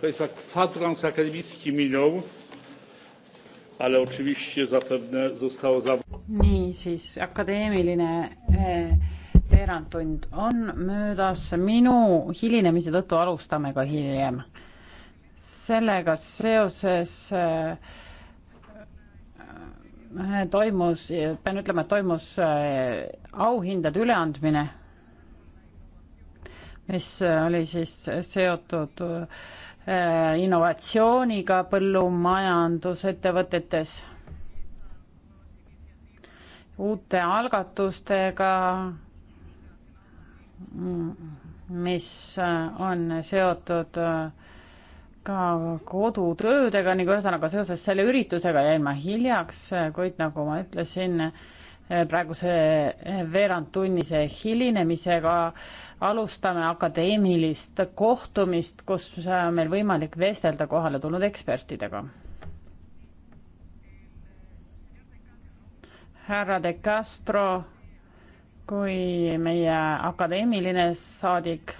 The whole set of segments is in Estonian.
Państwa, kwadrans akademicki minął, ale oczywiście zapewne zostało za... Nii, siis akadeemiline veerandtund eh, on möödas. Minu hilinemise tõttu alustame ka hiljem. Sellega seoses äh, toimus, pean ütlema, et toimus auhindade üleandmine mis oli siis seotud äh, innovatsiooniga põllumajandusettevõtetes, uute algatustega, mis on seotud äh, ka kodutöödega, ning nagu ühesõnaga seoses selle üritusega jäin ma hiljaks, kuid nagu ma ütlesin, Eh, praeguse eh, veerandtunnise hilinemisega alustame akadeemilist kohtumist, kus eh, on meil võimalik vestelda kohale tulnud ekspertidega. härra De Castro kui meie akadeemiline saadik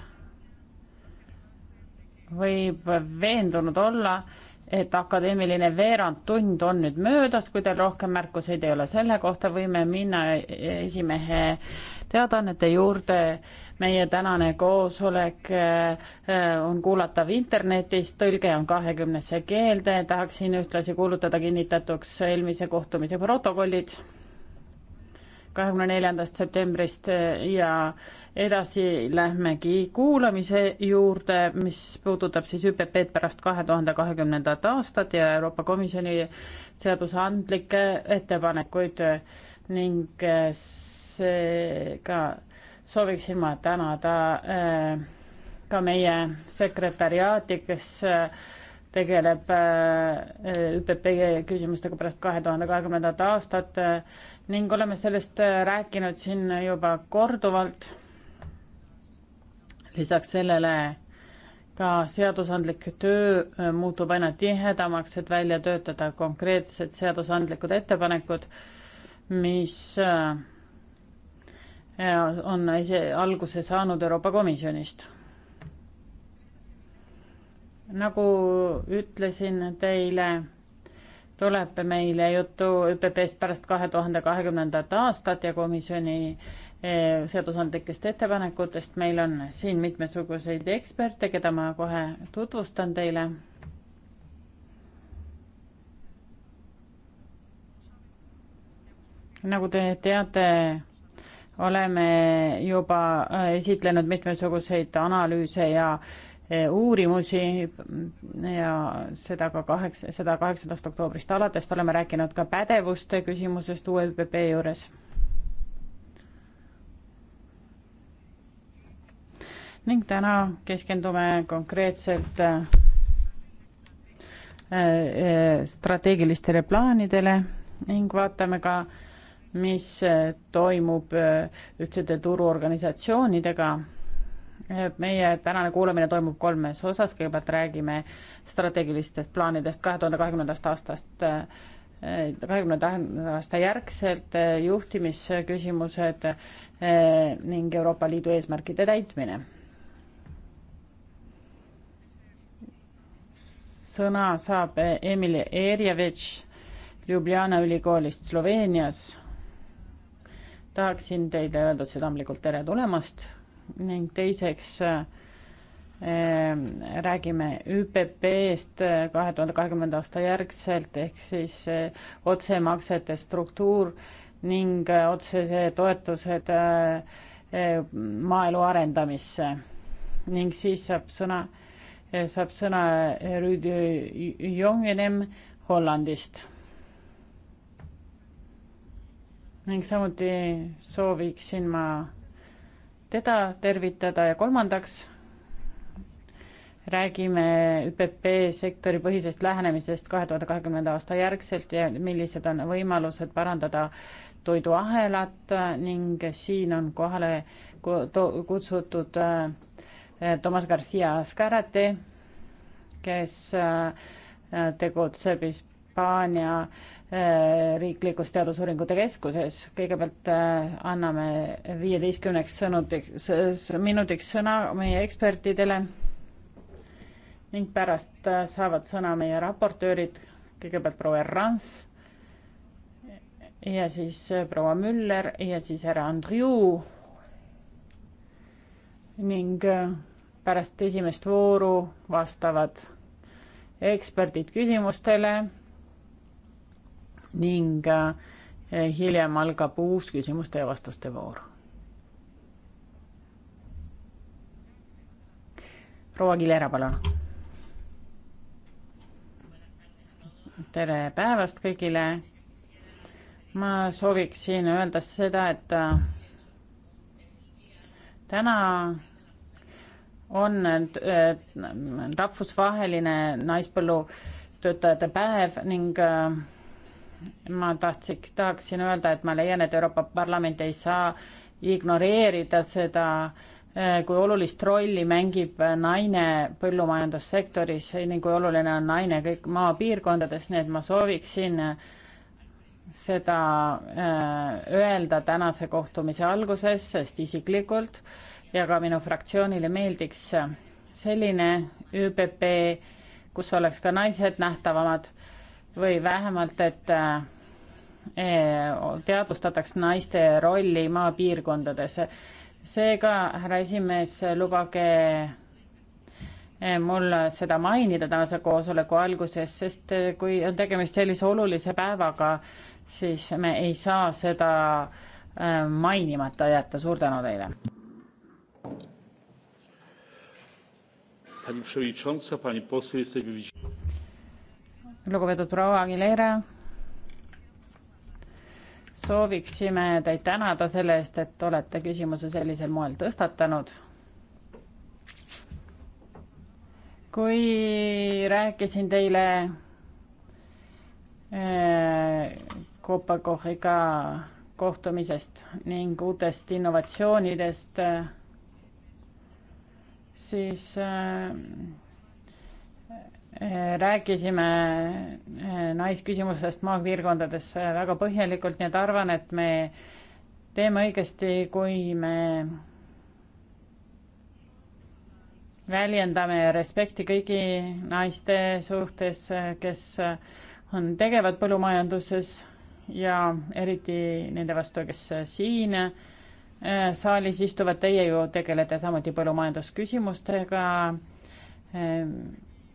võib veendunud olla, et akadeemiline veerandtund on nüüd möödas, kui teil rohkem märkuseid ei ole selle kohta, võime minna esimehe teadaannete juurde. meie tänane koosolek äh, on kuulatav internetis, tõlge on kahekümnesse keelde, tahaksin ühtlasi kuulutada kinnitatuks eelmise kohtumise protokollid kahekümne neljandast septembrist eh, ja edasi lähmegi kuulamise juurde, mis puudutab siis ÜPP-d pärast kahe tuhande kahekümnendat aastat ja Euroopa Komisjoni seadusandlikke ettepanekuid ning eh, seega sooviksin ma tänada eh, ka meie sekretäriaati, kes tegeleb äh, ÜPP küsimustega pärast kahe tuhande kahekümnendat aastat äh, ning oleme sellest äh, rääkinud siin juba korduvalt. lisaks sellele ka seadusandlik töö muutub aina tihedamaks, et välja töötada konkreetsed seadusandlikud ettepanekud, mis on ise alguse saanud Euroopa Komisjonist nagu ütlesin teile, tuleb meile juttu ÜPP-st pärast kahe tuhande kahekümnendat aastat ja komisjoni eh, seadusandlikest ettepanekutest. meil on siin mitmesuguseid eksperte, keda ma kohe tutvustan teile. nagu te teate, oleme juba eh, esitlenud mitmesuguseid analüüse ja äh, Eh, uurimusi ja seda ka kaheksa, seda kaheksandast oktoobrist alates, oleme rääkinud ka pädevuste küsimusest ULPP juures. ning täna keskendume konkreetselt eh, eh, strateegilistele plaanidele ning vaatame ka, mis toimub ühtsete turuorganisatsioonidega meie tänane kuulamine toimub kolmes osas, kõigepealt räägime strateegilistest plaanidest kahe tuhande kahekümnendast aastast, eh, kahekümnenda aasta järgselt eh, juhtimisküsimused eh, ning Euroopa Liidu eesmärkide täitmine. sõna saab Emil Erjevitš Ljubljana ülikoolist Sloveenias. tahaksin teile öelda südamlikult tere tulemast ning teiseks äh, räägime ÜPP-st äh, kahe tuhande kahekümnenda aasta järgselt ehk siis äh, otsemaksete struktuur ning otsese toetused maaelu arendamisse. ning siis saab sõna, saab sõna Rüüdi Jongenem Hollandist. ning samuti sooviksin ma teda tervitada ja kolmandaks räägime ÜPP sektoripõhisest lähenemisest kahe tuhande kahekümnenda aasta järgselt ja millised on võimalused parandada toiduahelat ning siin on kohale kutsutud äh, Tomas Garcia Ascarate, kes äh, tegutseb siis Hispaania eh, riiklikus teadusuuringute keskuses. kõigepealt eh, anname viieteistkümneks sõnutiks, minutiks sõna meie ekspertidele ning pärast eh, saavad sõna meie raportöörid, kõigepealt proua Erranz ja siis proua Müller ja siis härra Andriu ning pärast esimest vooru vastavad eksperdid küsimustele ning eh, hiljem algab uus küsimuste ja vastuste voor. proua Kilera, palun. tere päevast kõigile. ma sooviksin öelda seda, et eh, täna on eh, rahvusvaheline naispõllu töötajate päev ning äh, ma tahtsiks, tahaksin öelda, et ma leian, et Euroopa Parlament ei saa ignoreerida seda, eh, kui olulist rolli mängib naine põllumajandussektoris ning kui oluline on naine kõik maapiirkondades, nii et ma sooviksin eh, seda eh, öelda tänase kohtumise alguses, sest isiklikult ja ka minu fraktsioonile meeldiks selline ÜPP, kus oleks ka naised nähtavamad või vähemalt, et äh, e-, teadvustataks naiste rolli maapiirkondades. seega, härra esimees, lubage e, mul seda mainida tänase koosoleku alguses, sest e, kui on tegemist sellise olulise päevaga, siis me ei saa seda mainimata jätta. suur tänu teile. Pani przewodnicząca, pani poseł, jesteśmy lugupeetud proua Aguilera, sooviksime teid tänada selle eest, et olete küsimuse sellisel moel tõstatanud. kui rääkisin teile eh, Copa-Cohiga kohtumisest ning uutest innovatsioonidest, siis äh, rääkisime eh, naisküsimusest maapiirkondades väga põhjalikult, nii et arvan, et me teeme õigesti, kui me väljendame respekti kõigi naiste suhtes, kes on tegevad põllumajanduses ja eriti nende vastu, kes siin eh, saalis istuvad, teie ju tegelete samuti põllumajandusküsimustega eh,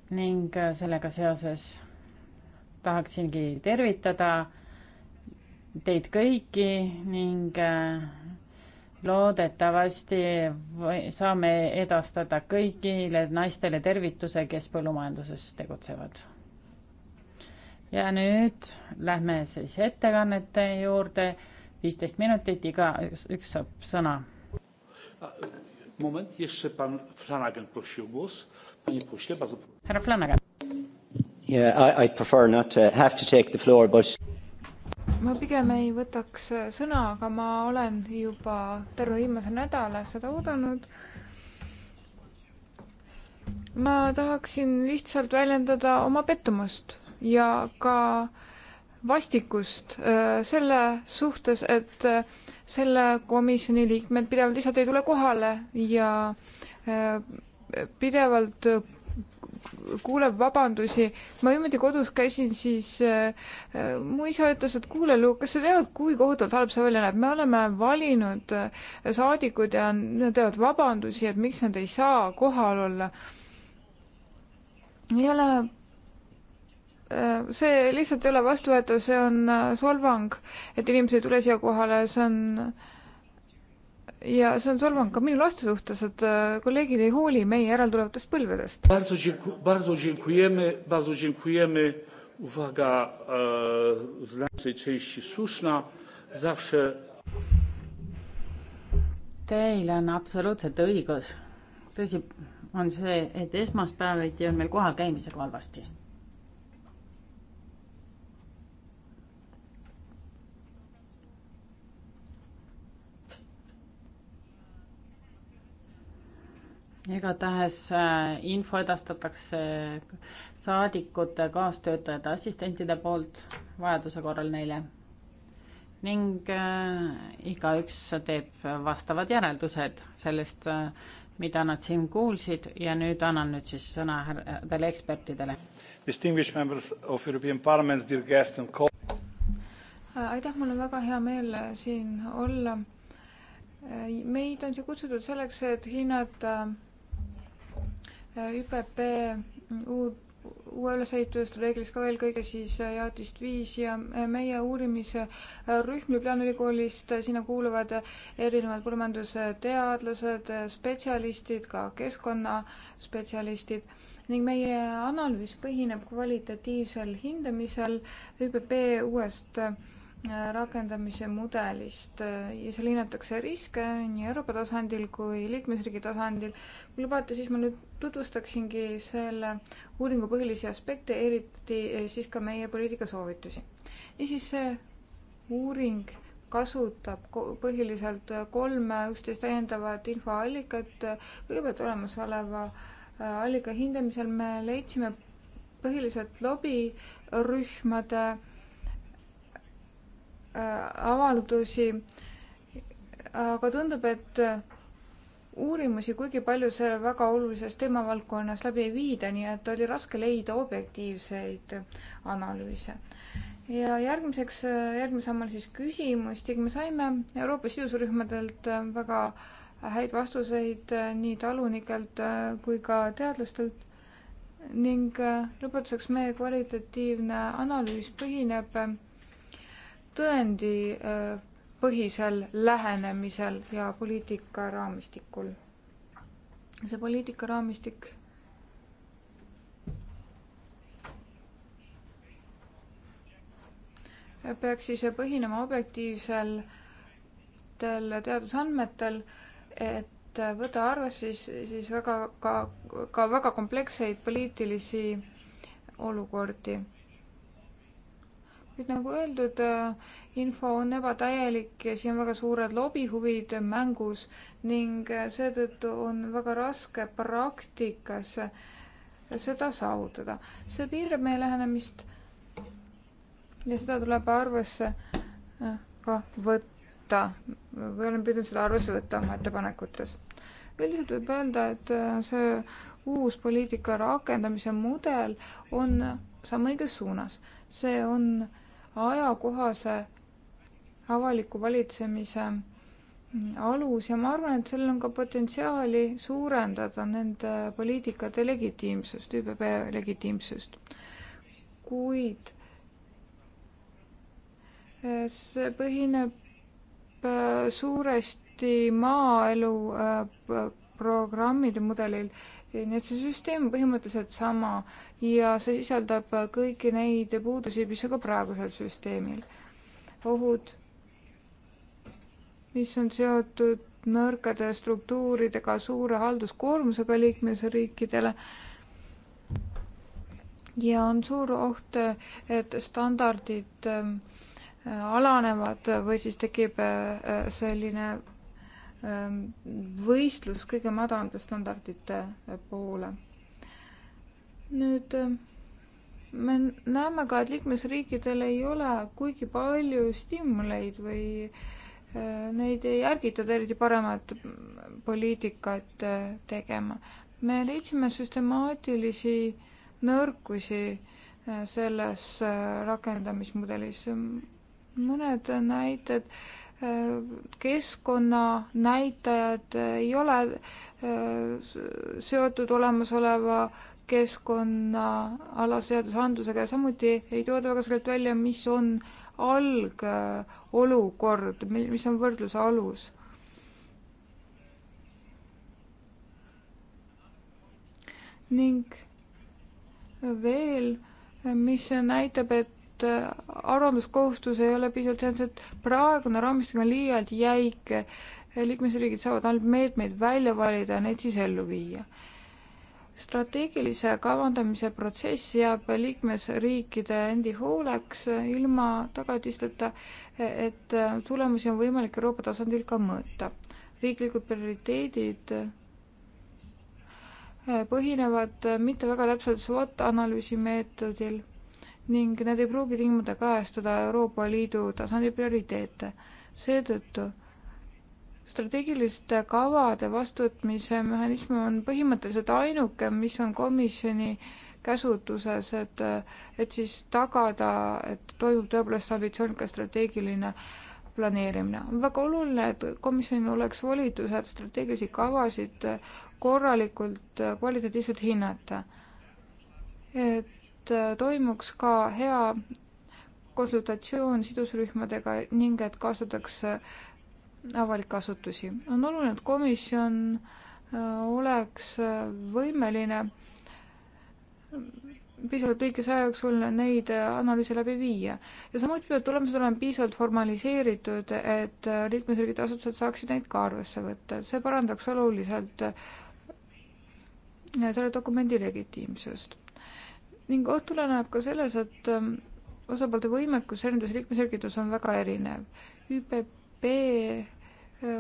ning äh, sellega seoses tahaksingi tervitada teid kõiki ning äh, loodetavasti saame edastada kõigile naistele tervituse, kes põllumajanduses tegutsevad. ja nüüd lähme siis ettekannete juurde, viisteist minutit, igaüks, üks saab sõna. moment, jeszcze pan Flanagan prosił głos härra Flanagan. Yeah, I, I prefer not to have to take the floor, but ma pigem ei võtaks äh, sõna, aga ma olen juba terve viimase nädala seda oodanud. ma tahaksin lihtsalt väljendada oma pettumust ja ka vastikust äh, selle suhtes, et äh, selle komisjoni liikmed pidevalt lihtsalt ei tule kohale ja pidevalt äh, kuuleb vabandusi. ma niimoodi kodus käisin, siis äh, äh mu isa ütles, et kuule, Luuk, kas sa tead, kui kohutavalt halb see välja näeb, me oleme valinud äh, saadikud ja nad teevad vabandusi, et miks nad ei saa kohal olla. ei ole äh,, see lihtsalt ei ole vastuvõetav, see on solvang, et inimesed ei tule siia kohale, see on äh, ja see on solvang ka minu laste suhtes, et äh, kolleegid ei hooli meie järeltulevatest põlvedest. E, Teil on absoluutselt õigus. tõsi on see, et esmaspäeviti on meil kohal käimisega halvasti igatahes äh, info edastatakse saadikute, kaastöötajate, assistentide poolt vajaduse korral neile ning äh, igaüks teeb vastavad järeldused sellest, äh, mida nad siin kuulsid ja nüüd annan nüüd siis sõna härradele ekspertidele. aitäh, mul on väga hea meel siin olla. meid on siia kutsutud selleks, et hinnata äh, ÜPP uue ülesehituse reeglist ka eelkõige siis äh, jaotist viis ja äh, meie uurimisrühm äh, Ljubljana ülikoolist, sinna kuuluvad erinevad põllumajandusteadlased, spetsialistid, ka keskkonnaspetsialistid ning meie analüüs põhineb kvalitatiivsel hindamisel ÜPP uuest Äh, rakendamise mudelist äh, ja seal hinnatakse riske nii Euroopa tasandil kui liikmesriigi tasandil. kui lubate, siis ma nüüd tutvustaksingi selle uuringu põhilisi aspekte, eriti äh, siis ka meie poliitikasoovitusi. niisiis, see uuring kasutab põhiliselt kolme üksteist täiendavat infoallikat. kõigepealt olemasoleva allika hindamisel me leidsime põhiliselt lobirühmade Äh, avaldusi, aga tundub, et äh, uurimusi kuigi palju selle väga olulises teemavaldkonnas läbi ei viida, nii et oli raske leida objektiivseid äh, analüüse. ja järgmiseks, järgmisel sammal siis küsimustega me saime Euroopa sidusrühmadelt väga häid vastuseid nii talunikelt kui ka teadlastelt ning lõpetuseks meie kvalitatiivne analüüs põhineb tõendipõhisel äh, lähenemisel ja poliitikaraamistikul. see poliitikaraamistik peaks siis põhinema objektiivsetel teadusandmetel, et võtta arvesse siis, siis väga ka, ka väga kompleksseid poliitilisi olukordi kuid nagu öeldud, äh, info on ebatäielik ja siin on väga suured lobihuvid mängus ning äh, seetõttu on väga raske praktikas äh, seda saavutada. see piirab meie lähenemist ja seda tuleb arvesse ka võtta või olen püüdnud seda arvesse võtta oma ettepanekutes. üldiselt võib öelda, et see uus poliitika rakendamise mudel on samm õiges suunas. see on äh, ajakohase avaliku valitsemise mm, alus ja ma arvan, et sellel on ka potentsiaali suurendada nende poliitikate legitiimsust, ÜBB legitiimsust. kuid eh, see põhineb eh, suuresti maaelu eh, programmide mudelil nii et see süsteem on põhimõtteliselt sama ja see sisaldab kõiki neid puudusi, mis on ka praegusel süsteemil. ohud, mis on seotud nõrkade struktuuridega, suure halduskoormusega liikmesriikidele ja on suur oht, et standardid ähm, äh, alanevad või siis tekib äh, selline Ähm, võistlus kõige madalamate standardite äh, poole. nüüd ähm, me näeme ka, et liikmesriikidel ei ole kuigi palju stiimuleid või äh, neid ei ärgitata eriti paremat äh, poliitikat tegema. me leidsime süstemaatilisi nõrkusi selles rakendamismudelis. mõned näited keskkonnanäitajad ei ole äh, seotud olemasoleva keskkonnaalase seadusandlusega ja samuti ei tooda väga selgelt välja, mis on algolukord, mis on võrdluse alus. ning veel, mis näitab, et et äh, aruandluskohustus ei ole piisavalt sellised, praegune raamistik on liialt jäik, liikmesriigid saavad ainult meetmeid välja valida ja neid siis ellu viia. strateegilise kavandamise protsess jääb liikmesriikide endi hooleks ilma tagatisteta, et tulemusi on võimalik Euroopa tasandil ka mõõta. riiklikud prioriteedid äh, põhinevad mitte väga täpselt SWOT analüüsi meetodil ning need ei pruugi tingimata kajastada Euroopa Liidu tasandi prioriteete. seetõttu strateegiliste kavade vastuvõtmise mehhanism on põhimõtteliselt ainuke, mis on komisjoni käsutuses, et, et siis tagada, et toimub tõepoolest ambitsioonikas strateegiline planeerimine. on väga oluline, et komisjonil oleks volitused strateegilisi kavasid korralikult, kvalitatiivselt hinnata. et et äh, toimuks ka hea konsultatsioon sidusrühmadega ning et kaasatakse avalikke asutusi. on oluline, et komisjon äh, oleks äh, võimeline piisavalt lühikese aja jooksul neid analüüse läbi viia. ja samuti peavad tulemused olema piisavalt formaliseeritud, et liikmesriigid ja asutused saaksid neid ka arvesse võtta, et see parandaks oluliselt selle dokumendi legitiimsust ning oht tuleneb ka selles, et ähm, osapoolte võimekus erinevates liikmesriikides on väga erinev. ÜPP äh,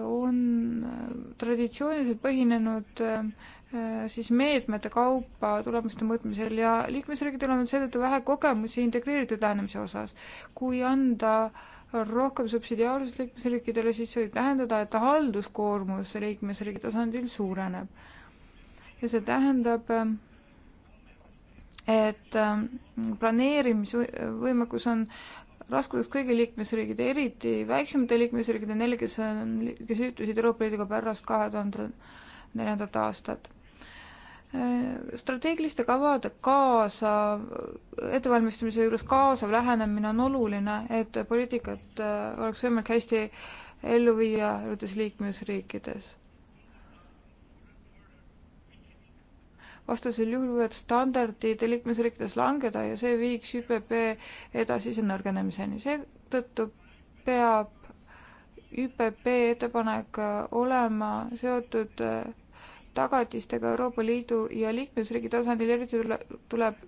on äh, traditsiooniliselt põhinenud ähm, äh, siis meetmete kaupa tulemuste mõõtmisel ja liikmesriikidel on seetõttu vähe kogemusi integreeritud lähenemise osas. kui anda rohkem subsidiaarsust liikmesriikidele, siis see võib tähendada, et halduskoormus liikmesriigi tasandil suureneb. ja see tähendab äh, et ähm, planeerimisvõimekus on raskuseks kõigi liikmesriigid, eriti väiksemate liikmesriikide, neil, kes on, kes liitusid Euroopa Liiduga pärast kahe tuhande neljandat aastat. Äh, strateegiliste kavade kaasav, ettevalmistamise juures kaasav lähenemine on oluline, et poliitikat äh, oleks võimalik hästi ellu viia erinevates liikmesriikides vastasel juhul võivad standardid liikmesriikides langeda ja see viiks ÜPP edasise nõrgenemiseni. seetõttu peab ÜPP ettepanek äh, olema seotud äh, tagatistega Euroopa Liidu ja liikmesriigi tasandil, eriti tuleb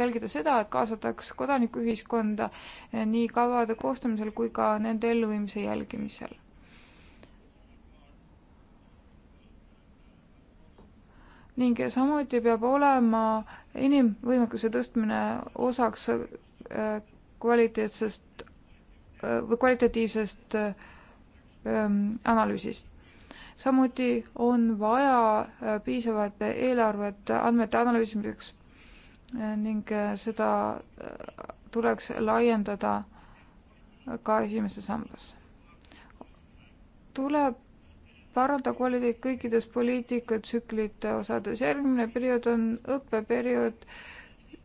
jälgida seda, et kaasataks kodanikuühiskonda äh, nii kavade koostamisel kui ka nende elluviimise jälgimisel. ning samuti peab olema inimvõimekuse tõstmine osaks äh, kvaliteetsest äh, või kvalitatiivsest ähm, analüüsist. samuti on vaja äh, piisavat eelarvet andmete analüüsimiseks ning seda tuleks laiendada ka esimesse sambasse. tuleb parandada kvaliteet kõikides poliitikatsüklite osades. järgmine periood on õppeperiood,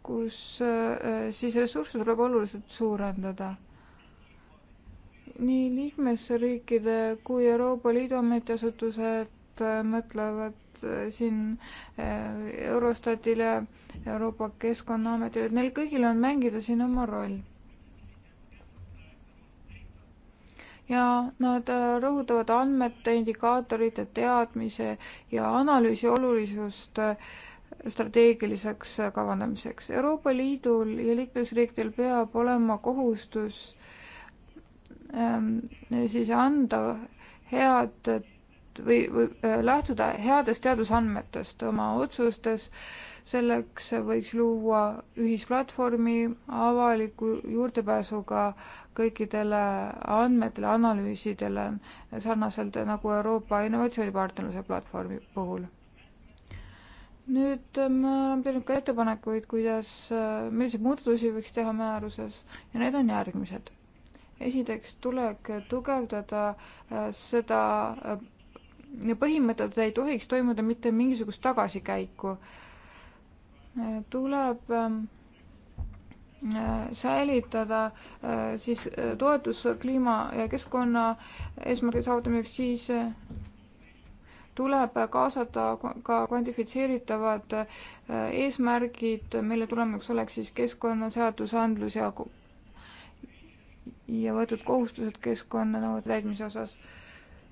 kus äh, siis ressursse tuleb oluliselt suurendada. nii liikmesriikide kui Euroopa Liidu ametiasutused äh, mõtlevad äh, siin Eurostatile, Euroopa Keskkonnaametile, et neil kõigil on mängida siin oma roll ja nad äh, rõhutavad andmete, indikaatorite, teadmise ja analüüsi olulisust äh, strateegiliseks äh, kavandamiseks. Euroopa Liidul ja liikmesriikidel peab olema kohustus ähm, siis anda head või, või lähtuda headest teadusandmetest oma otsustes äh, selleks võiks luua ühisplatvormi avaliku juurdepääsuga kõikidele andmetele, analüüsidele, sarnaselt nagu Euroopa innovatsioonipartnerluse platvormi puhul. nüüd me oleme teinud ka ettepanekuid, kuidas, milliseid muudatusi võiks teha määruses ja need on järgmised. esiteks tuleb tugevdada äh, seda äh, põhimõtet, et ei tohiks toimuda mitte mingisugust tagasikäiku äh, tuleb ähm, äh, säilitada äh, siis äh, toetus kliima ja keskkonna eesmärgi saavutamiseks, siis tuleb kaasata ka kvantifitseeritavad eesmärgid, mille tulemuseks oleks siis keskkonnaseadusandlus ja ja võetud kohustused keskkonnanõuete täitmise osas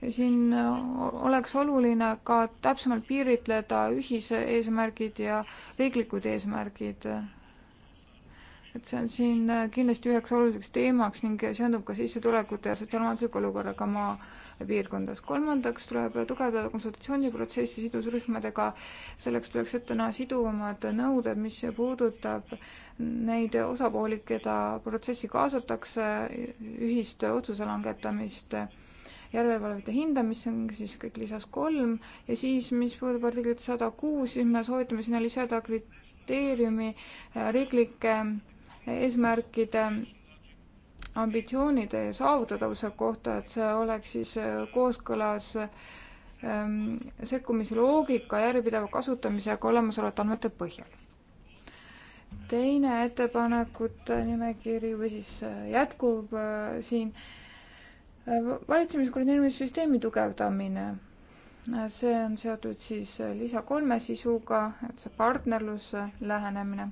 siin äh, oleks oluline ka täpsemalt piiritleda ühiseesmärgid ja riiklikud eesmärgid. et see on siin äh, kindlasti üheks oluliseks teemaks ning seondub ka sissetulekute ja sotsiaalmajandusliku olukorraga maapiirkondades. kolmandaks tuleb tugevdada konsultatsiooniprotsessi sidusrühmadega. selleks tuleks ette näha siduvamad nõuded, mis puudutab neid osapooli, keda protsessi kaasatakse, ühist otsuse langetamist järelevalvete hindamisse, on siis kõik lisas kolm ja siis, mis puudutab artiklit sada kuus, siis me soovitame sinna lisada kriteeriumi äh, riiklike äh, eesmärkide ambitsioonide ja saavutatavuse kohta, et see oleks siis äh, kooskõlas ähm, sekkumise loogika järjepideva kasutamisega olemasolevate andmete põhjal teine ettepanekute nimekiri või siis jätkub siin valitsemiskoordineerimissüsteemi tugevdamine, see on seotud siis lisa kolme sisuga, et see partnerluse lähenemine,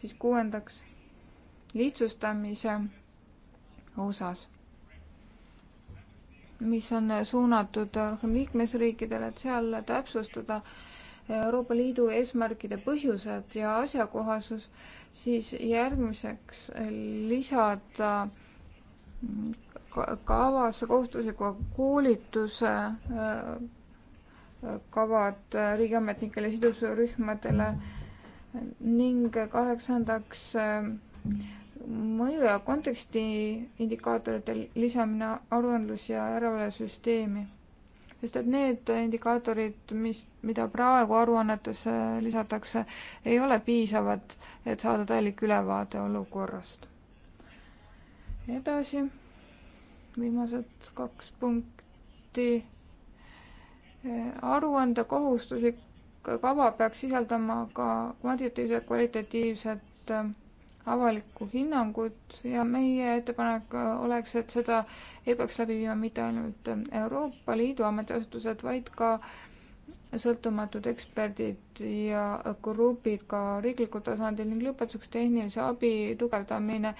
siis kuuendaks lihtsustamise osas, mis on suunatud rohkem liikmesriikidele, et seal täpsustada Euroopa Liidu eesmärkide põhjused ja asjakohasus, siis järgmiseks lisada kavas kohustusliku koolituse äh, kavad riigiametnikele, sidusrühmadele ning kaheksandaks äh, mõju ja konteksti indikaatorite lisamine aruandlus- ja järelevalvesüsteemi. sest et need indikaatorid, mis, mida praegu aruannetesse äh, lisatakse, ei ole piisavad, et saada täielik ülevaade olukorrast. edasi viimased kaks punkti. Äh, aruande kohustuslik kava peaks sisaldama ka kvantitatiivset, kvalitatiivset äh, avalikku hinnangut ja meie ettepanek äh, oleks, et seda ei peaks läbi viima mitte ainult Euroopa Liidu ametiasutused, vaid ka sõltumatud eksperdid ja grupid ka riiklikul tasandil ning lõpetuseks tehnilise abi tugevdamine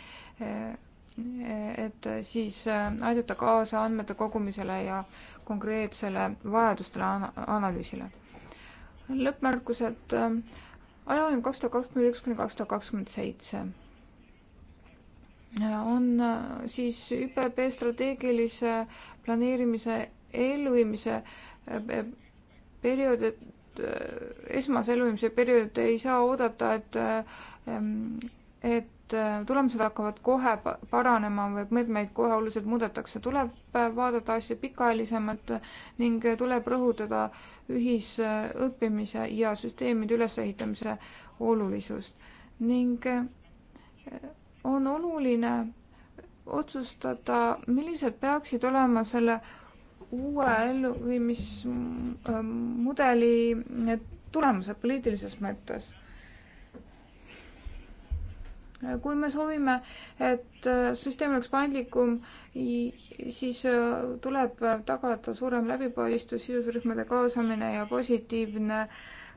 et siis äh, aidata kaasa andmete kogumisele ja konkreetsele vajadustele ana analüüsile. lõppmärkused äh, ajavahemik kaks tuhat kakskümmend üks kuni kaks tuhat kakskümmend seitse on äh, siis ÜPP strateegilise planeerimise elluviimise periood, et esmase elluviimise periood ei saa oodata, et et Äh, tulemused hakkavad kohe paranema või mõõtmeid kohe oluliselt muudetakse, tuleb äh, vaadata asju pikaajalisemalt ning äh, tuleb rõhutada ühisõppimise ja süsteemide ülesehitamise olulisust. ning on oluline otsustada, millised peaksid olema selle uue elluviimismudeli tulemused poliitilises mõttes kui me soovime, et äh, süsteem oleks paindlikum, siis äh, tuleb tagada suurem läbipaistvus, sidusrühmade kaasamine ja positiivne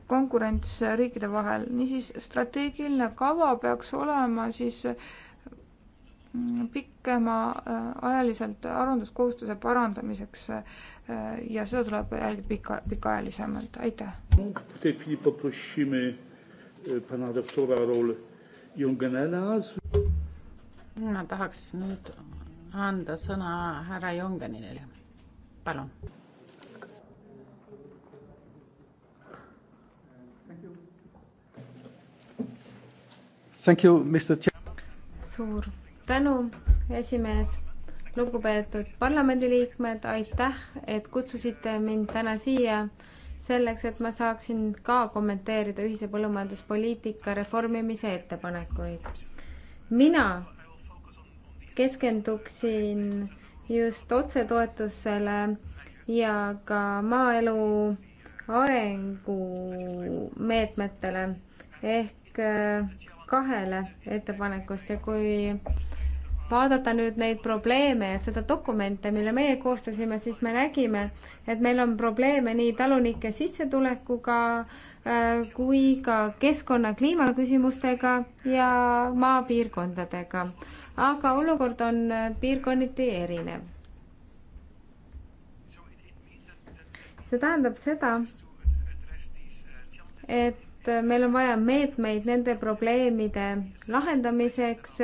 konkurents riikide vahel. niisiis, strateegiline kava peaks olema siis mm, pikemaajaliselt äh, aruandluskohustuse parandamiseks ja seda tuleb jälgida pika, pikaajalisemalt, aitäh. Jungenele. ma tahaks nüüd anda sõna härra Jungenile, palun. suur tänu, esimees lugupeetud parlamendiliikmed, aitäh, et kutsusite mind täna siia selleks, et ma saaksin ka kommenteerida ühise põllumajanduspoliitika reformimise ettepanekuid. mina keskenduksin just otsetoetusele ja ka maaelu arengumeetmetele ehk äh, kahele ettepanekust ja kui vaadata nüüd neid probleeme ja seda dokumente, mille meie koostasime, siis me nägime, et meil on probleeme nii talunike sissetulekuga äh, kui ka keskkonna kliimaküsimustega ja maapiirkondadega. aga olukord on äh, piirkonniti erinev. see tähendab seda, et äh, meil on vaja meetmeid nende probleemide lahendamiseks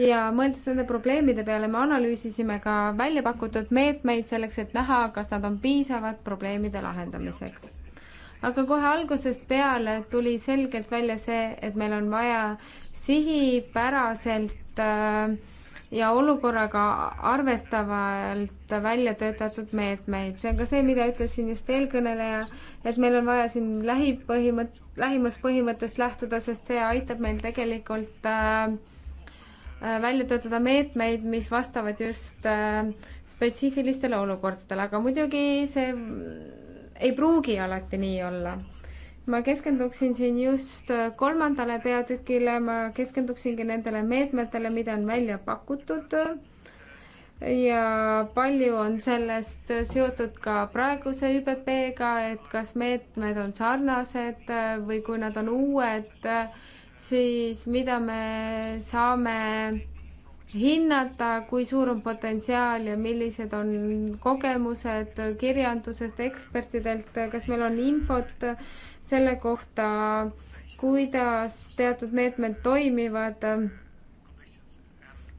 ja mõeldes nende probleemide peale, me analüüsisime ka välja pakutud meetmeid selleks, et näha, kas nad on piisavad probleemide lahendamiseks. aga kohe algusest peale tuli selgelt välja see, et meil on vaja sihipäraselt äh, ja olukorraga arvestavalt välja töötatud meetmeid. see on ka see, mida ütles siin just eelkõneleja, et meil on vaja siin lähipõhimõt-, lähimuspõhimõttest lähtuda, sest see aitab meil tegelikult äh, Äh, välja töötada meetmeid, mis vastavad just äh, spetsiifilistele olukordadele, aga muidugi see ei pruugi alati nii olla. ma keskenduksin siin just äh, kolmandale peatükile, ma keskenduksingi nendele meetmetele, mida on välja pakutud ja palju on sellest seotud ka praeguse ÜPP-ga, et kas meetmed on sarnased või kui nad on uued, siis mida me saame hinnata, kui suur on potentsiaal ja millised on kogemused kirjandusest, ekspertidelt, kas meil on infot selle kohta, kuidas teatud meetmed toimivad,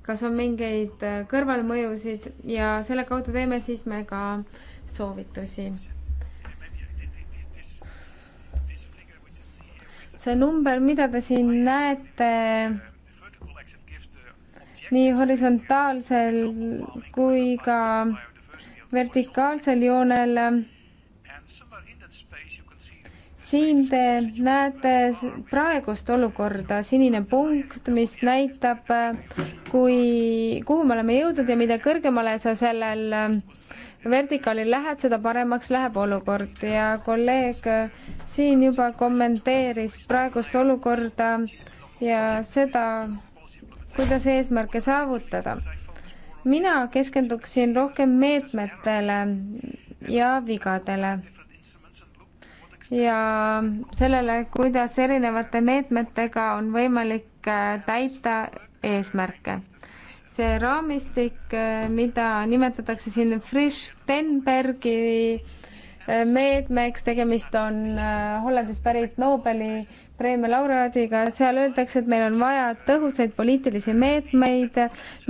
kas on mingeid kõrvalmõjusid ja selle kaudu teeme siis me ka soovitusi see number, mida te siin näete, nii horisontaalsel kui ka vertikaalsel joonel. siin te näete praegust olukorda, sinine punkt, mis näitab, kui, kuhu me oleme jõudnud ja mida kõrgemale sa sellel äh, vertikaali lähed, seda paremaks läheb olukord ja kolleeg siin juba kommenteeris praegust olukorda ja seda, kuidas eesmärke saavutada. mina keskenduksin rohkem meetmetele ja vigadele ja sellele, kuidas erinevate meetmetega on võimalik täita eesmärke see raamistik, äh, mida nimetatakse siin Frisch-Tenbergi äh, meetmeks, tegemist on äh, Hollandist pärit Nobeli preemia laureaadiga, seal öeldakse, et meil on vaja tõhusaid poliitilisi meetmeid,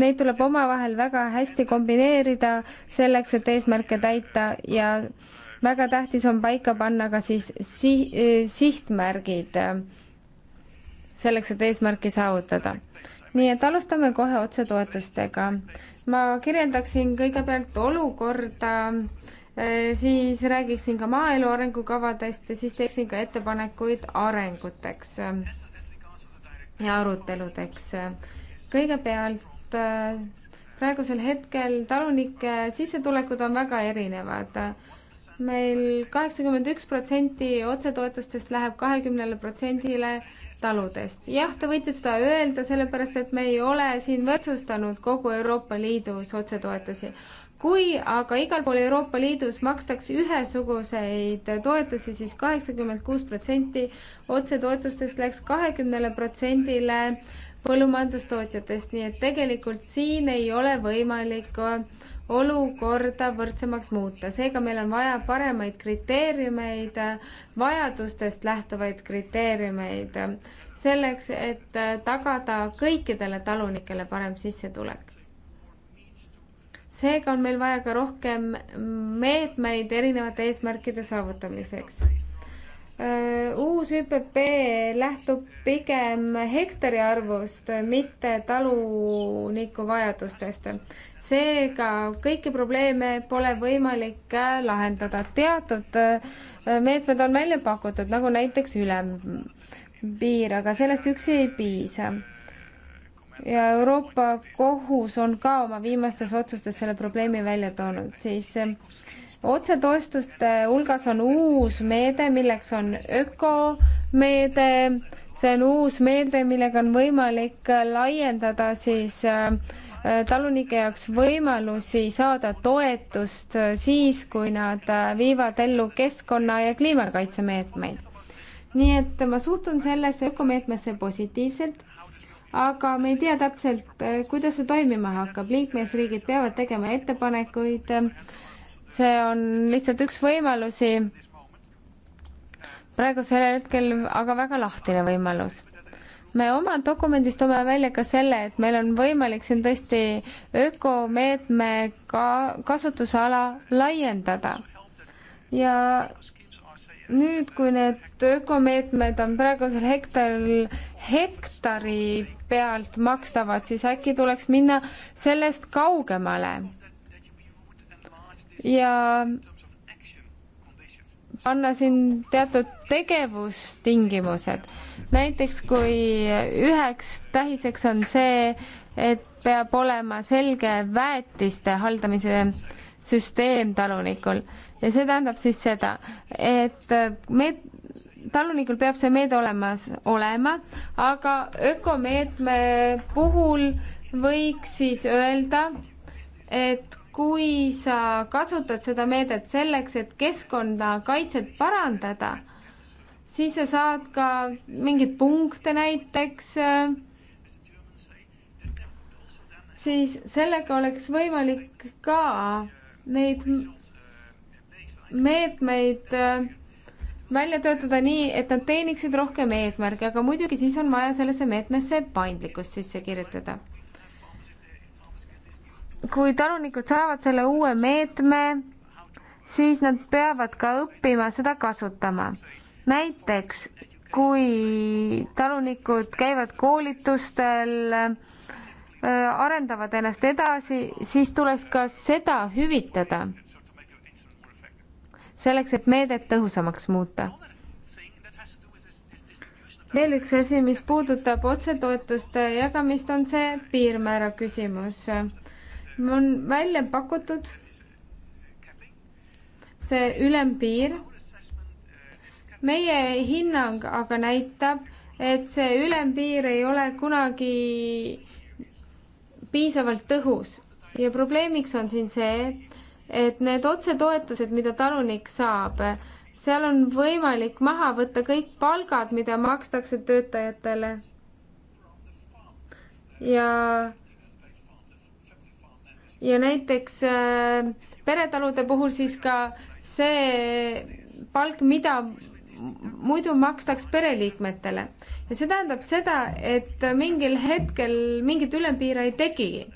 neid tuleb omavahel väga hästi kombineerida selleks, et eesmärke täita ja väga tähtis on paika panna ka siis si-, sihtmärgid selleks, et eesmärki saavutada nii et alustame kohe otsetoetustega. ma kirjeldaksin kõigepealt olukorda, e, siis räägiksin ka maaelu arengukavadest ja siis teeksin ka ettepanekuid arenguteks ja aruteludeks. kõigepealt e, praegusel hetkel talunike sissetulekud on väga erinevad meil kaheksakümmend üks protsenti otsetoetustest läheb kahekümnele protsendile taludest. jah, te võite seda öelda, sellepärast et me ei ole siin võrdsustanud kogu Euroopa Liidus otsetoetusi. kui aga igal pool Euroopa Liidus makstakse ühesuguseid toetusi siis, siis kaheksakümmend kuus protsenti otsetoetustest läks kahekümnele protsendile põllumajandustootjatest, nii et tegelikult siin ei ole võimalik olukorda võrdsemaks muuta. seega meil on vaja paremaid kriteeriumeid, vajadustest lähtuvaid kriteeriumeid, selleks, et tagada kõikidele talunikele parem sissetulek. seega on meil vaja ka rohkem meetmeid erinevate eesmärkide saavutamiseks. uus ÜPP lähtub pigem hektari arvust, mitte taluniku vajadustest seega kõiki probleeme pole võimalik äh, lahendada. teatud äh, meetmed on välja pakutud, nagu näiteks ülempiir, aga sellest üksi ei piisa. ja Euroopa Kohus on ka oma viimastes otsustes selle probleemi välja toonud, siis äh, otsetoestuste hulgas on uus meede, milleks on ökomeede, see on uus meede, millega on võimalik laiendada siis äh, Äh, talunike jaoks võimalusi saada toetust äh, siis, kui nad äh, viivad ellu keskkonna ja kliimakaitsemeetmeid. nii et ma suhtun sellesse ökomeetmesse positiivselt, aga me ei tea täpselt, kuidas see toimima hakkab, liikmesriigid peavad tegema ettepanekuid. see on lihtsalt üks võimalusi. praegusel hetkel aga väga lahtine võimalus me oma dokumendis toome välja ka selle, et meil on võimalik siin tõesti ökomeetme ka kasutusala laiendada. ja nüüd, kui need ökomeetmed on praegusel hektaril hektari pealt makstavad, siis äkki tuleks minna sellest kaugemale. ja panna siin teatud tegevustingimused. näiteks kui üheks tähiseks on see, et peab olema selge väetiste haldamise süsteem talunikul ja see tähendab siis seda, et meet-, talunikul peab see meede olemas olema, aga ökomeetme puhul võiks siis öelda, et kui sa kasutad seda meedet selleks, et keskkonnakaitset parandada, siis sa saad ka mingeid punkte näiteks, äh, siis sellega oleks võimalik ka neid meetmeid äh, välja töötada nii, et nad teeniksid rohkem eesmärke, aga muidugi siis on vaja sellesse meetmesse paindlikkust sisse kirjutada kui talunikud saavad selle uue meetme, siis nad peavad ka õppima seda kasutama. näiteks kui talunikud käivad koolitustel, äh, arendavad ennast edasi, siis tuleks ka seda hüvitada. selleks, et meedet tõhusamaks muuta. veel üks asi, mis puudutab otsetoetuste jagamist, on see piirmäära küsimus on välja pakutud see ülempiir. meie hinnang aga näitab, et see ülempiir ei ole kunagi piisavalt tõhus ja probleemiks on siin see, et need otsetoetused, mida talunik saab, seal on võimalik maha võtta kõik palgad, mida makstakse töötajatele. ja ja näiteks äh, peretalude puhul siis ka see palk, mida muidu makstaks pereliikmetele. ja see tähendab seda, et mingil hetkel mingit ülempiira ei tekigi.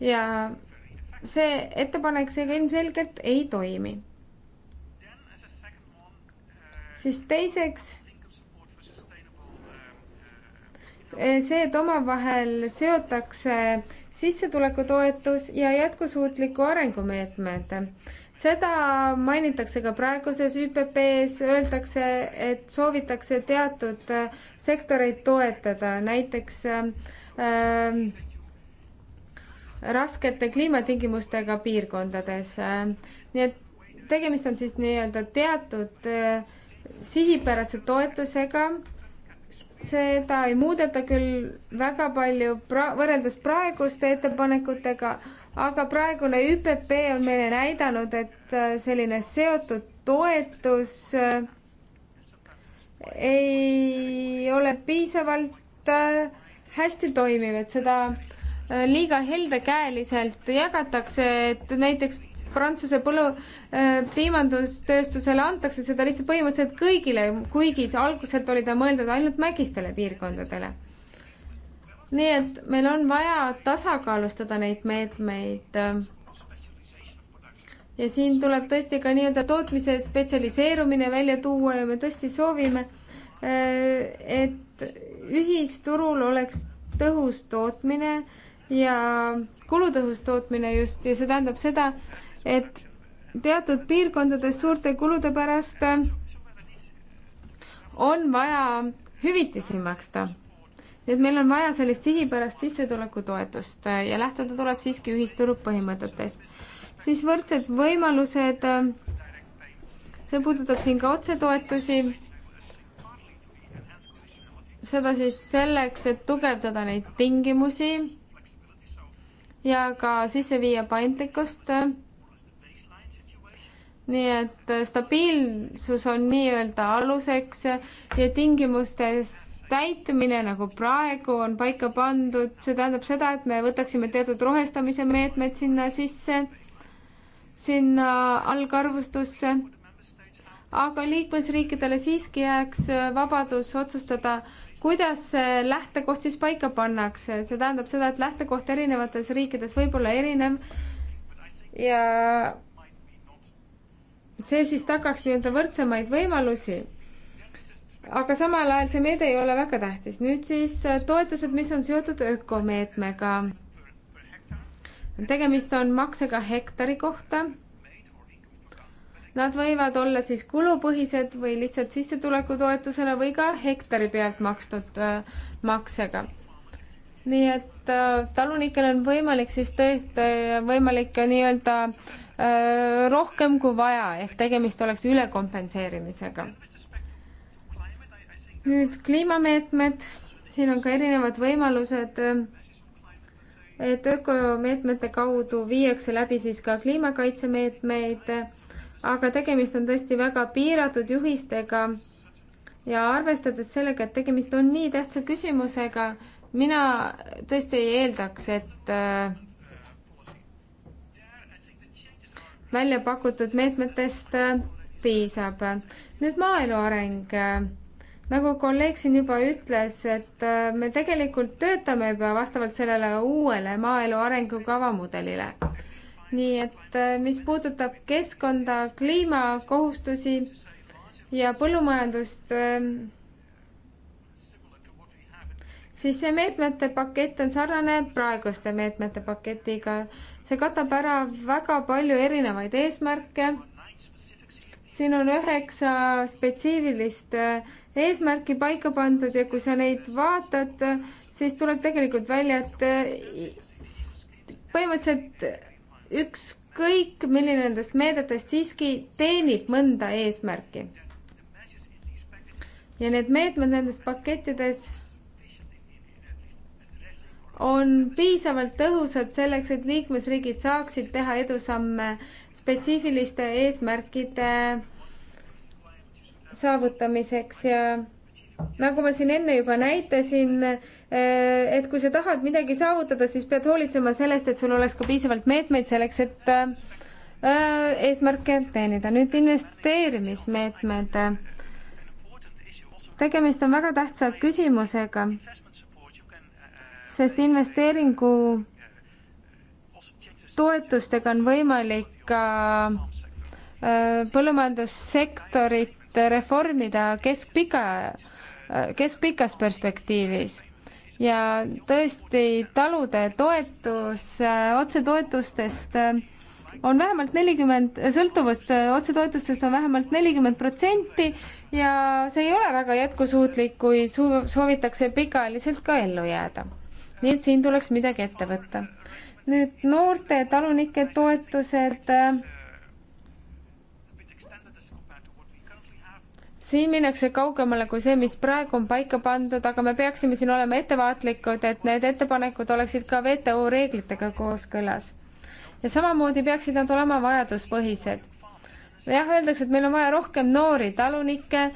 ja see ettepanek seega ilmselgelt ei toimi. siis teiseks Äh, see, et omavahel seotakse sissetulekutoetus ja jätkusuutliku arengumeetmed. seda mainitakse ka praeguses ÜPP-s, öeldakse, et soovitakse teatud äh, sektoreid toetada, näiteks äh, raskete kliimatingimustega piirkondades. Äh, nii et tegemist on siis nii-öelda teatud äh, sihipärase toetusega äh, seda ei muudeta küll väga palju pra-, võrreldes praeguste ettepanekutega, aga praegune ÜPP on meile näidanud, et äh, selline seotud toetus äh, ei ole piisavalt äh, hästi toimiv, et seda liiga heldekäeliselt jagatakse, et näiteks Prantsuse põllu äh, piimandustööstusele antakse seda lihtsalt põhimõtteliselt kõigile, kuigi see alguselt oli ta mõeldud ainult mägistele piirkondadele. nii et meil on vaja tasakaalustada neid meetmeid. ja siin tuleb tõesti ka nii-öelda tootmise spetsialiseerumine välja tuua ja me tõesti soovime, äh, et ühisturul oleks tõhus tootmine ja kulutõhus tootmine just ja see tähendab seda, et teatud piirkondades suurte kulude pärast äh, on vaja hüvitisi maksta. nii et meil on vaja sellist sihipärast sissetulekutoetust äh, ja lähtuda tuleb siiski ühisturu põhimõtetest. siis võrdsed võimalused, äh, see puudutab siin ka otsetoetusi, seda siis selleks, et tugevdada neid tingimusi ja ka sisse viia paindlikkust nii et äh, stabiilsus on nii-öelda aluseks ja tingimustes täitmine nagu praegu on paika pandud, see tähendab seda, et me võtaksime teatud rohestamise meetmed sinna sisse, sinna algarvustusse. aga liikmesriikidele siiski jääks äh, vabadus otsustada, kuidas see lähtekoht siis paika pannakse, see tähendab seda, et lähtekoht erinevates riikides võib olla erinev ja see siis tagaks nii-öelda võrdsemaid võimalusi. aga samal ajal see meede ei ole väga tähtis. nüüd siis äh, toetused, mis on seotud ökomeetmega. tegemist on maksega hektari kohta. Nad võivad olla siis kulupõhised või lihtsalt sissetulekutoetusena või ka hektari pealt makstud äh, maksega nii et äh, talunikel on võimalik siis tõesti võimalik nii-öelda äh, Äh, rohkem kui vaja, ehk tegemist oleks ülekompenseerimisega. nüüd kliimameetmed, siin on ka erinevad võimalused, äh, et ökomeetmete kaudu viiakse läbi siis ka kliimakaitsemeetmeid, aga tegemist on tõesti väga piiratud juhistega ja arvestades sellega, et tegemist on nii tähtsa küsimusega, mina tõesti ei eeldaks, et äh, välja pakutud meetmetest äh, piisab. nüüd maaelu areng. nagu kolleeg siin juba ütles, et äh, me tegelikult töötame juba vastavalt sellele uuele maaelu arengukava mudelile. nii et äh, mis puudutab keskkonda, kliimakohustusi ja põllumajandust, siis see meetmete pakett on sarnane praeguste meetmete paketiga see katab ära väga palju erinevaid eesmärke. siin on üheksa spetsiifilist eh, eesmärki paika pandud ja kui sa neid vaatad, siis tuleb tegelikult välja, et eh, põhimõtteliselt ükskõik milline nendest meedetest siiski teenib mõnda eesmärki. ja need meetmed nendes pakettides on piisavalt tõhusad selleks, et liikmesriigid saaksid teha edusamme spetsiifiliste eesmärkide saavutamiseks ja nagu ma siin enne juba näitasin, eh, et kui sa tahad midagi saavutada, siis pead hoolitsema sellest, et sul oleks ka piisavalt meetmeid selleks, et eh, eesmärke teenida. nüüd investeerimismeetmed. tegemist on väga tähtsa küsimusega sest investeeringu toetustega on võimalik ka äh, põllumajandussektorit reformida keskpika, äh, keskpikas perspektiivis ja tõesti talude toetus äh, otsetoetustest on vähemalt nelikümmend, sõltuvus otsetoetustest on vähemalt nelikümmend protsenti ja see ei ole väga jätkusuutlik, kui soovitakse pikaajaliselt ka ellu jääda nii et siin tuleks midagi ette võtta. nüüd noorte talunike toetused. siin minnakse kaugemale kui see, mis praegu on paika pandud, aga me peaksime siin olema ettevaatlikud, et need ettepanekud oleksid ka WTO reeglitega kooskõlas. ja samamoodi peaksid nad olema vajaduspõhised jah, öeldakse, et meil on vaja rohkem noori talunikke,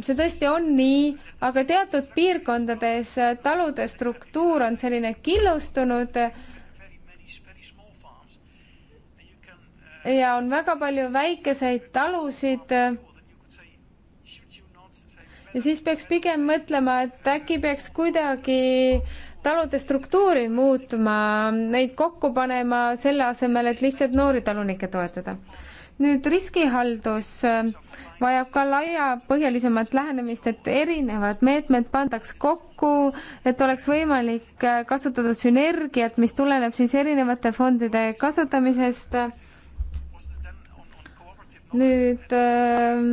see tõesti on nii, aga teatud piirkondades talude struktuur on selline killustunud ja on väga palju väikeseid talusid. ja siis peaks pigem mõtlema, et äkki peaks kuidagi talude struktuuri muutma, neid kokku panema selle asemel, et lihtsalt noori talunikke toetada nüüd riskihaldus äh, vajab ka laiapõhjalisemat lähenemist, et erinevad meetmed pandaks kokku, et oleks võimalik äh, kasutada sünergiat, mis tuleneb siis erinevate fondide kasutamisest. nüüd ähm,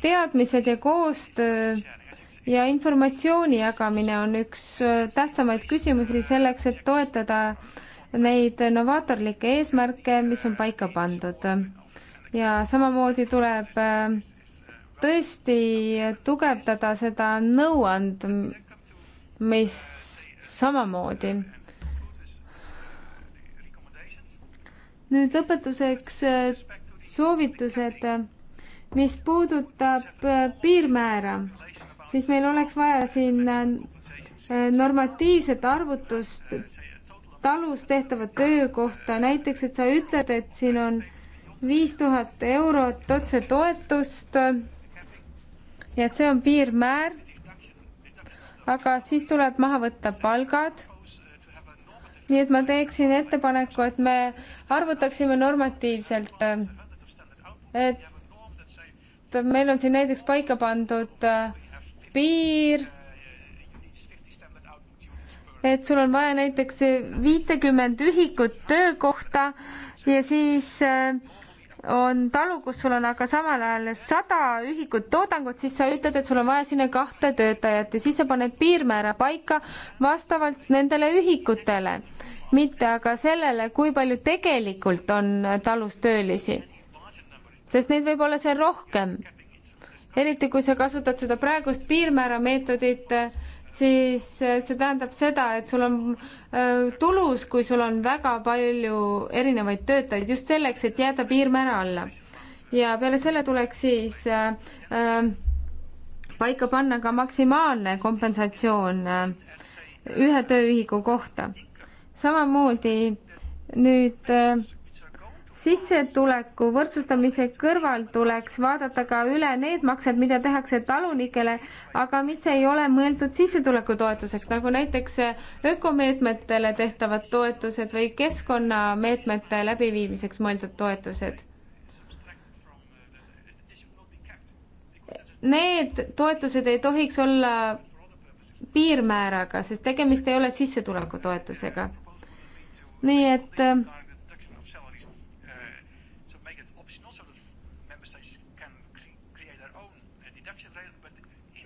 teadmised ja koostöö ja informatsiooni jagamine on üks äh, tähtsamaid küsimusi selleks, et toetada äh, neid novaatorlikke eesmärke, mis on paika pandud. ja samamoodi tuleb äh, tõesti tugevdada seda nõuandmist samamoodi. nüüd lõpetuseks äh, soovitused, mis puudutab äh, piirmäära, siis meil oleks vaja siin normatiivset arvutust talus tehtavat töökohta, näiteks et sa ütled, et siin on viis tuhat eurot otsetoetust ja et see on piirmäär, aga siis tuleb maha võtta palgad nii et ma teeksin ettepaneku, et me arvutaksime normatiivselt. et meil on siin näiteks paika pandud äh, piir et sul on vaja näiteks viitekümmend ühikut töökohta ja siis äh, on talu, kus sul on aga samal ajal sada ühikut toodangut, siis sa ütled, et sul on vaja sinna kahte töötajat ja siis sa paned piirmäära paika vastavalt nendele ühikutele, mitte aga sellele, kui palju tegelikult on talus töölisi. sest neid võib olla seal rohkem. eriti, kui sa kasutad seda praegust piirmäära meetodit äh, siis äh, see tähendab seda, et sul on äh, tulus, kui sul on väga palju erinevaid töötajaid just selleks, et jääda piirmäära alla. ja peale selle tuleks siis äh, paika panna ka maksimaalne kompensatsioon ühe tööühiku kohta. samamoodi nüüd sissetuleku võrdsustamise kõrval tuleks vaadata ka üle need maksed, mida tehakse talunikele, aga mis ei ole mõeldud sissetulekutoetuseks, nagu näiteks ökomeetmetele tehtavad toetused või keskkonnameetmete läbiviimiseks mõeldud toetused. Need toetused ei tohiks olla piirmääraga, sest tegemist ei ole sissetulekutoetusega. nii et äh,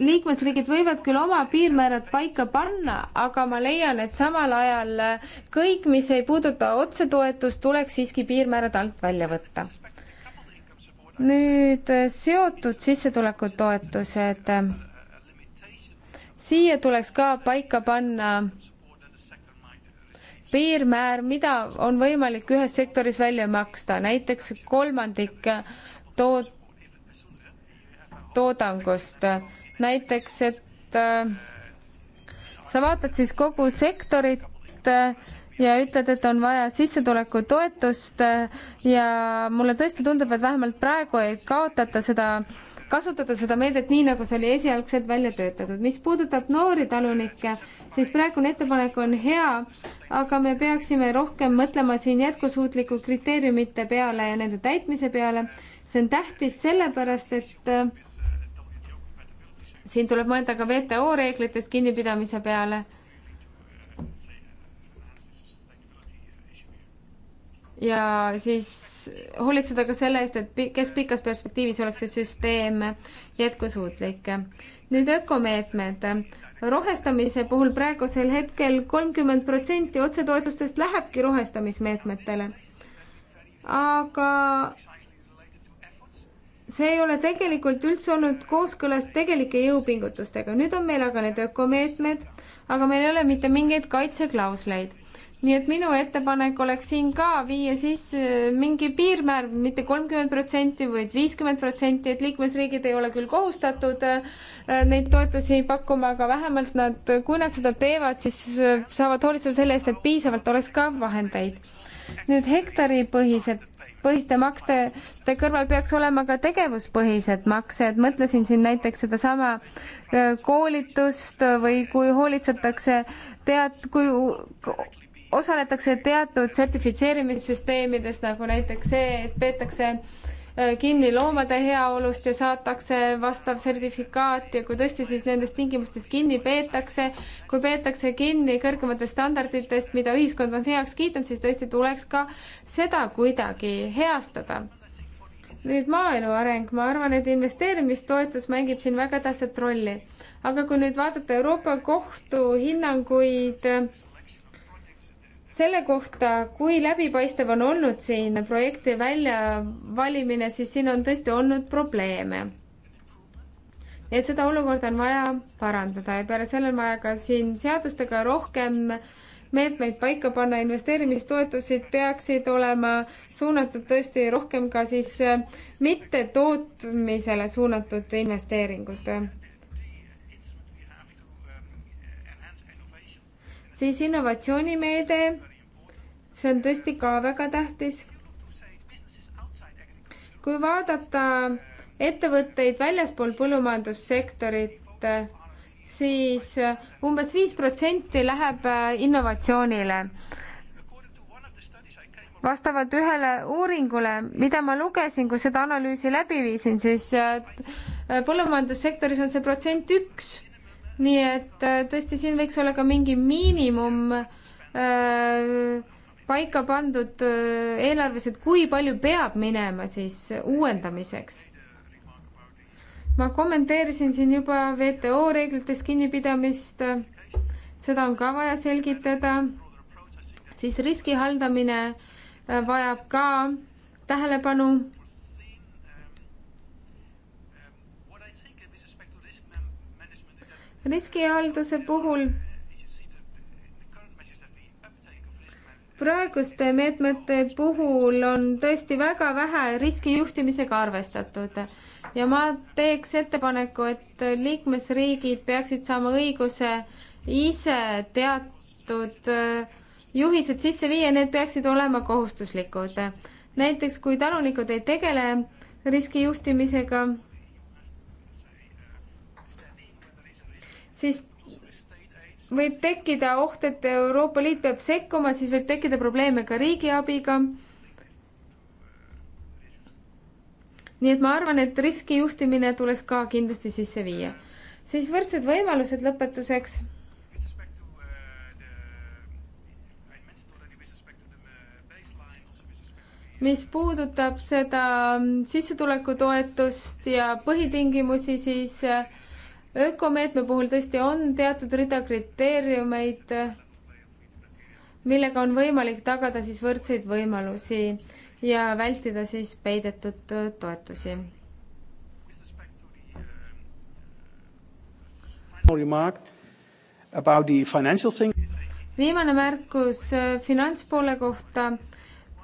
liikmesriigid võivad küll oma piirmäärad paika panna, aga ma leian, et samal ajal kõik, mis ei puuduta otsetoetust, tuleks siiski piirmäärad alt välja võtta. nüüd eh, seotud sissetulekutoetused. siia tuleks ka paika panna piirmäär, mida on võimalik ühes sektoris välja maksta, näiteks kolmandik toot-, toodangust näiteks, et äh, sa vaatad siis kogu sektorit äh, ja ütled, et on vaja sissetulekutoetust äh, ja mulle tõesti tundub, et vähemalt praegu ei kaotata seda, kasutada seda meedet nii, nagu see oli esialgselt välja töötatud. mis puudutab noori talunikke, siis praegune ettepanek on hea, aga me peaksime rohkem mõtlema siin jätkusuutliku kriteeriumite peale ja nende täitmise peale. see on tähtis sellepärast, et siin tuleb mõelda ka WTO reeglitest kinnipidamise peale. ja siis hoolitseda ka selle eest, et kes pikas perspektiivis oleks see süsteem jätkusuutlik. nüüd ökomeetmed. rohestamise puhul praegusel hetkel kolmkümmend protsenti otsetoetustest lähebki rohestamismeetmetele. aga see ei ole tegelikult üldse olnud kooskõlas tegelike jõupingutustega. nüüd on meil aga need ökomeetmed, aga meil ei ole mitte mingeid kaitseklausleid. nii et minu ettepanek oleks siin ka viia sisse mingi piirmäär mitte, mitte kolmkümmend protsenti, vaid viiskümmend protsenti, et liikmesriigid ei ole küll kohustatud äh, neid toetusi pakkuma, aga vähemalt nad, kui nad seda teevad, siis äh, saavad hoolitseda selle eest, et piisavalt oleks ka vahendeid. nüüd hektaripõhised tegevuspõhiste makste kõrval peaks olema ka tegevuspõhised maksed, mõtlesin siin näiteks sedasama äh, koolitust või kui hoolitsetakse tead-, kui osaletakse teatud sertifitseerimissüsteemides, nagu näiteks see, et peetakse äh, Äh, kinni loomade heaolust ja saatakse vastav sertifikaat ja kui tõesti siis nendest tingimustest kinni peetakse, kui peetakse kinni kõrgematest standarditest, mida ühiskond on heaks kiitnud, siis tõesti tuleks ka seda kuidagi heastada nüüd maaelu areng, ma arvan, et investeerimistoetus mängib siin väga tähtsat rolli. aga kui nüüd vaadata Euroopa Kohtu hinnanguid äh, selle kohta, kui läbipaistev on olnud siin projekti väljavalimine, siis siin on tõesti olnud probleeme. nii et seda olukorda on vaja parandada ja peale selle on vaja ka siin seadustega rohkem meetmeid paika panna, investeerimistoetused peaksid olema suunatud tõesti rohkem ka siis mittetootmisele suunatud investeeringud siis innovatsioonimeede, see on tõesti ka väga tähtis. kui vaadata ettevõtteid väljaspool põllumajandussektorit, siis umbes viis protsenti läheb äh, innovatsioonile. vastavalt ühele uuringule, mida ma lugesin, kui seda analüüsi läbi viisin, siis äh, põllumajandussektoris on see protsent üks nii et äh, tõesti, siin võiks olla ka mingi miinimum äh, paika pandud äh, eelarves, et kui palju peab minema siis uuendamiseks? ma kommenteerisin siin juba WTO reeglitest kinnipidamist, seda on ka vaja selgitada, siis riski haldamine äh, vajab ka tähelepanu riskihalduse puhul praeguste meetmete puhul on tõesti väga vähe riskijuhtimisega arvestatud ja ma teeks ettepaneku, et liikmesriigid peaksid saama õiguse ise teatud äh, juhised sisse viia, need peaksid olema kohustuslikud. näiteks kui talunikud ei tegele riskijuhtimisega, siis võib tekkida oht, et Euroopa Liit peab sekkuma, siis võib tekkida probleeme ka riigiabiga. nii et ma arvan, et riskijuhtimine tuleks ka kindlasti sisse viia. siis võrdsed võimalused lõpetuseks. mis puudutab seda sissetulekutoetust ja põhitingimusi, siis äh, ökomeetme puhul tõesti on teatud rida kriteeriumeid, millega on võimalik tagada siis võrdseid võimalusi ja vältida siis peidetud toetusi. viimane märkus äh, finantspoole kohta.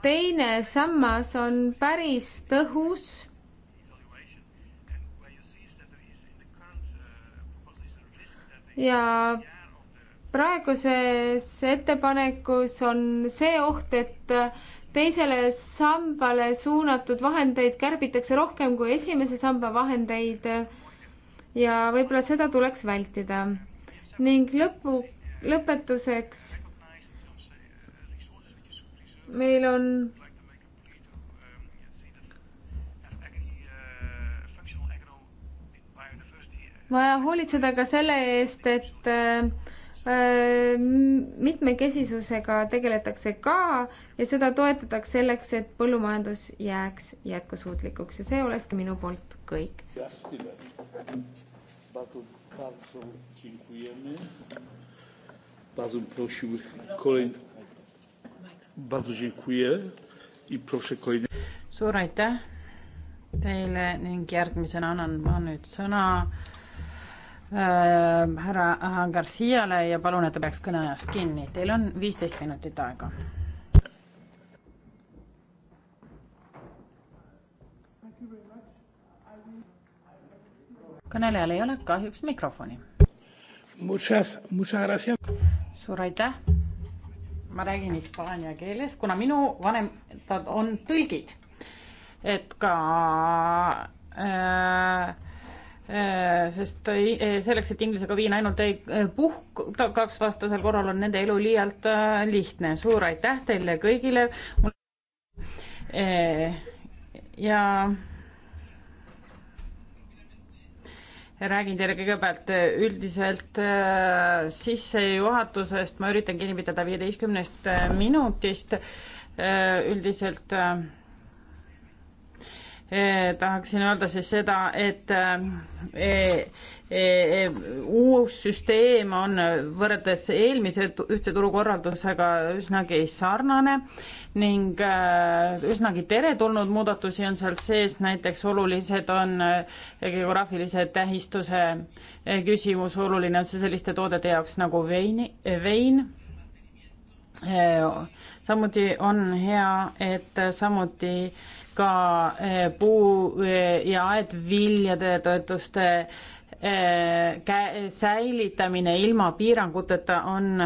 teine sammas on päris tõhus ja praeguses ettepanekus on see oht, et teisele sambale suunatud vahendeid kärbitakse rohkem kui esimese samba vahendeid ja võib-olla seda tuleks vältida. ning lõpu, lõpetuseks meil on vaja hoolitseda ka selle eest, et äh, mitmekesisusega tegeletakse ka ja seda toetatakse selleks, et põllumajandus jääks jätkusuutlikuks ja see olekski minu poolt kõik. Bardzo prosił kolej. Bardzo dziękuję i proszę kolejny. Suur aitäh teile ning järgmisena annan ma nüüd sõna Äh, härra Garciale ja palun, et ta peaks kõneajast kinni. Teil on viisteist minutit aega. kõnelejal ei ole kahjuks mikrofoni. suur aitäh. ma räägin hispaania keeles, kuna minu vanemad on tõlgid, et ka äh, Äh, sest äh, äh, selleks, et inglasega viin ainult ei puhkaks, vastasel korral on nende elu liialt lihtne. suur aitäh teile kõigile. ja räägin teile kõigepealt üldiselt sissejuhatusest, ma üritan kinni pidada viieteistkümnest minutist. üldiselt Eh, tahaksin öelda siis seda, et eh, eh, eh uus süsteem on võrreldes eelmise ühtse turukorraldusega üsnagi sarnane ning eh, üsnagi teretulnud muudatusi on seal sees, näiteks olulised on eh, geograafilise tähistuse küsimus, oluline on see selliste toodete jaoks nagu veini, vein Eh, samuti on hea, et samuti ka eh, puu- eh, ja aedviljade toetuste säilitamine ilma piiranguteta on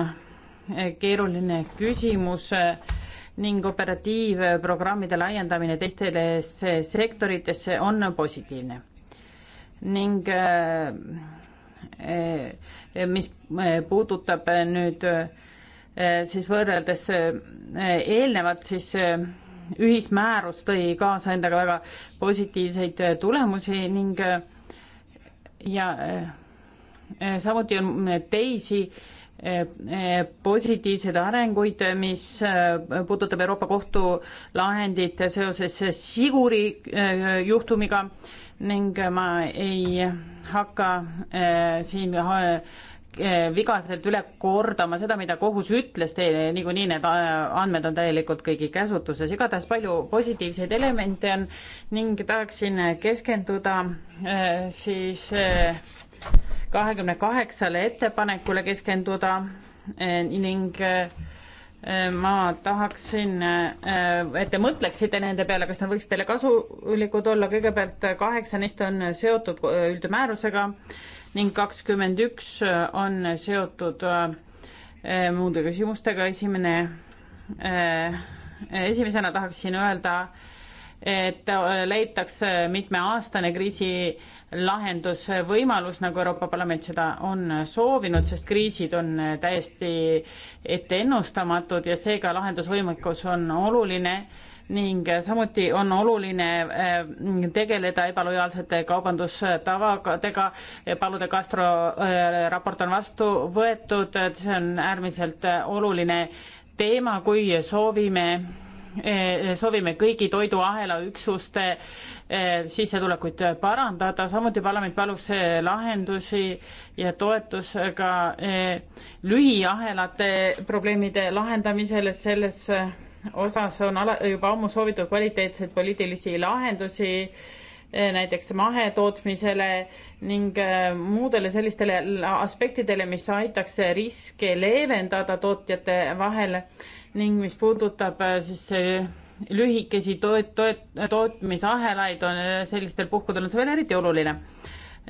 keeruline küsimus ning operatiivprogrammide laiendamine teistele sektoritesse on positiivne. ning mis puudutab nüüd Eh, siis võrreldes eh, eelnevat, siis eh, ühismäärus tõi kaasa endaga väga positiivseid tulemusi ning ja samuti on teisi positiivseid arenguid, mis puudutab Euroopa Kohtu lahendit seoses Siguri juhtumiga ning ma ei hakka siin Eh, vigaselt üle kordama seda, mida kohus ütles teile, niikuinii need äh, andmed on täielikult kõigi käsutuses, igatahes palju positiivseid elemente on ning tahaksin keskenduda äh, siis äh, kahekümne kaheksale ettepanekule keskenduda ning ma tahaksin, äh, et te mõtleksite nende peale, kas nad võiks teile kasulikud olla, kõigepealt kaheksa neist on seotud äh, üldmäärusega ning kakskümmend üks äh, on seotud muude küsimustega, esimene, esimesena tahaksin öelda, et leitakse mitmeaastane kriisi lahendusvõimalus, nagu Euroopa Parlament seda on soovinud, sest kriisid on täiesti etteennustamatud ja seega lahendusvõimekus on oluline ning samuti on oluline eh, tegeleda ebalojaalsete kaubandustavadega. Paolo de Castro eh, raport on vastu võetud, see on äärmiselt oluline teema, kui soovime Eh, eh, soovime kõigi toiduahela üksuste eh, sissetulekuid parandada, samuti parlament palus lahendusi ja toetusega lühiahelate probleemide lahendamisele, selles osas on ala, juba ammu soovitud kvaliteetseid poliitilisi lahendusi näiteks mahetootmisele ning muudele sellistele aspektidele, mis aitaks riske leevendada tootjate vahel ning mis puudutab äh, siis lühikesi toet-, toet-, tootmisahelaid, on äh, sellistel puhkudel on see veel eriti oluline.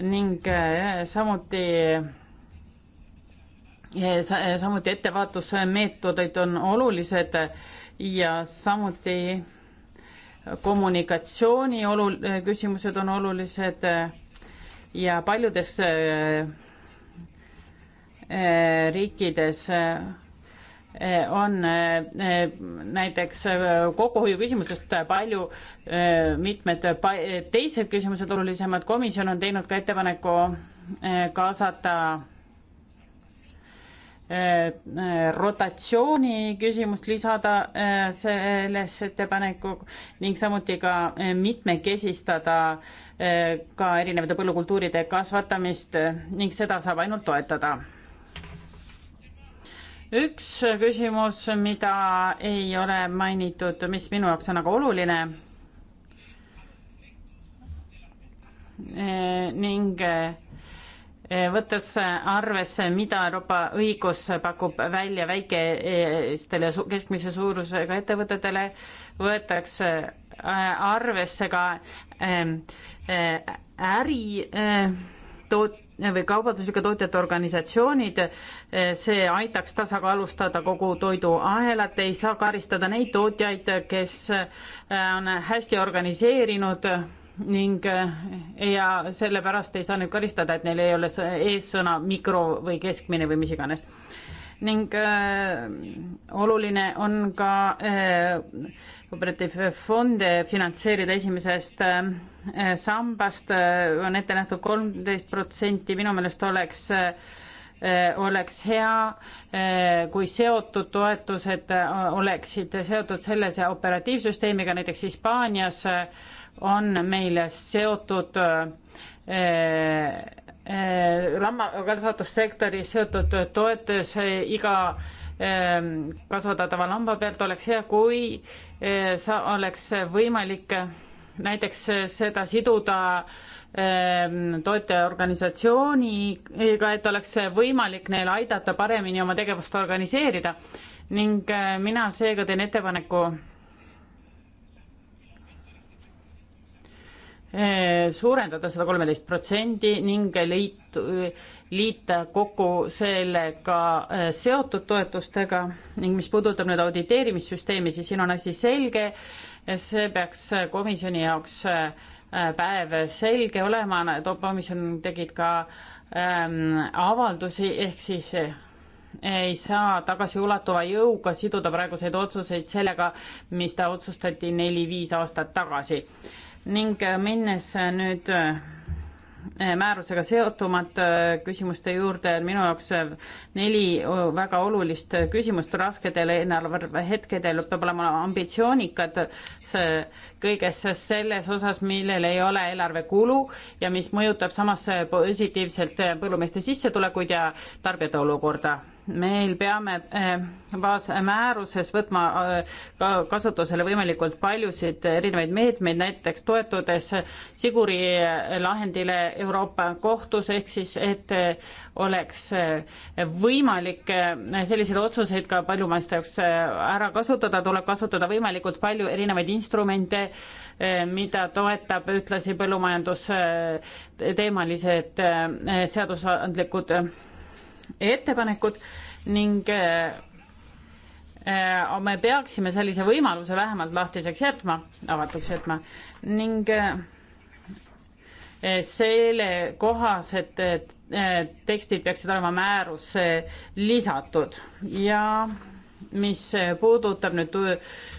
ning äh, samuti samuti ettevaatusmeetodeid on olulised ja samuti kommunikatsiooni olu-, küsimused on olulised ja paljudes riikides Eh, on eh, eh, näiteks kokkuhoiu küsimustest palju mitmed teised küsimused olulisemad. komisjon on teinud ka ettepaneku kaasata rotatsiooni küsimust lisada sellesse ettepaneku ning samuti ka mitmekesistada ka erinevate põllukultuuride kasvatamist ning seda saab ainult toetada üks küsimus, mida ei ole mainitud, mis minu jaoks on aga oluline ning võttes arvesse, mida Euroopa õigus pakub välja väikestele keskmise suurusega ettevõtetele, võetakse äh, arvesse ka ähm, äh, äri toot-, või kaubanduslike tootjate organisatsioonid, eh, see aitaks tasakaalustada kogu toiduahelat, ei saa karistada neid tootjaid, kes eh, on hästi organiseerinud ning eh, ja sellepärast ei saa neid karistada, et neil ei ole eessõna mikro või keskmine või mis iganes ning äh, oluline on ka äh, kooperatiivfonde finantseerida esimesest äh, sambast, on ette nähtud kolmteist protsenti, minu meelest oleks oleks hea, kui seotud toetused oleksid seotud sellise operatiivsüsteemiga, näiteks Hispaanias on meil seotud Äh, lammakasvatussektoris seotud toetus äh, iga ähm, kasvatatava lamba pealt oleks hea, kui äh, sa oleks võimalik näiteks seda siduda ähm, toetajaorganisatsiooniga, et oleks võimalik neil aidata paremini oma tegevust organiseerida ning mina seega teen ettepaneku Eh, suurendada seda kolmeteist protsendi ning liitu, eh, liita kokku sellega eh, seotud toetustega ning mis puudutab nüüd auditeerimissüsteemi, siis siin on asi selge, see peaks komisjoni jaoks päev selge olema, komisjon tegid ka ähm, avaldusi, ehk siis ei saa tagasiulatuva jõuga siduda praeguseid otsuseid sellega, mis ta otsustati neli-viis aastat tagasi ning äh, minnes äh, nüüd äh, määrusega seotumata küsimuste juurde on minu jaoks neli väga olulist küsimust raskedel eelarvehetkedel peab olema ambitsioonikad kõiges selles osas, millel ei ole eelarve kulu ja mis mõjutab samas positiivselt põllumeeste sissetulekuid ja tarbijate olukorda meil peame eh, baasmääruses võtma eh, kasutusele võimalikult paljusid erinevaid meetmeid, näiteks toetudes Siguri eh, lahendile Euroopa Kohtus, ehk siis et oleks võimalik selliseid otsuseid ka paljumaiste jaoks ära kasutada, tuleb kasutada võimalikult palju erinevaid instrumente, mida toetab ühtlasi põllumajandusteemalised seadusandlikud ettepanekud ning äh, äh, me peaksime sellise võimaluse vähemalt lahtiseks jätma, avatuks jätma ning äh, sellekohased tekstid peaksid olema määrusse lisatud ja mis puudutab nüüd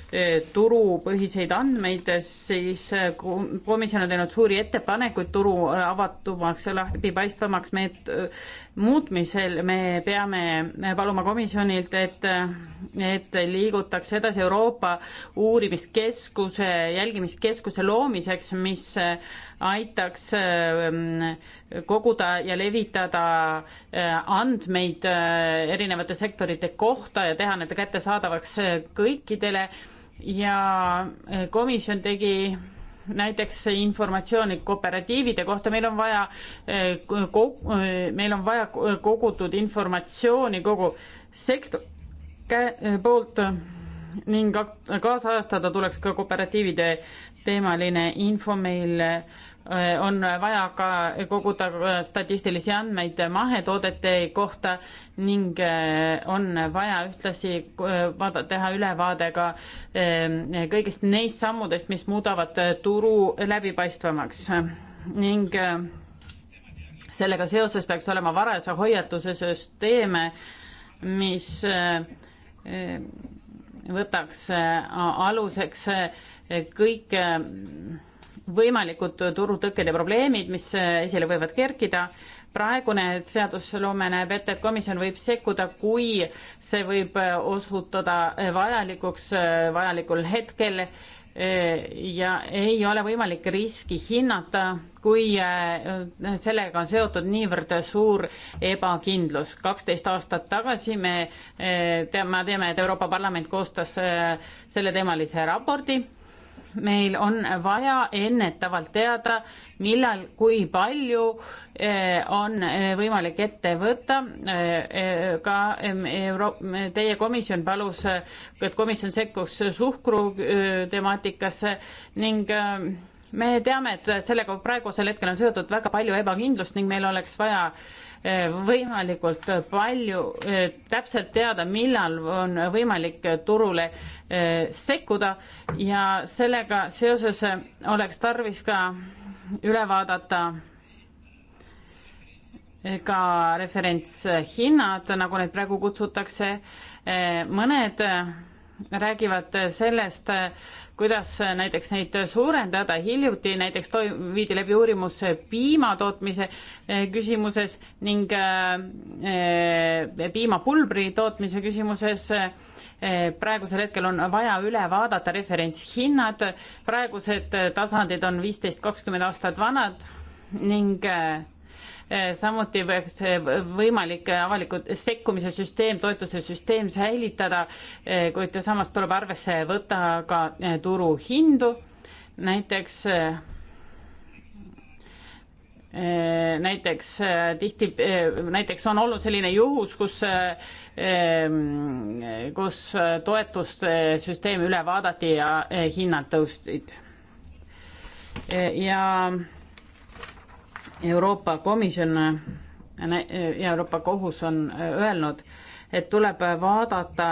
Eh, turupõhiseid andmeid, siis eh, komisjon on teinud suuri ettepanekuid turu avatumaks ja läbipaistvamaks meet-, muutmisel. me peame eh, paluma komisjonilt, et, et liigutaks edasi Euroopa uurimiskeskuse, jälgimiskeskuse loomiseks, mis aitaks koguda ja levitada andmeid erinevate sektorite kohta ja teha need kättesaadavaks kõikidele ja eh, komisjon tegi näiteks informatsiooni kooperatiivide kohta, meil on vaja, eh, eh, meil on vaja kogutud informatsiooni kogu sektori poolt ning kaasajastada tuleks ka kooperatiivide teemaline info meil Äh, on vaja ka koguda statistilisi andmeid mahetoodete kohta ning äh, on vaja ühtlasi äh, vaada, teha ülevaade ka kõigist neist sammudest, mis muudavad turu läbipaistvamaks ning sellega seoses peaks olema varase hoiatuse süsteeme, mis võtaks aluseks kõik võimalikud turutõkked ja probleemid, mis esile võivad kerkida. praegune seadusloome näeb ette, et komisjon võib sekkuda, kui see võib osutuda vajalikuks vajalikul hetkel ja ei ole võimalik riski hinnata, kui sellega on seotud niivõrd suur ebakindlus. kaksteist aastat tagasi me teame, teame, et Euroopa Parlament koostas selleteemalise raporti meil on vaja ennetavalt teada, millal, kui palju eh, on eh, võimalik ette võtta. Eh, ka Euro-, teie komisjon palus, et komisjon sekkuks suhkru temaatikasse ning me teame, et sellega praegusel hetkel on seotud väga palju ebakindlust ning meil oleks vaja võimalikult palju eh, täpselt teada, millal on võimalik turule eh, sekkuda ja sellega seoses eh, oleks tarvis ka üle vaadata ka referentshinnad, nagu neid praegu kutsutakse, mõned räägivad sellest, kuidas äh, näiteks neid äh, suurendada, hiljuti näiteks toim-, viidi läbi uurimus äh, piima tootmise küsimuses ning piimapulbri tootmise küsimuses. praegusel hetkel on vaja üle vaadata referentshinnad, praegused tasandid on viisteist, kakskümmend aastat vanad ning Eh, samuti peaks võimalik avaliku sekkumise süsteem, toetuse süsteem säilitada, eh, kuid samas tuleb arvesse võtta ka eh, turuhindu, näiteks näiteks tihti, näiteks on olnud selline juhus, kus, kus toetuste süsteem üle vaadati ja hinnad tõusid. ja Euroopa Komisjon ja Euroopa Kohus on äh, öelnud, et tuleb vaadata,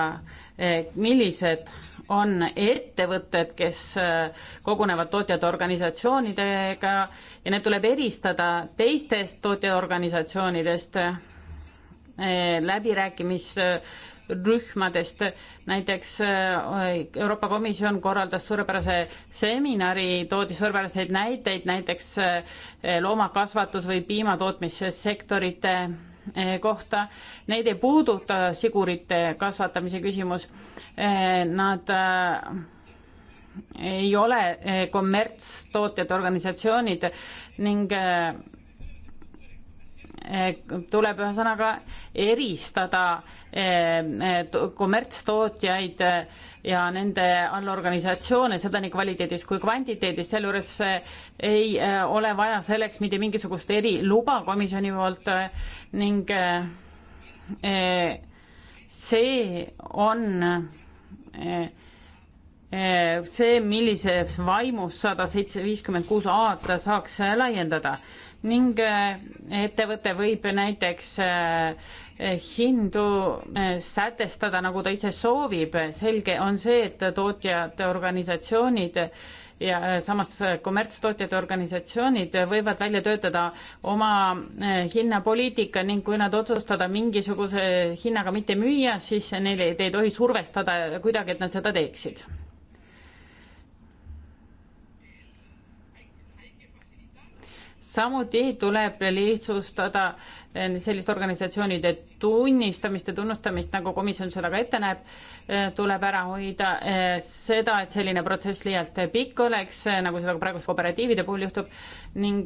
äh, millised on ettevõtted, kes äh, kogunevad tootjate organisatsioonidega ja need tuleb eristada teistest tootjaorganisatsioonidest. läbirääkimis rühmadest. näiteks äh, Euroopa Komisjon korraldas suurepärase seminari, toodi suurepäraseid näiteid, näiteks äh, loomakasvatus või piimatootmissektorite äh, kohta, neid ei puuduta sigurite kasvatamise küsimus. Nad ei ole kommertstootjate organisatsioonid ning Eh, tuleb ühesõnaga eristada eh, eh, kommertstootjaid ja nende allorganisatsioone, seda nii kvaliteedis kui kvantiteedis, sealjuures ei ole vaja selleks mitte mingisugust eriluba komisjoni poolt ning see on see, millises vaimus sada seitse, viiskümmend kuus A-d saaks laiendada ning eh, ettevõte võib näiteks eh, hindu eh, sätestada, nagu ta ise soovib. selge on see, et tootjate organisatsioonid ja samas kommertstootjate organisatsioonid võivad välja töötada oma hinnapoliitika ning kui nad otsustada mingisuguse hinnaga mitte müüa, siis neile ei tohi survestada kuidagi, et nad seda teeksid samuti tuleb lihtsustada eh, selliste organisatsioonide tunnistamist ja tunnustamist, nagu komisjon seda ka ette näeb, eh, tuleb ära hoida eh, seda, et selline protsess liialt pikk oleks, nagu seda praeguse kooperatiivide puhul juhtub, ning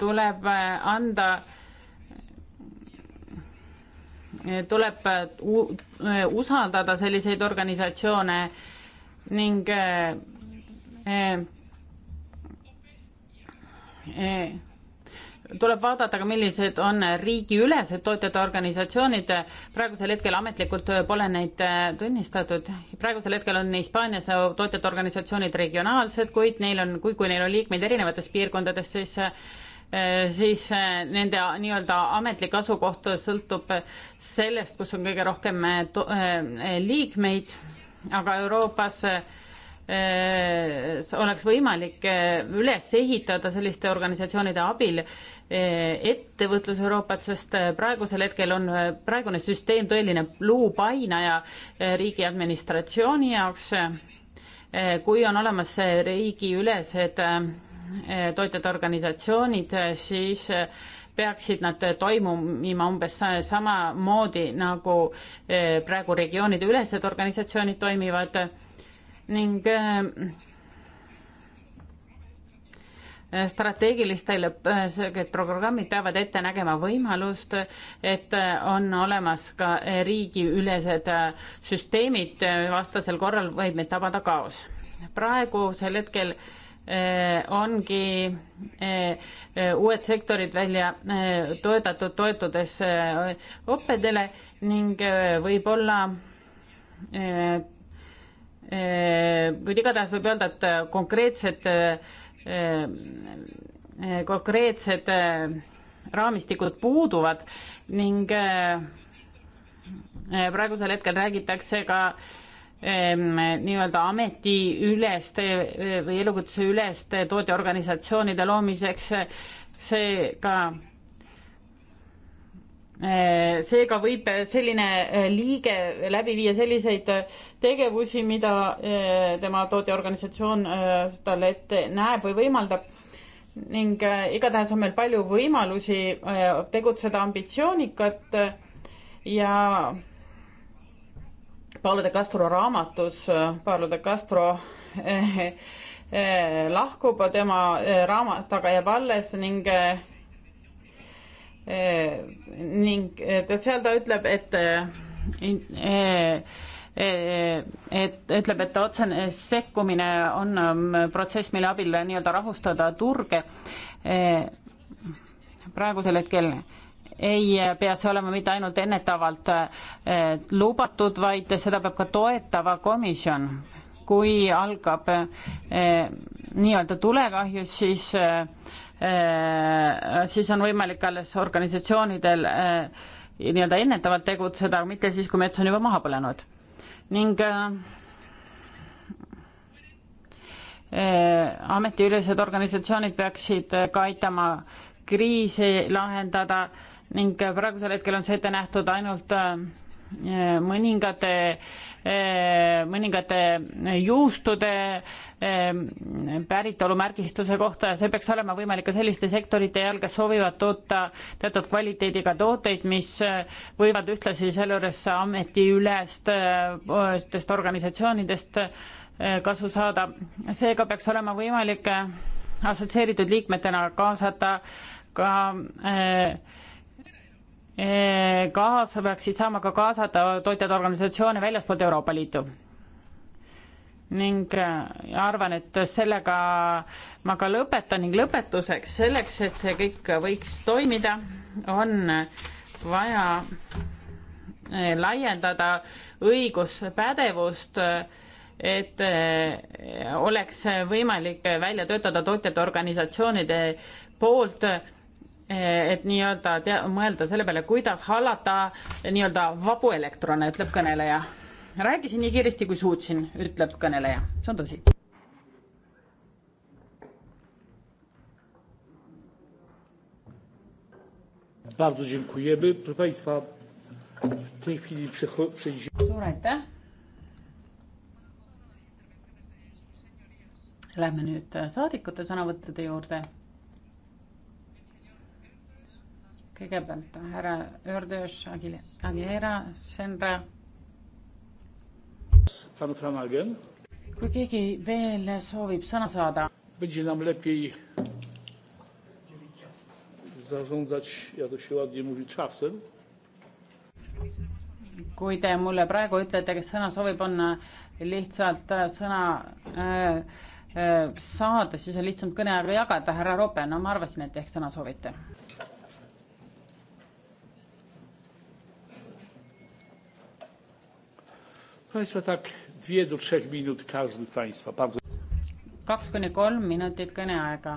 tuleb anda tuleb usaldada selliseid organisatsioone ning tuleb vaadata ka, millised on riigiülesed tootjate organisatsioonid, praegusel hetkel ametlikult pole neid äh, tunnistatud, praegusel hetkel on Hispaanias tootjate organisatsioonid regionaalsed, kuid neil on, kui, kui neil on liikmeid erinevates piirkondades, siis äh, siis äh, nende nii-öelda ametlik asukoht sõltub sellest, kus on kõige rohkem liikmeid, aga Euroopas äh, Äh, oleks võimalik äh, üles ehitada selliste organisatsioonide abil äh, ettevõtlus Euroopat, sest praegusel hetkel on praegune süsteem tõeline luupainaja riigi administratsiooni jaoks. kui on olemas riigiülesed tootjate organisatsioonid, siis peaksid nad toimuma umbes samamoodi nagu praegu regioonide ülesed organisatsioonid toimivad ning äh, strateegilistel äh, programmid peavad ette nägema võimalust, et äh, on olemas ka riigiülesed süsteemid, vastasel korral võib meid tabada kaos. praegusel hetkel ongi uued sektorid välja toetatud, toetudes õppedele ning võib-olla Ehm, kuid igatahes võib öelda, et äh, konkreetsed, äh, ehm, konkreetsed äh, raamistikud puuduvad ning praegusel hetkel räägitakse ka ehm, nii-öelda ametiüleste või elukutseüleste tootjaorganisatsioonide loomiseks, seega Äh, seega võib äh, selline äh, liige läbi viia selliseid tegevusi, mida tema tootjaorganisatsioon talle ette näeb või võimaldab. ning igatahes on meil palju võimalusi tegutseda ambitsioonikat ja Paolo de Castro raamatus, Paolo de Castro lahkub, tema raamat aga jääb alles ning Eh, ning eh, ta seal ta ütleb, et eh, et ütleb, et otsene sekkumine on mm, protsess, mille abil nii-öelda rahustada turge. praegusel hetkel ei pea see olema mitte ainult ennetavalt lubatud, vaid seda peab ka toetava komisjon. kui algab nii-öelda tulekahjus, siis Äh, siis on võimalik alles organisatsioonidel äh, nii-öelda ennetavalt tegutseda, mitte siis, kui mets on juba maha põlenud. ning äh, ametiülesed organisatsioonid peaksid ka aitama kriisi lahendada ning praegusel hetkel on see ette nähtud ainult äh, mõningate eh, mõningate juustude eh, päritolumärgistuse kohta ja see peaks olema võimalik ka selliste sektorite ajal, kes soovivad toota teatud kvaliteediga tooteid, mis eh, võivad ühtlasi selle juures ametiülestest organisatsioonidest kasu saada. seega peaks olema võimalik assotsieeritud liikmetena kaasata ka äh, kaasa, peaksid saama ka kaasata tootjate organisatsioone väljaspoolt Euroopa Liitu. ning äh, arvan, et sellega ma ka lõpetan ning lõpetuseks, selleks, et see kõik võiks toimida, on vaja äh, laiendada õiguspädevust, et äh, oleks võimalik välja töötada tootjate organisatsioonide poolt et nii-öelda tea-, mõelda selle peale, kuidas hallata nii-öelda vabu elektrone, ütleb kõneleja. rääkisin nii kiiresti, kui suutsin, ütleb kõneleja, see on tõsi. suur aitäh. Lähme nüüd saadikute sõnavõttude juurde kõigepealt härra Ördös Aguilera, Senra. kui keegi veel soovib sõna saada. Będzie nam lepiej zarządzać, jak to się ładnie mówi, czasem. kui te mulle praegu ütlete, kes sõna soovib, on lihtsalt äh, sõna äh, äh, saada, siis on lihtsam kõneaega jagada. härra Rope, no ma arvasin, et ehk sõna soovite Państwa tak dwie do trzech minut każdy z Państwa. Bardzo... kaks kuni kolm minutit kõneaega.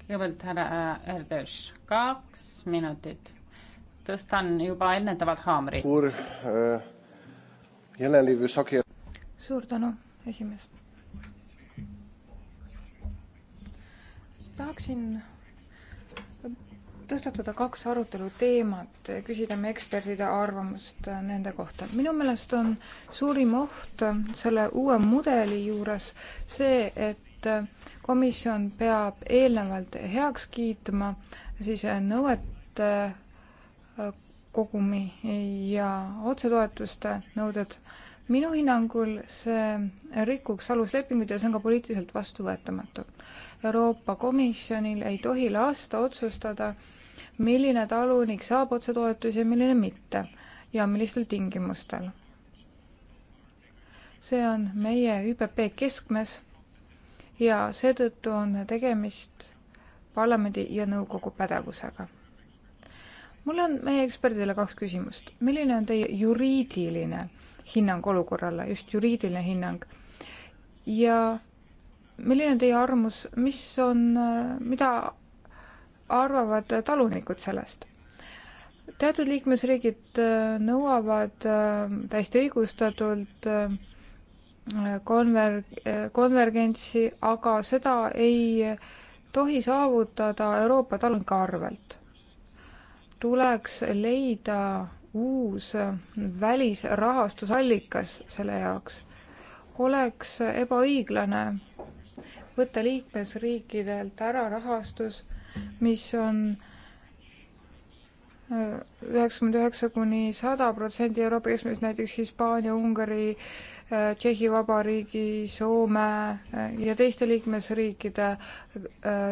kõigepealt härra äh, Erdős, kaks minutit. tõstan juba ennetavalt haamri. Äh, suur tänu, esimees. tahaksin tõstatada kaks aruteluteemat, küsida me ekspertide arvamust äh, nende kohta. minu meelest on suurim oht äh, selle uue mudeli juures see, et äh, komisjon peab eelnevalt heaks kiitma siis nõuete kogumi ja otsetoetuste nõuded minu hinnangul see rikuks aluslepingut ja see on ka poliitiliselt vastuvõetamatu. Euroopa Komisjonil ei tohi lasta otsustada, milline talunik saab otsetoetusi ja milline mitte ja millistel tingimustel. see on meie ÜPP keskmes ja seetõttu on tegemist parlamendi ja nõukogu pädevusega. mul on meie eksperdile kaks küsimust. milline on teie juriidiline hinnang olukorrale, just juriidiline hinnang. ja milline on teie arvamus, mis on, mida arvavad talunikud sellest? teatud liikmesriigid äh, nõuavad äh, täiesti õigustatult äh, konver-, konvergentsi, aga seda ei tohi saavutada Euroopa talunike arvelt. tuleks leida uus äh, välisrahastusallikas selle jaoks. oleks ebaõiglane võtta liikmesriikidelt ära rahastus, mis on äh, üheksakümmend üheksa kuni sada protsenti Euroopa keskmisest, näiteks Hispaania, Ungari, äh, Tšehhi Vabariigi, Soome ja teiste liikmesriikide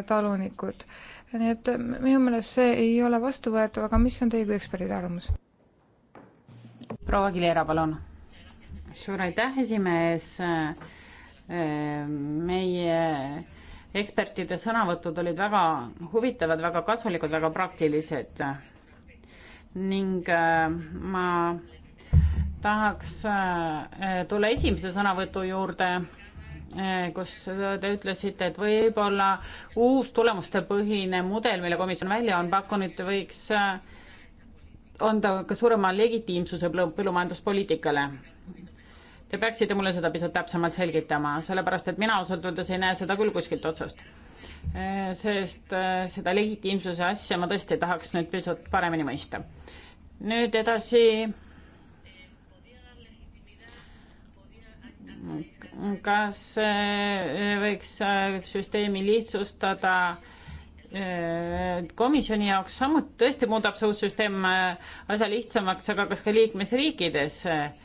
talunikud. nii et minu meelest see ei ole vastuvõetav, aga mis on teie kui eksperdi arvamus? proua Aguilera, palun. suur aitäh, esimees. meie ekspertide sõnavõtud olid väga huvitavad, väga kasulikud, väga praktilised. ning äh, ma tahaks äh, tulla esimese sõnavõtu juurde äh, kus te ütlesite, et võib-olla uus tulemustepõhine mudel, mille komisjon välja on pakkunud, võiks äh, anda ka suurema legitiimsuse põllumajanduspoliitikale. Te peaksite mulle seda pisut täpsemalt selgitama, sellepärast et mina ausalt öeldes ei näe seda küll kuskilt otsast. sest äh, seda legitiimsuse asja ma tõesti tahaks nüüd pisut paremini mõista. nüüd edasi kas äh, võiks äh, süsteemi lihtsustada äh, Äh, komisjoni jaoks samuti tõesti muudab see uus süsteem äh, asja lihtsamaks, aga kas ka liikmesriikides? Äh,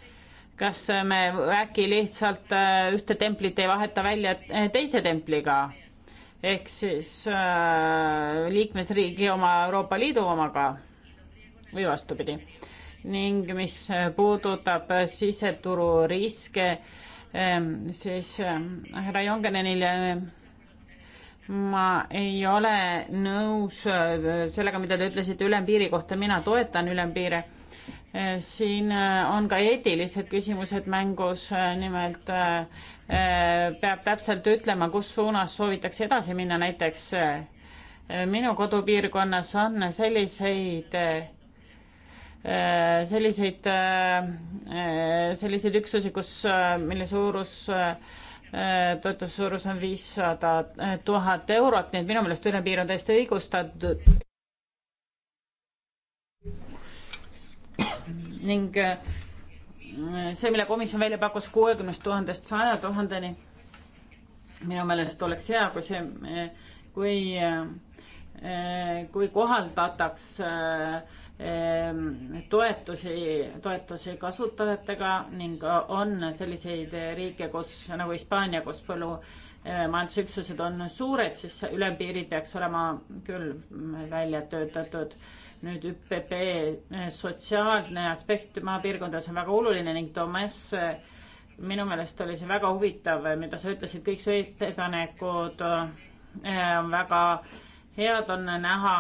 kas me äkki lihtsalt ühte templit ei vaheta välja teise templiga? ehk siis liikmesriigi oma Euroopa Liidu omaga või vastupidi. ning mis puudutab siseturu riske, ähm, siis härra Jongenenile ma ei ole nõus äh, sellega, mida te ütlesite ülempiiri kohta, mina toetan ülempiire. Äh, siin äh, on ka eetilised küsimused mängus, nimelt peab täpselt ütlema, kus suunas soovitakse edasi minna, näiteks minu kodupiirkonnas on selliseid selliseid, selliseid üksusi, kus, mille suurus toetuse suurus on viissada tuhat eurot, nii et minu meelest ülempiir on täiesti õigustatud. ning äh, see, mille komisjon välja pakkus kuuekümnest tuhandest saja tuhandeni, minu meelest oleks hea, kui see, äh, kui, äh, kui kohaldataks äh, Ehm, toetusi, toetusi kasutajatega ning on selliseid riike, kus nagu Hispaania, kus põllumajandusüksused ehm, on suured, siis ülempiirid peaks olema küll välja töötatud. nüüd ÜPP eh, sotsiaalne aspekt maapiirkondades on väga oluline ning Toomas eh, minu meelest oli see väga huvitav, eh, mida sa ütlesid, kõik su ettepanekud on väga head on näha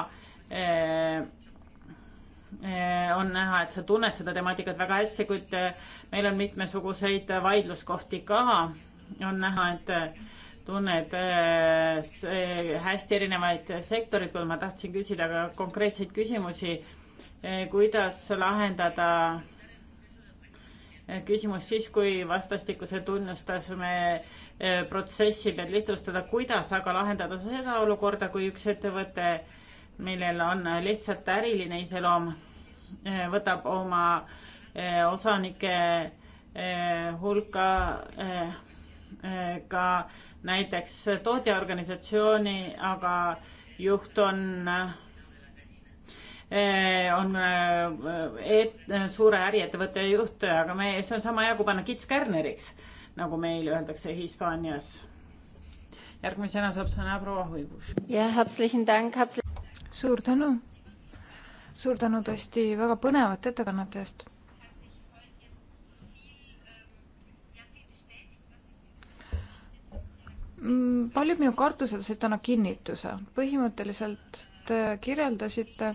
Eh, on näha, et sa tunned seda temaatikat väga hästi, kuid eh, meil on mitmesuguseid vaidluskohti ka. on näha, et eh, tunned hästi erinevaid sektoreid, kui ma tahtsin küsida ka konkreetseid küsimusi, kuidas lahendada küsimus siis, kui vastastikuse tunnustasime protsessi peal lihtsustada, kuidas aga lahendada seda olukorda, kui üks ettevõte, millel on lihtsalt äriline iseloom, Eh, võtab oma eh, osanike eh, hulka ka näiteks tootjaorganisatsiooni, aga juht on, on et, suure äriettevõtte juht, aga me, see on sama hea, kui panna kits kärneriks, nagu meil öeldakse Hispaanias. järgmisena saab sõna proua Huibus. jah, suur tänu suur tänu tõesti väga põnevate ettekannete eest. Mm, paljud minu kartused said täna kinnituse. põhimõtteliselt te kirjeldasite,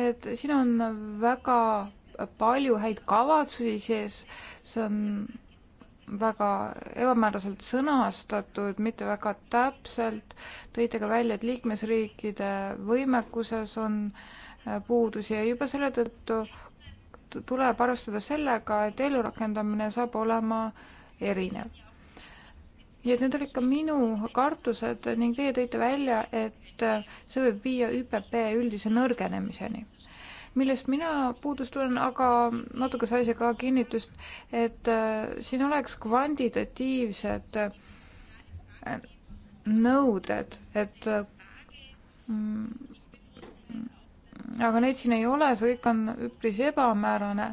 et siin on väga palju häid kavatsusi sees, see on väga ebamääraselt sõnastatud, mitte väga täpselt. tõite ka välja, et liikmesriikide võimekuses on äh, puudusi ja juba selle tõttu tuleb arvestada sellega, et ellurakendamine saab olema erinev. nii et need olid ka minu kartused ning teie tõite välja, et äh, see võib viia ÜPP üldise nõrgenemiseni millest mina puudust tunnen, aga natuke sai see ka kinnitust, et äh, siin oleks kvantitatiivsed äh, nõuded, et äh, mm, aga neid siin ei ole, see kõik on üpris ebamäärane.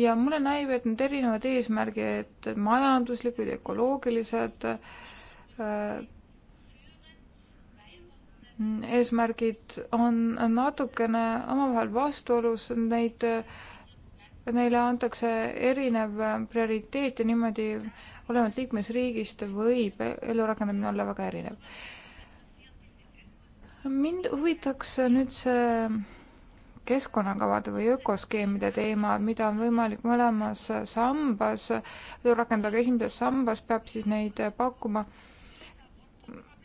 ja mulle näib, et need erinevad eesmärgid, majanduslikud, ökoloogilised, eesmärgid on natukene omavahel vastuolus, neid, neile antakse erinev prioriteet ja niimoodi olenevalt liikmesriigist võib ellurakendamine olla väga erinev. mind huvitaks nüüd see keskkonnakavade või ökoskeemide teema, mida on võimalik mõlemas sambas ellu rakendada, aga esimeses sambas peab siis neid pakkuma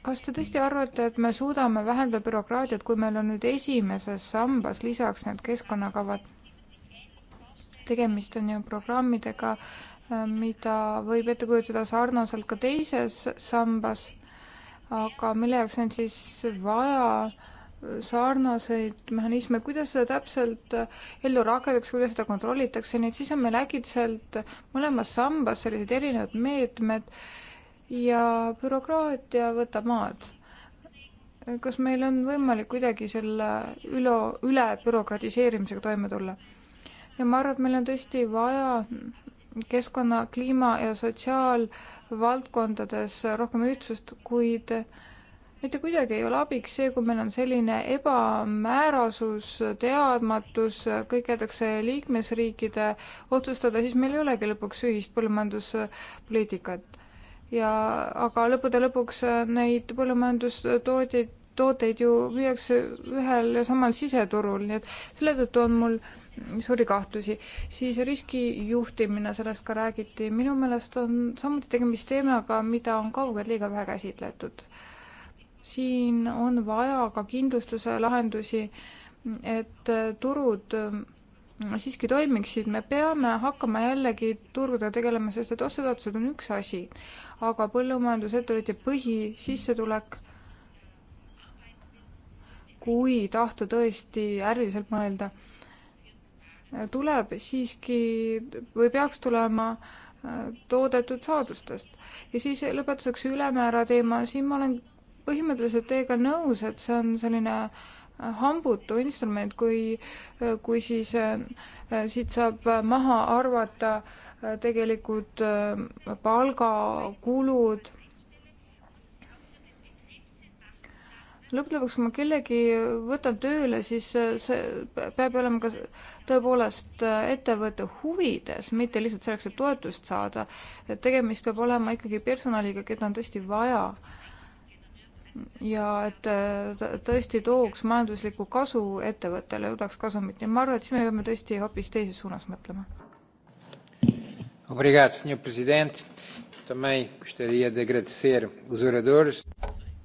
kas te tõesti arvate, et me suudame vähendada bürokraatiat, kui meil on nüüd esimeses sambas lisaks need keskkonnakavad? tegemist on ju programmidega, äh, mida võib ette kujutada sarnaselt ka teises sambas, aga mille jaoks on siis vaja äh, sarnaseid mehhanisme, kuidas seda täpselt äh, ellu rakendatakse, kuidas seda kontrollitakse, nii et siis on meil äkitselt mõlemas sambas sellised erinevad meetmed meet,, ja bürokraatia võtab maad. kas meil on võimalik kuidagi selle üle, üle bürokratiseerimisega toime tulla? ja ma arvan, et meil on tõesti vaja keskkonna, kliima ja sotsiaalvaldkondades rohkem ühtsust, kuid mitte kuidagi ei ole abiks see, kui meil on selline ebamäärasus, teadmatus, kõik jäetakse liikmesriikide otsustada, siis meil ei olegi lõpuks ühist põllumajanduspoliitikat ja aga lõppude lõpuks äh, neid põllumajandustooteid, tooteid ju müüakse ühel ja samal siseturul, nii et selle tõttu on mul suuri kahtlusi. siis riskijuhtimine, sellest ka räägiti, minu meelest on samuti tegemist teemaga, mida on kaugelt liiga vähe käsitletud. siin on vaja ka kindlustuse lahendusi, et äh, turud siiski toimiksid, me peame hakkama jällegi turgudega tegelema, sest et otsetoetused on üks asi, aga põllumajandusettevõtja põhisissetulek, kui tahta tõesti äriliselt mõelda, tuleb siiski või peaks tulema äh, toodetud saadustest. ja siis lõpetuseks ülemäära teema, siin ma olen põhimõtteliselt teiega nõus, et see on selline äh, hambutu instrument, kui, kui siis äh, siit saab maha arvata äh, tegelikud äh, palgakulud. lõppude lõpuks, kui ma kellegi võtan tööle, siis see peab olema ka tõepoolest ettevõtte huvides, mitte lihtsalt selleks, et toetust saada. et tegemist peab olema ikkagi personaliga, keda on tõesti vaja ja et äh, tõesti tooks majanduslikku kasu ettevõttele, toodaks kasumit ja ma arvan, et siis me peame tõesti hoopis teises suunas mõtlema.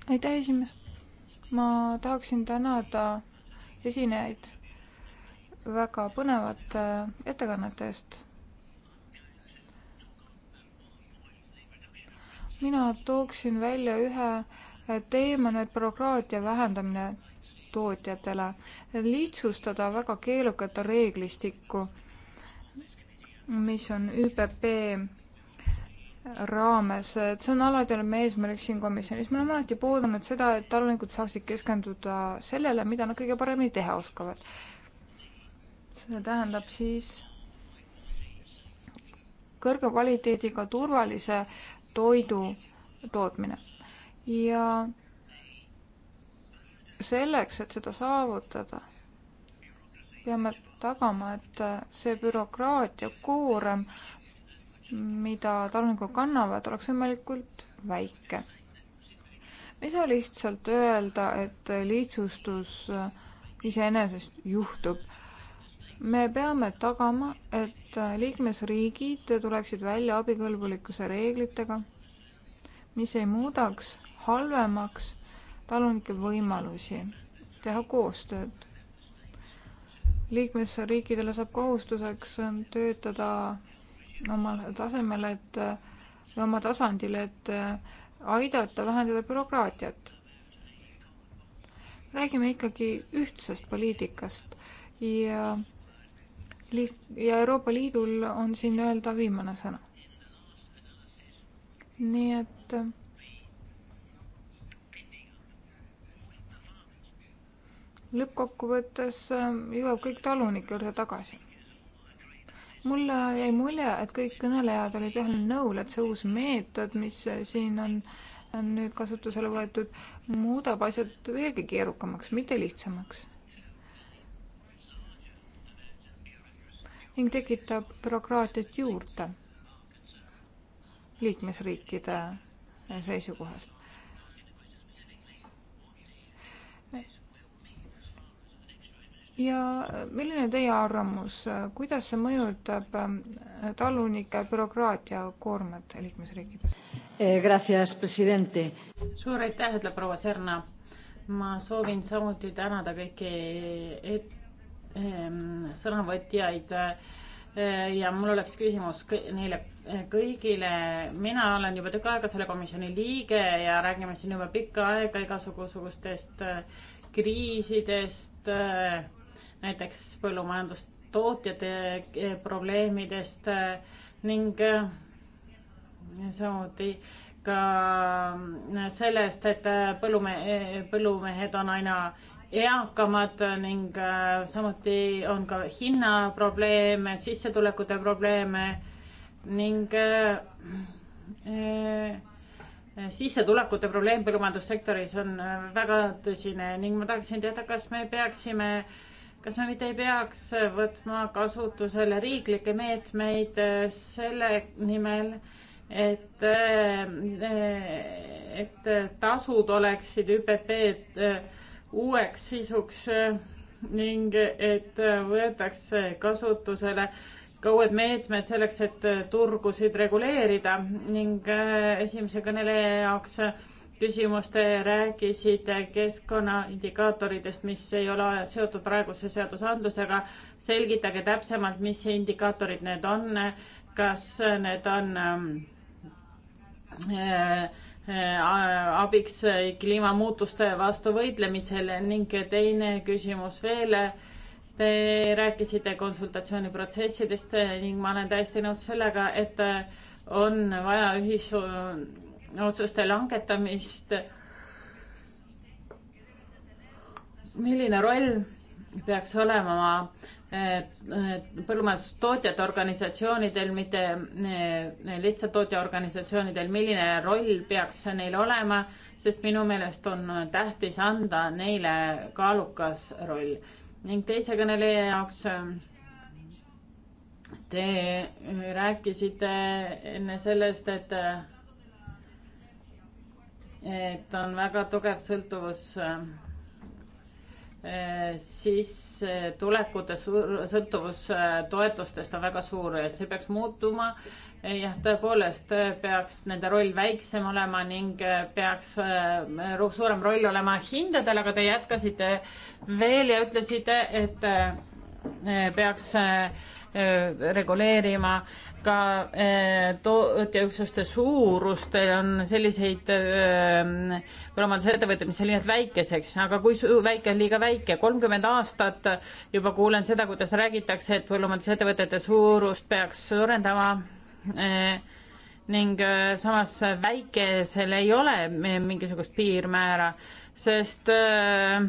aitäh, esimees. ma tahaksin tänada esinejaid väga põnevate ettekannete eest mina tooksin välja ühe teema on nüüd bürokraatia vähendamine tootjatele, lihtsustada väga keelukat reeglistikku, mis on ÜPP raames, et see on alati olnud meie eesmärk siin komisjonis, me oleme alati pooldanud seda, et talunikud saaksid keskenduda sellele, mida nad kõige paremini teha oskavad. see tähendab siis kõrge kvaliteediga turvalise toidu tootmine ja selleks, et seda saavutada, peame tagama, et see bürokraatia koorem, mida talunikud kannavad, oleks võimalikult väike. me ei saa lihtsalt öelda, et lihtsustus iseenesest juhtub. me peame tagama, et liikmesriigid tuleksid välja abikõlbulikkuse reeglitega, mis ei muudaks halvemaks talunike võimalusi teha koostööd. liikmesriikidele saab kohustuseks töötada oma tasemel, et oma tasandil, et aidata vähendada bürokraatiat. räägime ikkagi ühtsest poliitikast ja liik-, ja Euroopa Liidul on siin öelda viimane sõna. nii et lõppkokkuvõttes ähm, jõuab kõik talunike juurde tagasi. mulle jäi mulje, et kõik kõnelejad olid ühel nõul, et see uus meetod, mis siin on, on nüüd kasutusele võetud, muudab asjad veelgi keerukamaks, mitte lihtsamaks. ning tekitab bürokraatiat juurde liikmesriikide seisukohast ja äh, milline on teie arvamus, äh, kuidas see mõjutab ähm, talunike bürokraatia koormat liikmesriikides eh,? suur aitäh, ütleb proua Serna. ma soovin samuti tänada kõiki et, ehm, sõnavõtjaid äh, ja mul oleks küsimus neile kõigile. mina olen juba tükk aega selle komisjoni liige ja räägime siin juba pikka aega igasugustest kriisidest äh, näiteks põllumajandustootjate eh, probleemidest eh, ning eh, samuti ka mm, sellest, et põllumehe, põllumehed on aina eakamad ning samuti on ka hinnaprobleeme, sissetulekute probleeme ning sissetulekute probleem põllumajandussektoris on väga tõsine ning ma tahaksin teada, kas me peaksime äh, kas me mitte ei peaks võtma kasutusele riiklikke meetmeid äh, selle nimel, et, äh, äh, et tasud oleksid ÜPP-d uueks sisuks ning et võetakse kasutusele ka uued meetmed selleks, et turgusid reguleerida ning esimese kõneleja jaoks küsimus, te rääkisite keskkonnaindikaatoritest, mis ei ole seotud praeguse seadusandlusega. selgitage täpsemalt, mis indikaatorid need on, kas need on ähm, äh, äh, abiks kliimamuutuste vastu võitlemisele ning teine küsimus veel. Te rääkisite konsultatsiooniprotsessidest ning ma olen täiesti nõus sellega, et on vaja ühis, otsuste langetamist. milline roll peaks olema eh, põllumajandustootjate organisatsioonidel, mitte eh, lihtsalt tootjaorganisatsioonidel, milline roll peaks neil olema, sest minu meelest on tähtis anda neile kaalukas roll. ning teise kõneleja jaoks eh, Te rääkisite enne sellest, et et on väga tugev sõltuvus äh, äh, sissetulekute äh, sõltuvus toetustest on väga suur ja see peaks muutuma. jah, tõepoolest peaks nende roll väiksem olema ning peaks suurem roll olema hindadel, aga te jätkasite veel ja ütlesite, et peaks Äh, reguleerima ka äh, tootjaüksuste suurust, on selliseid äh, põllumajandusettevõtteid, mis on liialt väikeseks, aga kui väike on liiga väike, kolmkümmend aastat juba kuulen seda, kuidas räägitakse, et põllumajandusettevõtete suurust peaks suurendama ning samas väikesel ei ole mingisugust piirmäära sest äh,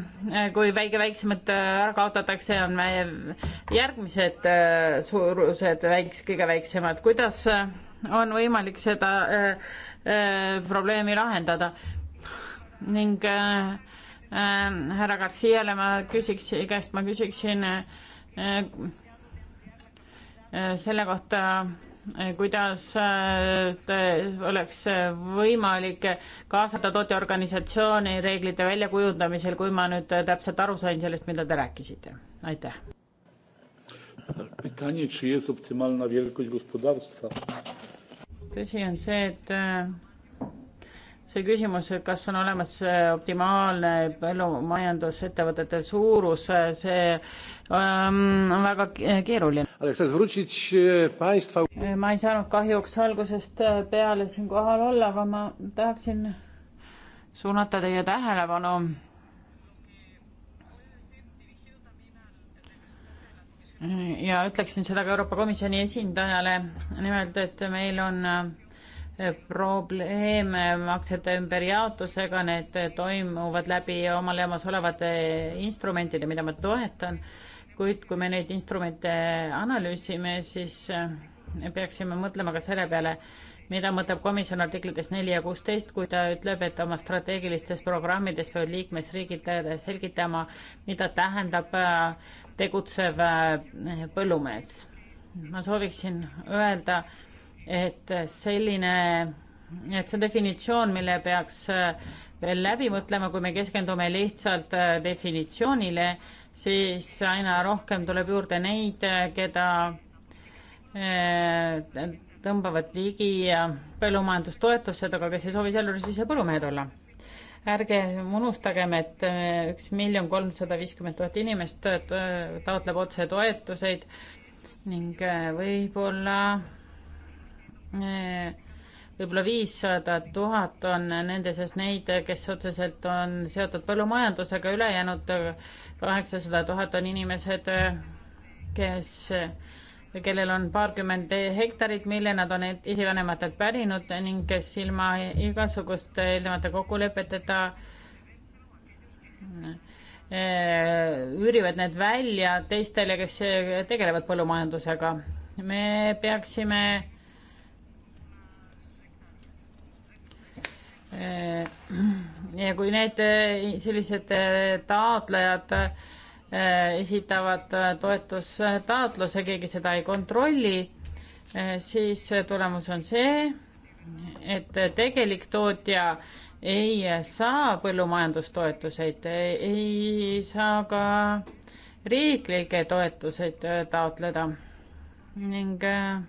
kui väike väiksemad äh, ära kaotatakse, on meie järgmised äh, suurused väiks-, kõige väiksemad. kuidas on võimalik seda äh, äh, probleemi lahendada? ning äh, härra Garciale ma küsiks, käest ma küsiksin selle kohta Eh, kuidas eh, oleks eh, võimalik kaasata tooteorganisatsiooni reeglite väljakujundamisel, kui ma nüüd täpselt aru sain sellest, mida te rääkisite, aitäh. tõsi on see, et see küsimus, et kas on olemas optimaalne põllumajandusettevõtete suurus, see ehm, on väga keeruline. E, e, ma ei saanud kahjuks algusest e, peale siin kohal olla, aga ma tahaksin suunata teie tähelepanu ja ütleksin seda ka Euroopa Komisjoni esindajale, nimelt et meil on probleeme maksete ümberjaotusega, need toimuvad läbi omal jamas olevate instrumentide, mida ma toetan kuid kui me neid instrumente analüüsime, siis äh, peaksime mõtlema ka selle peale, mida mõtleb komisjon artiklites neli ja kuusteist, kui ta ütleb, et oma strateegilistes programmides peavad liikmesriigid selgitama, mida tähendab äh, tegutsev äh, põllumees. ma sooviksin öelda, et selline, et see on definitsioon, mille peaks veel läbi mõtlema, kui me keskendume lihtsalt definitsioonile siis aina rohkem tuleb juurde neid, keda eh, tõmbavad ligi põllumajandustoetused, aga kes ei soovi sealjuures ise põllumehed olla. ärge unustagem, et eh, üks miljon kolmsada viiskümmend tuhat inimest taotleb otse toetuseid ning eh, võib-olla võib-olla viissada tuhat on nende seas neid, kes otseselt on seotud põllumajandusega, ülejäänud kaheksasada tuhat on inimesed, kes, kellel on paarkümmend hektarit, mille nad on esivanematelt pärinud ning kes ilma igasuguste eelnevate kokkulepeteta eh, üürivad need välja teistele, kes tegelevad põllumajandusega. me peaksime Äh, ja kui need äh, sellised äh, taotlejad esitavad toetustaotluse, keegi seda ei kontrolli, siis tulemus on see, et tegelik tootja ei saa põllumajandustoetuseid, ei saa ka riiklikke toetuseid taotleda ning äh,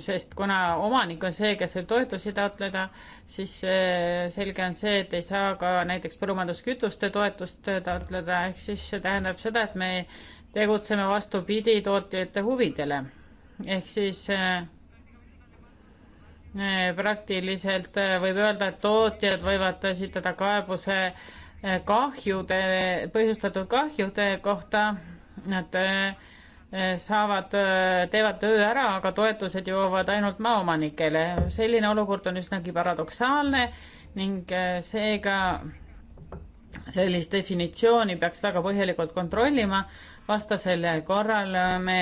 sest kuna omanik on see, kes võib toetusi taotleda, siis eh, selge on see, et ei saa ka näiteks põllumajanduskütuste toetust taotleda, ehk siis see tähendab seda, et me tegutseme vastupidi tootjate huvidele. ehk siis eh, eh, praktiliselt võib öelda, et tootjad võivad esitada kaebuse kahjude, põhjustatud kahjude kohta, nad äh, Eh, saavad, eh, teevad töö ära, aga toetused jõuavad ainult maaomanikele. selline olukord on üsnagi paradoksaalne ning eh, seega sellist definitsiooni peaks väga põhjalikult kontrollima, vastasel korral me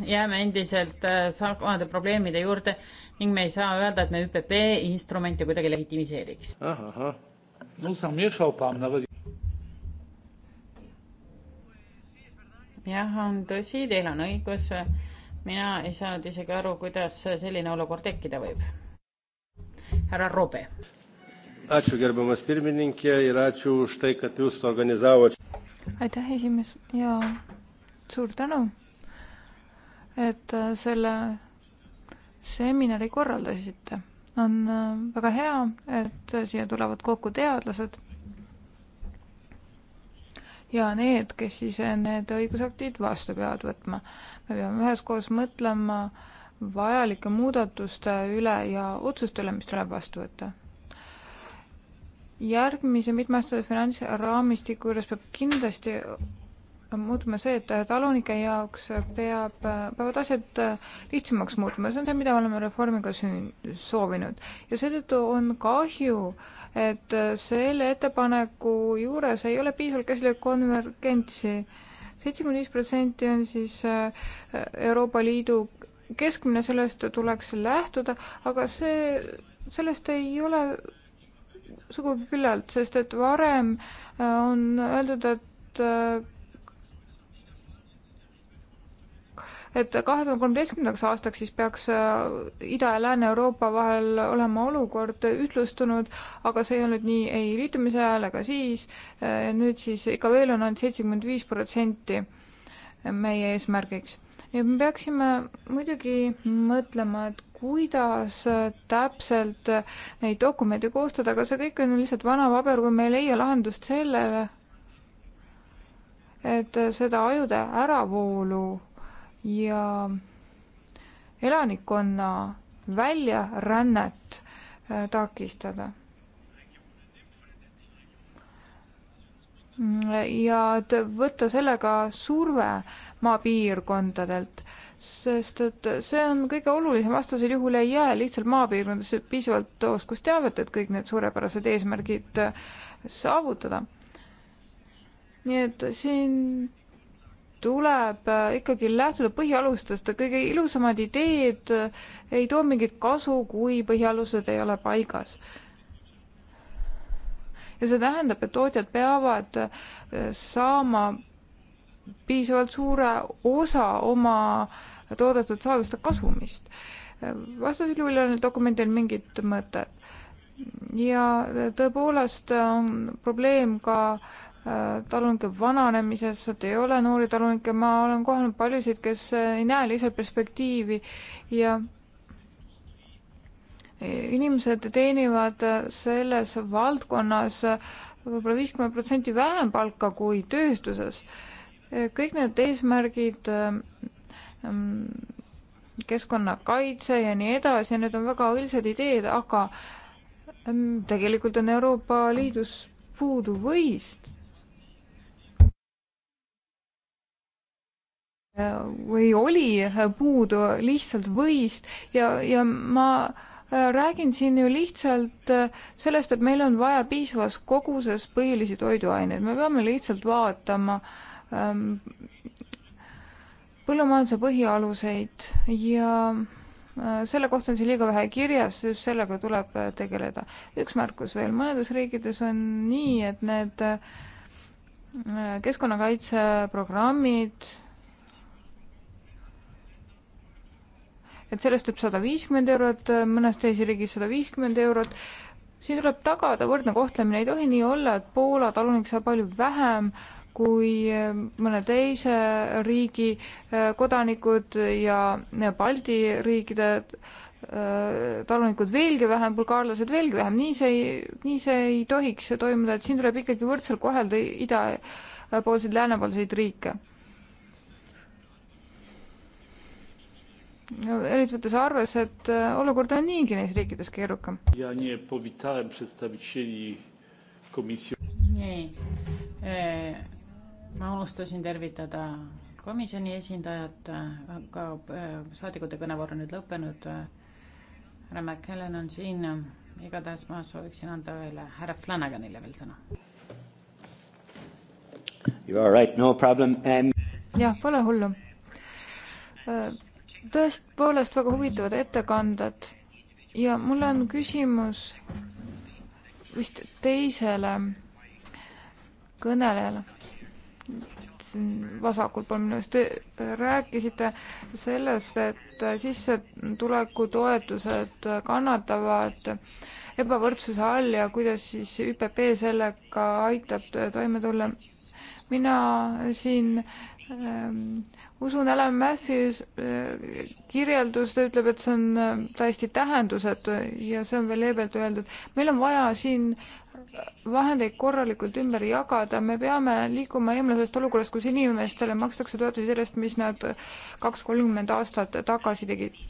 jääme endiselt samade probleemide juurde ning me ei saa öelda, et me ÜPP instrumente kuidagi legitimiseeriks. no sa miešal pan, aga jah, on tõsi, teil on õigus. mina ei saanud isegi aru, kuidas selline olukord tekkida võib. härra Robe. aitäh, esimees ja suur tänu, et äh, selle seminari korraldasite. on äh, väga hea, et äh, siia tulevad kokku teadlased ja need, kes siis need õigusaktid vastu peavad võtma. me peame üheskoos mõtlema vajalike muudatuste üle ja otsuste üle, mis tuleb vastu võtta. järgmise mitmeaastase finantsraamistiku juures peab kindlasti muutuma see, et talunike jaoks peab, peavad asjad äh, lihtsamaks muutuma, see on see, mida me oleme reformiga süün-, soovinud. ja seetõttu on kahju, et äh, selle ettepaneku juures ei ole piisavalt käsile konvergentsi. seitsekümmend viis protsenti on siis äh, Euroopa Liidu keskmine, sellest tuleks lähtuda, aga see, sellest ei ole sugugi küllalt, sest et varem on öeldud, et et kahe tuhande kolmeteistkümnendaks aastaks siis peaks äh, Ida- ja Lääne-Euroopa vahel olema olukord ühtlustunud, aga see ei olnud nii ei liitumise ajal ega siis, äh, nüüd siis ikka veel on ainult seitsekümmend viis protsenti meie eesmärgiks. ja me peaksime muidugi mõtlema, et kuidas äh, täpselt neid dokumente koostada, aga see kõik on lihtsalt vana paber, kui me ei leia lahendust sellele, et seda ajude äravoolu ja elanikkonna väljarännet äh, takistada. Mm, ja et võtta sellega surve maapiirkondadelt, sest et see on kõige olulisem, vastasel juhul ei jää lihtsalt maapiirkondadesse piisavalt oskusteavet, et kõik need suurepärased eesmärgid äh, saavutada. nii et siin tuleb äh, ikkagi lähtuda põhialustest, kõige ilusamad ideed äh, ei too mingit kasu, kui põhialused ei ole paigas. ja see tähendab, et tootjad peavad äh, saama piisavalt suure osa oma toodetud saaduste kasumist. vastasel juhul ei ole dokumendil mingit mõtet ja tõepoolest on probleem ka Äh, talunike vananemises, et ei ole noori talunikke, ma olen kohanud paljusid, kes äh, ei näe lihtsalt perspektiivi ja äh, inimesed teenivad selles valdkonnas võib-olla viiskümmend protsenti vähem palka kui tööstuses. kõik need eesmärgid, mm, keskkonnakaitse ja nii edasi, need on väga õilsad ideed, aga mm, tegelikult on Euroopa Liidus puudu võist või oli puudu lihtsalt võist ja, ja ma äh, räägin siin ju lihtsalt äh, sellest, et meil on vaja piisavas koguses põhilisi toiduaineid, me peame lihtsalt vaatama ähm, põllumajanduse põhialuseid ja äh, selle kohta on siin liiga vähe kirjas, just sellega tuleb tegeleda. üks märkus veel, mõnedes riikides on nii, et need keskkonnakaitseprogrammid et sellest võib sada viiskümmend eurot, mõnes teises riigis sada viiskümmend eurot. siin tuleb tagada võrdne kohtlemine, ei tohi nii olla, et Poola talunik saab palju vähem kui eh, mõne teise riigi eh, kodanikud ja Balti riikide eh, talunikud veelgi vähem, bulgaarlased veelgi vähem, nii see ei, nii see ei tohiks toimuda, et siin tuleb ikkagi võrdselt kohelda ida poolseid, läänepoolseid riike. eriti võttes arves, et äh, olukord on niigi neis riikides keerukam. nii, äh, ma unustasin tervitada komisjoni esindajat, äh, aga saadikute kõnevoor on nüüd lõppenud. härra McKellen on siin, igatahes ma sooviksin anda veel härra Flanaganile veel sõna. You are right, no problem um.... jah, pole hullu uh, tõepoolest väga huvitavad ettekanded ja mul on küsimus vist teisele kõnelejale vasakul pool minu arust, te rääkisite sellest, et sissetulekutoetused kannatavad ebavõrdsuse all ja kuidas siis ÜPP sellega aitab toime tulla. mina siin ähm, usun, Ellen Massis äh, kirjeldus, ta ütleb, et see on äh, täiesti tähendusetu ja see on veel leebelt öeldud. meil on vaja siin vahendeid korralikult ümber jagada, me peame liikuma eemlasest olukorrast, kus inimestele makstakse toetusi sellest, mis nad kaks-kolmkümmend aastat tagasi tegid.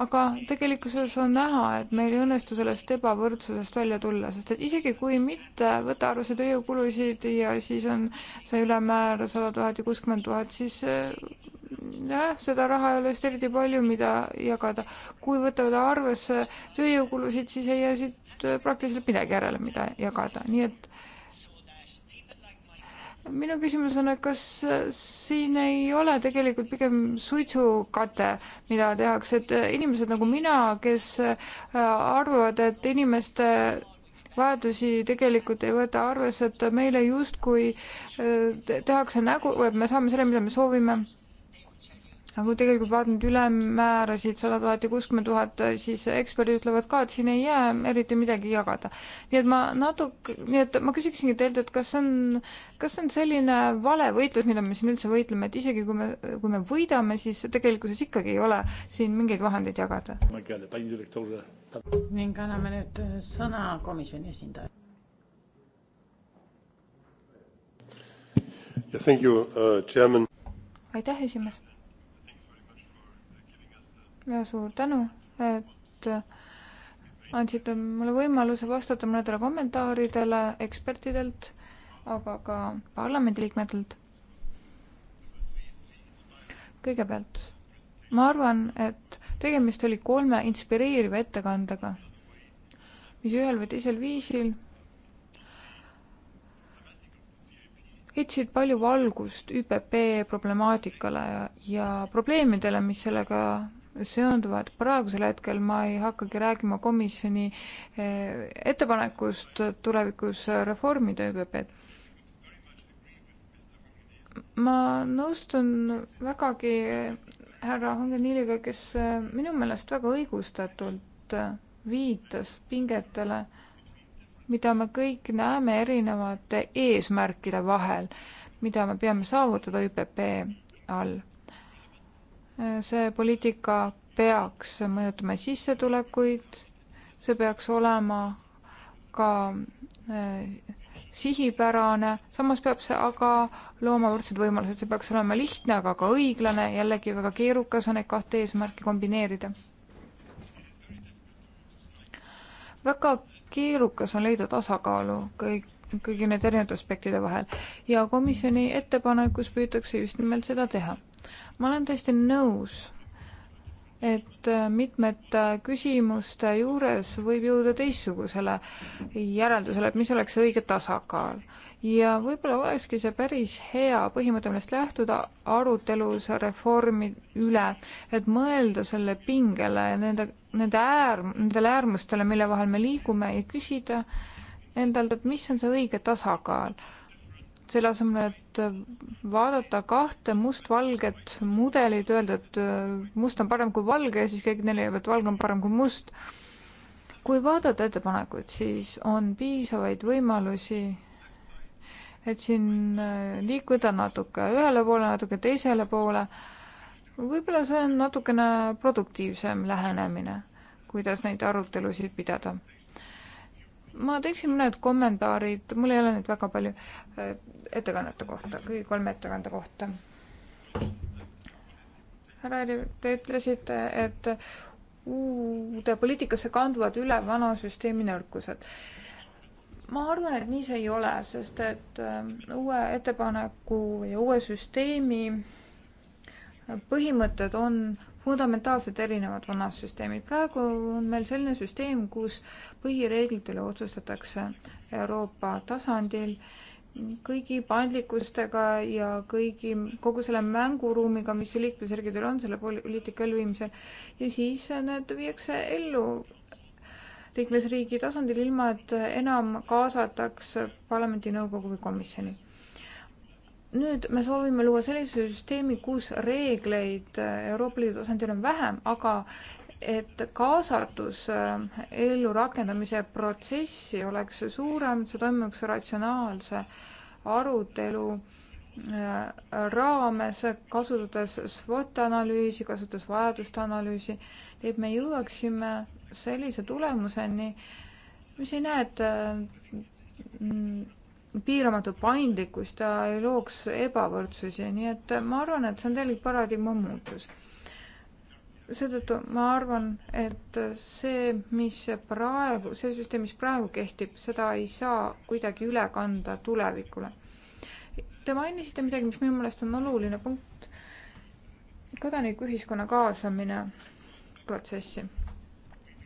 aga tegelikkuses on näha, et meil ei õnnestu sellest ebavõrdsusest välja tulla, sest et isegi kui mitte võtta arvesse tööjõukulusid ja siis on see ülemäär sada tuhat ja kuuskümmend tuhat, siis eh, jah, seda raha ei ole just eriti palju, mida jagada. kui võtavad arvesse tööjõukulusid, siis ei jää siit eh, praktiliselt midagi järele, mida jagada, nii et minu küsimus on, et kas äh, siin ei ole tegelikult pigem suitsukate, mida tehakse, et äh, inimesed nagu mina, kes äh, arvavad, et inimeste vajadusi tegelikult ei võta arvesse, et meile justkui tehakse nägu, et me saame selle, mida me soovime nagu tegelikult vaadanud ülemmäärasid sada tuhat ja kuuskümmend tuhat, siis eksperdid ütlevad ka, et siin ei jää eriti midagi jagada. nii et ma natuke, nii et ma küsiksingi teilt, et kas on, kas on selline vale võitlus, mida me siin üldse võitleme, et isegi kui me, kui me võidame, siis tegelikkuses ikkagi ei ole siin mingeid vahendeid jagada. ning anname nüüd sõna komisjoni esindajale. Yeah, thank you, uh, Chairman. aitäh, esimees ja suur tänu, et äh, andsite mulle võimaluse vastata mõnedele kommentaaridele ekspertidelt, aga ka parlamendiliikmetelt. kõigepealt, ma arvan, et tegemist oli kolme inspireeriva ettekandega, mis ühel või teisel viisil heitsid palju valgust ÜPP problemaatikale ja, ja probleemidele, mis sellega seonduvad. praegusel hetkel ma ei hakkagi rääkima komisjoni eh, ettepanekust tulevikus reformida ÜBB-d. ma nõustun vägagi eh, härra Hongeniiliga, kes eh, minu meelest väga õigustatult viitas pingetele, mida me kõik näeme erinevate eesmärkide vahel, mida me peame saavutada ÜBB all see poliitika peaks mõjutama sissetulekuid, see peaks olema ka äh, sihipärane, samas peab see aga looma võrdsed võimalused, see peaks olema lihtne, aga ka õiglane, jällegi väga keerukas on neid kahte eesmärki kombineerida. väga keerukas on leida tasakaalu kõik, kõigi nende erinevate aspektide vahel ja komisjoni ettepanekus püütakse just nimelt seda teha ma olen täiesti nõus, et äh, mitmete küsimuste juures võib jõuda teistsugusele järeldusele, et mis oleks õige tasakaal. ja võib-olla olekski see päris hea põhimõte, millest lähtuda arutelus reformi üle, et mõelda selle pingele ja nende, nende äär, nendele äärmustele, mille vahel me liigume ja küsida endalt, et mis on see õige tasakaal selle asemel, et vaadata kahte mustvalget mudelit, öelda, et äh, must on parem kui valge ja siis keegi neli, et valge on parem kui must. kui vaadata ettepanekuid, siis on piisavaid võimalusi, et siin äh, liikuda natuke ühele poole, natuke teisele poole. võib-olla see on natukene produktiivsem lähenemine, kuidas neid arutelusid pidada ma teeksin mõned kommentaarid, mul ei ole nüüd väga palju äh, ettekannete kohta, kõigi kolme ettekande kohta. härra Eri, te ütlesite, et uude poliitikasse kanduvad üle vana süsteemi nõrkused. ma arvan, et nii see ei ole, sest et äh, uue ettepaneku ja uue süsteemi põhimõtted on fundamentaalselt erinevad vanad süsteemid. praegu on meil selline süsteem, kus põhireeglid üle otsustatakse Euroopa tasandil kõigi paindlikkustega ja kõigi, kogu selle mänguruumiga, mis liikmesriikidel on selle poliitika elluviimisel ja siis need viiakse ellu liikmesriigi tasandil, ilma et enam kaasataks parlamendi, nõukogu või komisjoni nüüd me soovime luua sellise süsteemi, kus reegleid äh, Euroopa Liidu tasandil on vähem, aga et kaasatus äh, ellu rakendamise protsessi oleks suurem, see toimuks ratsionaalse arutelu äh, raames, kasutades SWOT analüüsi, kasutades vajaduste analüüsi, et me jõuaksime sellise tulemuseni, mis ei näe, et piiramatu paindlikkust, ta ei looks ebavõrdsusi, nii et ma arvan, et see on tegelik paradigma muutus. seetõttu ma arvan, et see, mis praegu, see süsteem, mis praegu kehtib, seda ei saa kuidagi üle kanda tulevikule. Te mainisite midagi, mis minu meelest on oluline punkt, kodanikuühiskonna kaasamine protsessi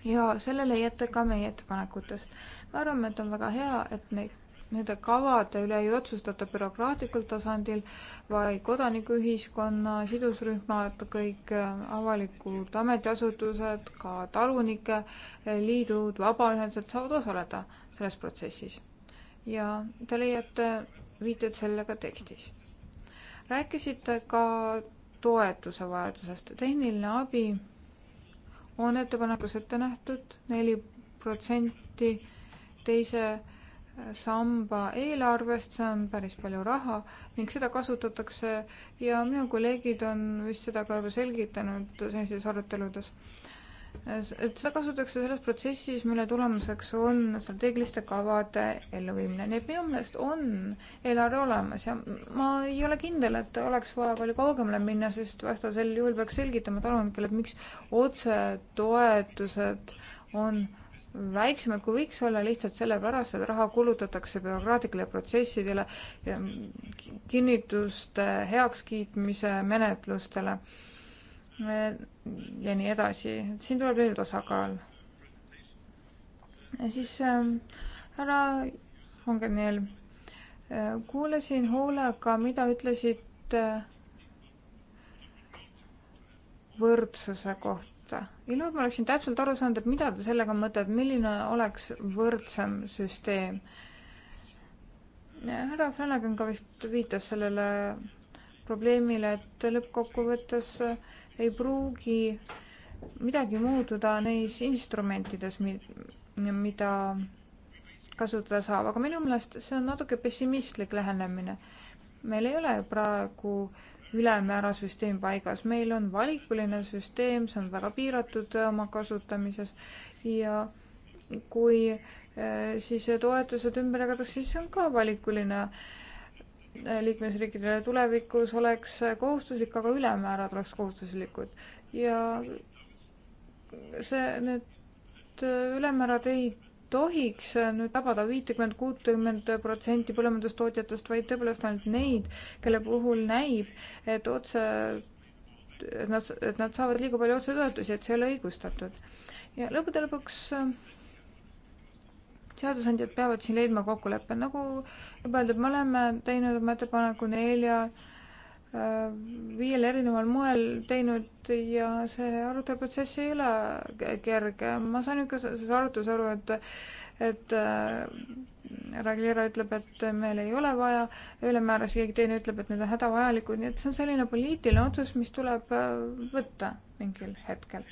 ja sellele ei jäta ka meie ettepanekutest. me arvame, et on väga hea, et neid nende kavade üle ei otsustata bürokraatlikul tasandil, vaid kodanikuühiskonna sidusrühmad, kõik äh, avalikud ametiasutused, ka talunike äh, liidud, vabaühendused saavad osaleda selles protsessis. ja te leiate viited sellega tekstis. rääkisite ka toetuse vajadusest, tehniline abi on ettepanekus ette nähtud neli protsenti teise samba eelarvest, see on päris palju raha ning seda kasutatakse ja minu kolleegid on vist seda ka juba selgitanud sellistes aruteludes. et seda kasutatakse selles protsessis, mille tulemuseks on strateegiliste kavade elluviimine, nii et minu meelest on eelarve olemas ja ma ei ole kindel, et oleks vaja palju kaugemale minna, sest vastasel juhul peaks selgitama talunikele, et miks otsetoetused on väiksemad, kui võiks olla, lihtsalt sellepärast, et raha kulutatakse bürokraatlikele protsessidele, kinnituste heakskiitmise menetlustele ja nii edasi, et siin tuleb leida tasakaal. ja siis ähm, härra äh, Hongeniel äh,, kuulasin hoolega, mida ütlesid äh, võrdsuse kohta kohta. ilma, et ma oleksin täpselt aru saanud, et mida te sellega mõtlete, milline oleks võrdsem süsteem. härra Flanagan ka vist viitas sellele probleemile, et lõppkokkuvõttes ei pruugi midagi muutuda neis instrumentides, mida kasutada saab, aga minu meelest see on natuke pessimistlik lähenemine. meil ei ole praegu äh, ülemäära süsteem paigas. meil on valikuline süsteem, see on väga piiratud äh, oma kasutamises ja kui äh, siis toetused ümber jagatakse, siis see on ka valikuline. Äh, liikmesriikidele tulevikus oleks kohustuslik, aga ülemäärad oleks kohustuslikud ja see, need ülemäärad ei tohiks äh, nüüd tabada viitekümmet, kuutekümmet protsenti põllumajandustootjatest, vaid tõepoolest ainult neid, kelle puhul näib, et otse, et nad, et nad saavad liiga palju otsetoetusi, et see ei ole õigustatud. ja lõppude lõpuks äh, seadusandjad peavad siin leidma kokkuleppe, nagu juba öeldud, me oleme teinud oma ettepaneku nelja äh, Äh, viiel erineval moel teinud ja see aruteluprotsess ei ole kerge. ma sain ikka selles arutluses aru, et, et äh, Ragliera ütleb, et meil ei ole vaja ülemääras, keegi teine ütleb, et need on hädavajalikud, nii et see on selline poliitiline otsus, mis tuleb äh, võtta mingil hetkel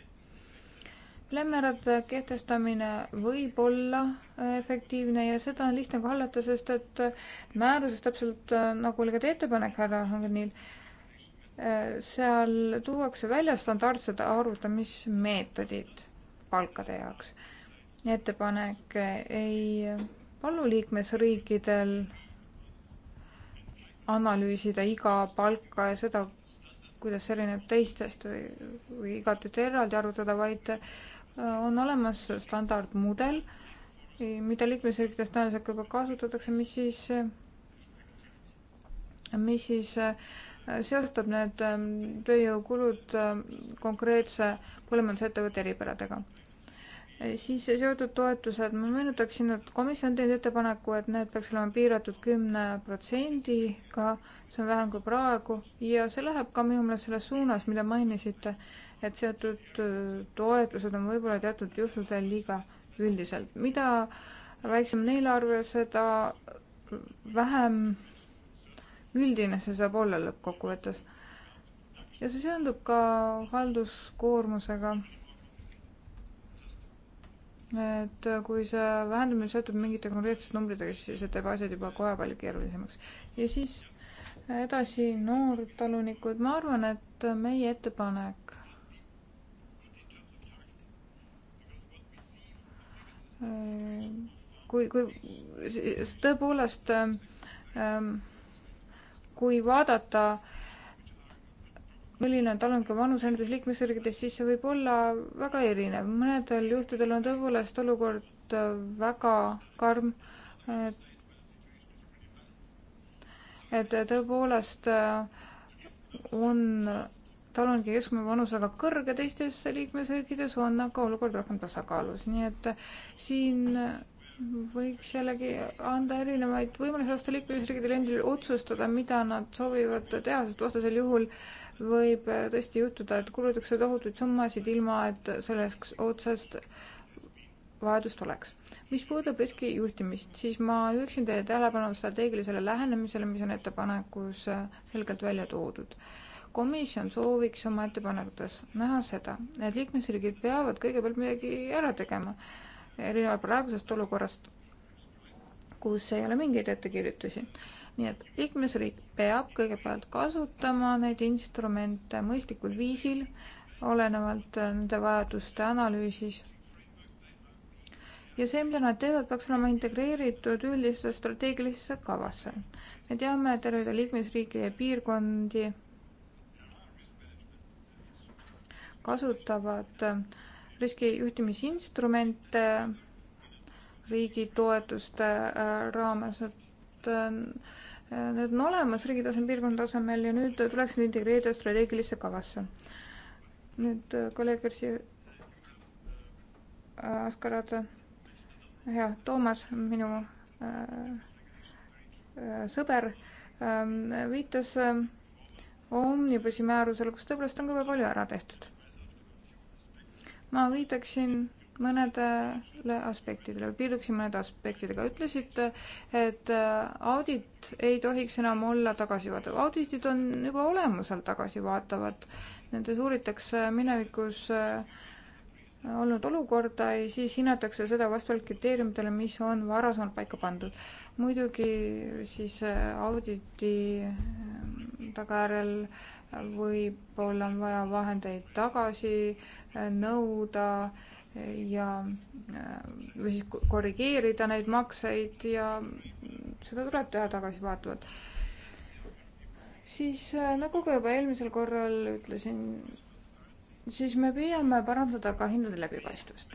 lämmerate kehtestamine võib olla äh, efektiivne ja seda on lihtne ka hallata, sest et äh, määruses täpselt äh, nagu oli ka teie ettepanek, härra Hangenil, seal tuuakse välja standardsed arvutamismeetodid palkade jaoks. ettepanek ei palu liikmesriikidel analüüsida iga palka ja seda, kuidas see erineb teistest või, või igatühte eraldi arvutada, vaid on olemas standardmudel, mida liikmesriikides tõenäoliselt ka kasutatakse, mis siis, mis siis äh, seostab need ähm, tööjõukulud äh, konkreetse põllumajandusettevõtte eripäradega siis seotud toetused, ma meenutaksin, et komisjon teinud ettepaneku, et need peaks olema piiratud kümne protsendiga, see on vähem kui praegu ja see läheb ka minu meelest selles suunas, mida mainisite, et seotud äh, toetused on võib-olla teatud juhtudel liiga üldiselt, mida väiksem on eelarve, seda vähem üldine see saab olla lõppkokkuvõttes. ja see seondub ka halduskoormusega et äh, kui see vähendamine seotud mingite konkreetsete numbritega, siis see teeb asjad juba kohe palju keerulisemaks. ja siis edasi noortalunikud, ma arvan, et meie ettepanek äh, kui, kui tõepoolest, ähm, kui vaadata äh, milline on talunike vanus nendes liikmesriikides, siis see võib olla väga erinev. mõnedel juhtudel on tõepoolest olukord äh, väga karm. et tõepoolest äh, on talunike keskmine vanus väga kõrge, teistes liikmesriikides on aga olukord rohkem tasakaalus, nii et äh, siin võiks jällegi anda erinevaid võimalusi lasta liikmesriikidel endil otsustada, mida nad soovivad teha, sest vastasel juhul võib äh, tõesti juhtuda, et kulutatakse tohutuid summasid, ilma et selleks otsest vajadust oleks. mis puudutab riski juhtimist, siis ma juhiksin teie tähelepanu strateegilisele lähenemisele, mis on ettepanekus äh, selgelt välja toodud komisjon sooviks oma ettepanekutes näha seda, et liikmesriigid peavad kõigepealt midagi ära tegema erinevalt praegusest olukorrast, kus ei ole mingeid ettekirjutusi. nii et liikmesriik peab kõigepealt kasutama neid instrumente mõistlikul viisil, olenevalt nende vajaduste analüüsis. ja see, mida nad teevad, peaks olema integreeritud üldisse strateegilisse kavasse. me teame tervede liikmesriikide piirkondi kasutavad äh, riskijuhtimisinstrument äh, riigi toetuste äh, raames, et ähm, äh, need on olemas riigi tasemel, piirkonna tasemel ja nüüd tuleks need integreerida strateegilisse kavasse. nüüd kolleeg Kersi Askarade, hea Toomas, minu sõber, ähm, viitas Omnibussi määrusele, kus tõepoolest on ka väga palju ära tehtud ma viitaksin mõnedele aspektidele, piirduksin mõnede aspektidega. ütlesite, et äh, audit ei tohiks enam olla tagasivaatav. auditid on juba olemuselt tagasivaatavad. Nendes uuritakse minevikus äh, olnud olukorda ja siis hinnatakse seda vastavalt kriteeriumitele, mis on varasemalt paika pandud. muidugi siis äh, auditi tagajärjel võib-olla on vaja vahendeid tagasi äh, nõuda ja või siis korrigeerida neid makseid ja seda tuleb teha tagasivaatavalt. siis äh, nagu ka juba eelmisel korral ütlesin, siis me püüame parandada ka hindade läbipaistvust.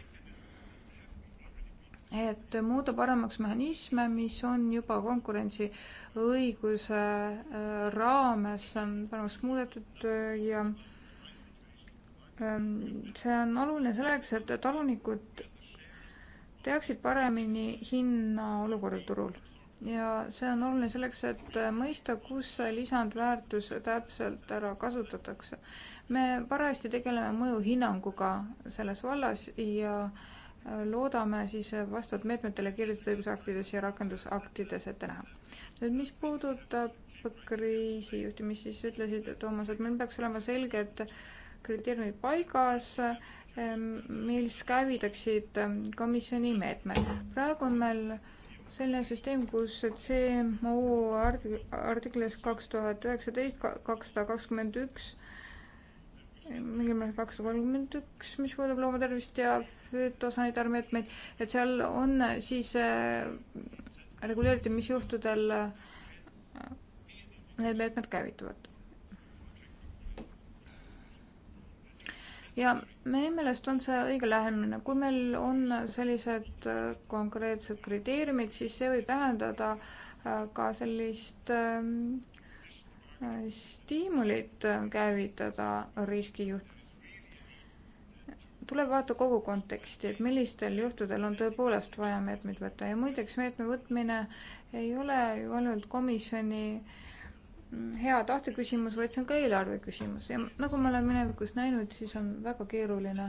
et muuta paremaks mehhanisme, mis on juba konkurentsiõiguse äh, raames äh, paremaks muudetud ja äh, Ehm, see on oluline selleks, et talunikud teaksid paremini hinnaolukorda turul ja see on oluline selleks, et mõista, kus see lisandväärtus täpselt ära kasutatakse. me parajasti tegeleme mõjuhinnanguga selles vallas ja äh, loodame siis vastavalt meetmetele kirjutatud õigusaktides ja rakendusaktides ette näha. nüüd, mis puudutab kriisijuhtimist, siis ütlesid, Toomas, et meil peaks olema selged et kriteeriumid paigas, ehm, mis käivitaksid komisjoni meetmed. praegu on meil selline süsteem, kus CMO artiklis kaks tuhat üheksateist, kakssada kakskümmend üks, mingil määral kakssada kolmkümmend üks, mis puudutab loomatervist ja fütosanitaarmeetmeid, et seal on siis eh, reguleeritud, mis juhtudel eh, need meetmed käivituvad. ja meie meelest on see õige lähenemine, kui meil on sellised äh, konkreetsed kriteeriumid, siis see võib tähendada äh, ka sellist ähm, äh, stiimulit käivitada riskijuht-. tuleb vaadata kogu konteksti, et millistel juhtudel on tõepoolest vaja meetmeid võtta ja muideks meetme võtmine ei ole ju ainult komisjoni äh, hea tahte küsimus, vaid see on ka eelarve küsimus ja nagu me oleme minevikus näinud, siis on väga keeruline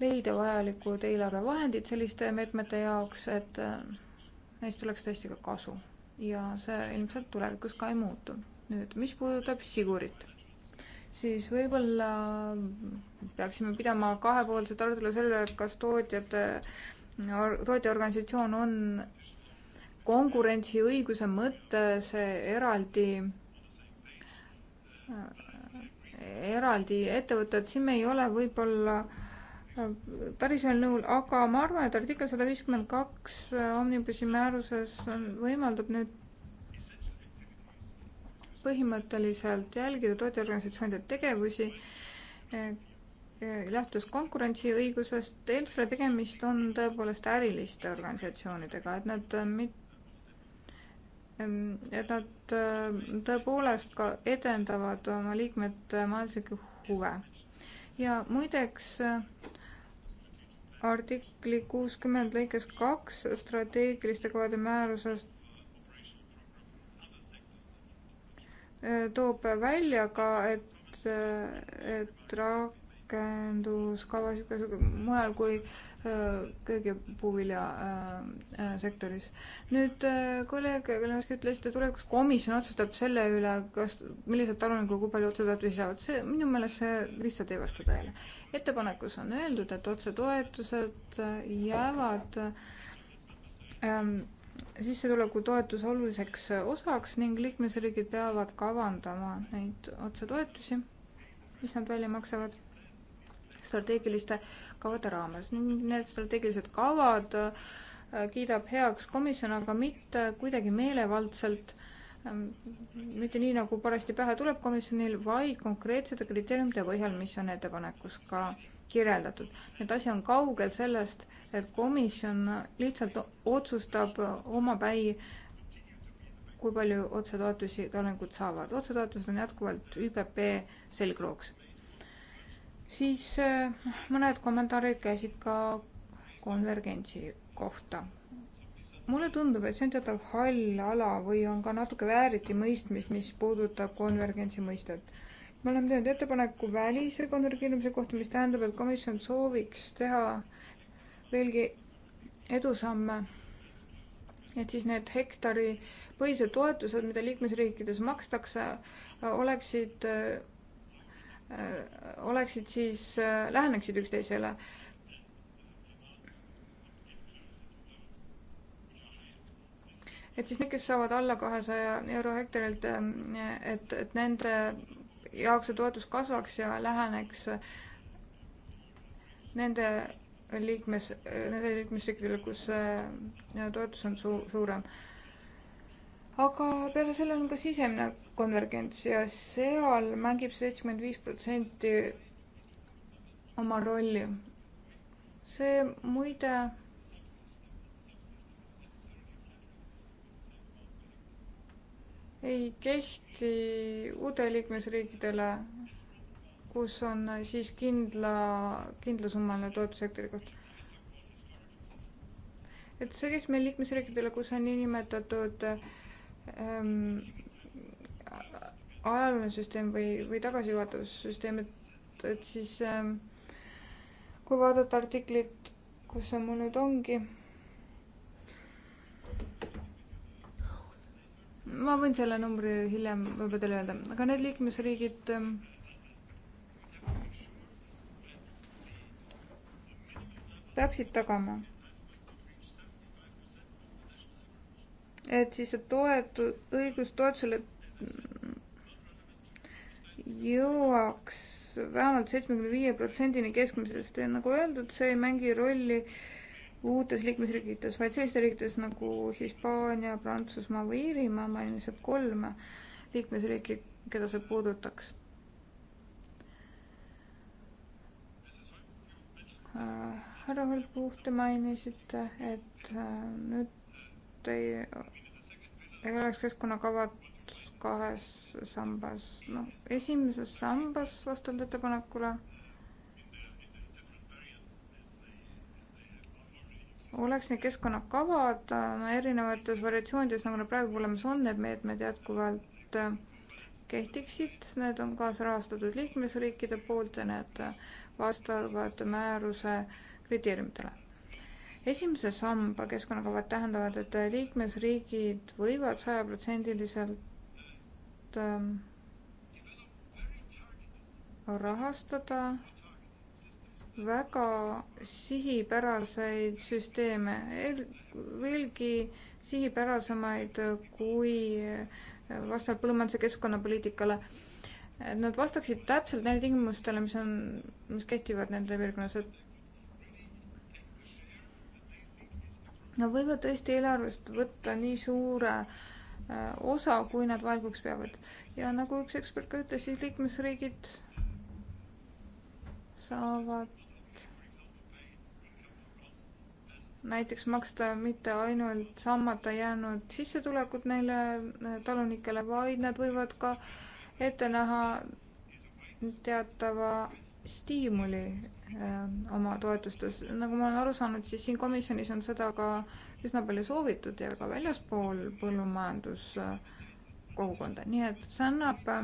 leida vajalikud eelarvevahendid selliste meetmete jaoks, et äh, neist oleks tõesti ka kasu ja see ilmselt tulevikus ka ei muutu. nüüd, mis puudutab sigurit, siis võib-olla peaksime pidama kahepoolset arutelu selle, kas tootjate, tootjaorganisatsioon on konkurentsiõiguse mõttes eraldi, eraldi ettevõtted, siin me ei ole võib-olla äh, päris ühel nõul, aga ma arvan, et artikkel sada viiskümmend kaks äh, Omnibusi määruses on, võimaldab nüüd põhimõtteliselt jälgida tootjaorganisatsioonide tegevusi, äh, lähtus konkurentsiõigusest, eelkõige tegemist on tõepoolest äriliste organisatsioonidega, et nad mit-, et nad äh, tõepoolest ka edendavad oma liikmete majanduslikke huve. ja muideks äh, artikli kuuskümmend lõikes kaks strateegiliste kavade määrusest äh, toob välja ka, et, et rakenduskava mujal kui äh, köögi- ja puuviljasektoris. nüüd kolleeg Lenovski ütles, et tulevikus komisjon otsustab selle üle, kas, millised talunikul kui palju otsetoetusi saavad, see minu meelest see lihtsalt ei vasta tõele. ettepanekus on öeldud, et otsetoetused jäävad ähm, sissetulekutoetuse oluliseks osaks ning liikmesriigid peavad kavandama neid otsetoetusi, mis nad välja maksavad strateegiliste kavade raames ning need strateegilised kavad äh, kiidab heaks komisjon, aga mitte kuidagi meelevaldselt, ähm, mitte nii, nagu parajasti pähe tuleb komisjonil, vaid konkreetsete kriteeriumite põhjal, mis on ettepanekus ka kirjeldatud. et asi on kaugel sellest, et komisjon lihtsalt otsustab omapäi, kui palju otsetoetusi talunikud saavad. otsetoetused on jätkuvalt ÜPP selgrooks siis eh, mõned kommentaarid käisid ka konvergentsi kohta. mulle tundub, et see on teatav hall ala või on ka natuke vääriti mõistmist, mis puudutab konvergentsi mõistet. me oleme teinud ettepaneku välise konvergeerimise kohta, mis tähendab, et komisjon sooviks teha veelgi edusamme. et siis need hektari põhised toetused, mida liikmesriikides makstakse, oleksid eh, Äh, oleksid siis, äh, läheneksid üksteisele. et siis need, kes saavad alla kahesaja euro hektarilt, ähm, et, et nende jaoks see toetus kasvaks ja läheneks äh, nende liikmes, nende liikmesriikidele, kus toetus on su-, suurem aga peale selle on ka sisemine konvergents ja seal mängib seitsekümmend viis protsenti oma rolli. see muide ei kehti uude liikmesriikidele, kus on siis kindla, kindlasummaline toetussektori koht. et see kehtib meil liikmesriikidele, kus on niinimetatud äh, ähm, ajaline süsteem või, või tagasijuhatussüsteem, et, et siis ähm, kui vaadata artiklit, kus see mul nüüd ongi. ma võin selle numbri hiljem võib-olla teile öelda, aga need liikmesriigid ähm, peaksid tagama et siis see toetu-, õigus toetusele jõuaks vähemalt seitsmekümne viie protsendini keskmisest ja nagu öeldud, see ei mängi rolli uutes liikmesriikides, vaid sellistes riikides nagu Hispaania, Prantsusmaa või Iirimaa, ma mainisin kolme liikmesriiki, keda see puudutaks. Äh, härra Holbu, te mainisite, et äh, nüüd et ei, ei oleks keskkonnakavad kahes sambas. noh, esimeses sambas vastavalt ettepanekule oleks need keskkonnakavad äh, erinevates variatsioonides, nagu nad praegu olemas on, need meetmed jätkuvalt äh, kehtiksid, need on kaasrahastatud liikmesriikide poolt ja need äh, vastavad määruse kriteeriumitele esimese samba keskkonnakavad tähendavad, et liikmesriigid võivad sajaprotsendiliselt ähm, rahastada väga sihipäraseid süsteeme, veelgi sihipärasemaid kui vastavalt põllumajanduse keskkonnapoliitikale. et nad vastaksid täpselt neile tingimustele, mis on, mis kehtivad nende piirkonnas, et Nad võivad tõesti eelarvest võtta nii suure äh, osa, kui nad vajalikuks peavad. ja nagu üks ekspert ka ütles, siis liikmesriigid saavad näiteks maksta mitte ainult saamata jäänud sissetulekud neile äh, talunikele, vaid nad võivad ka ette näha teatava stiimuli ähm, oma toetustes. nagu ma olen aru saanud, siis siin komisjonis on seda ka üsna palju soovitud ja ka väljaspool põllumajanduskogukonda, nii et see annab äh,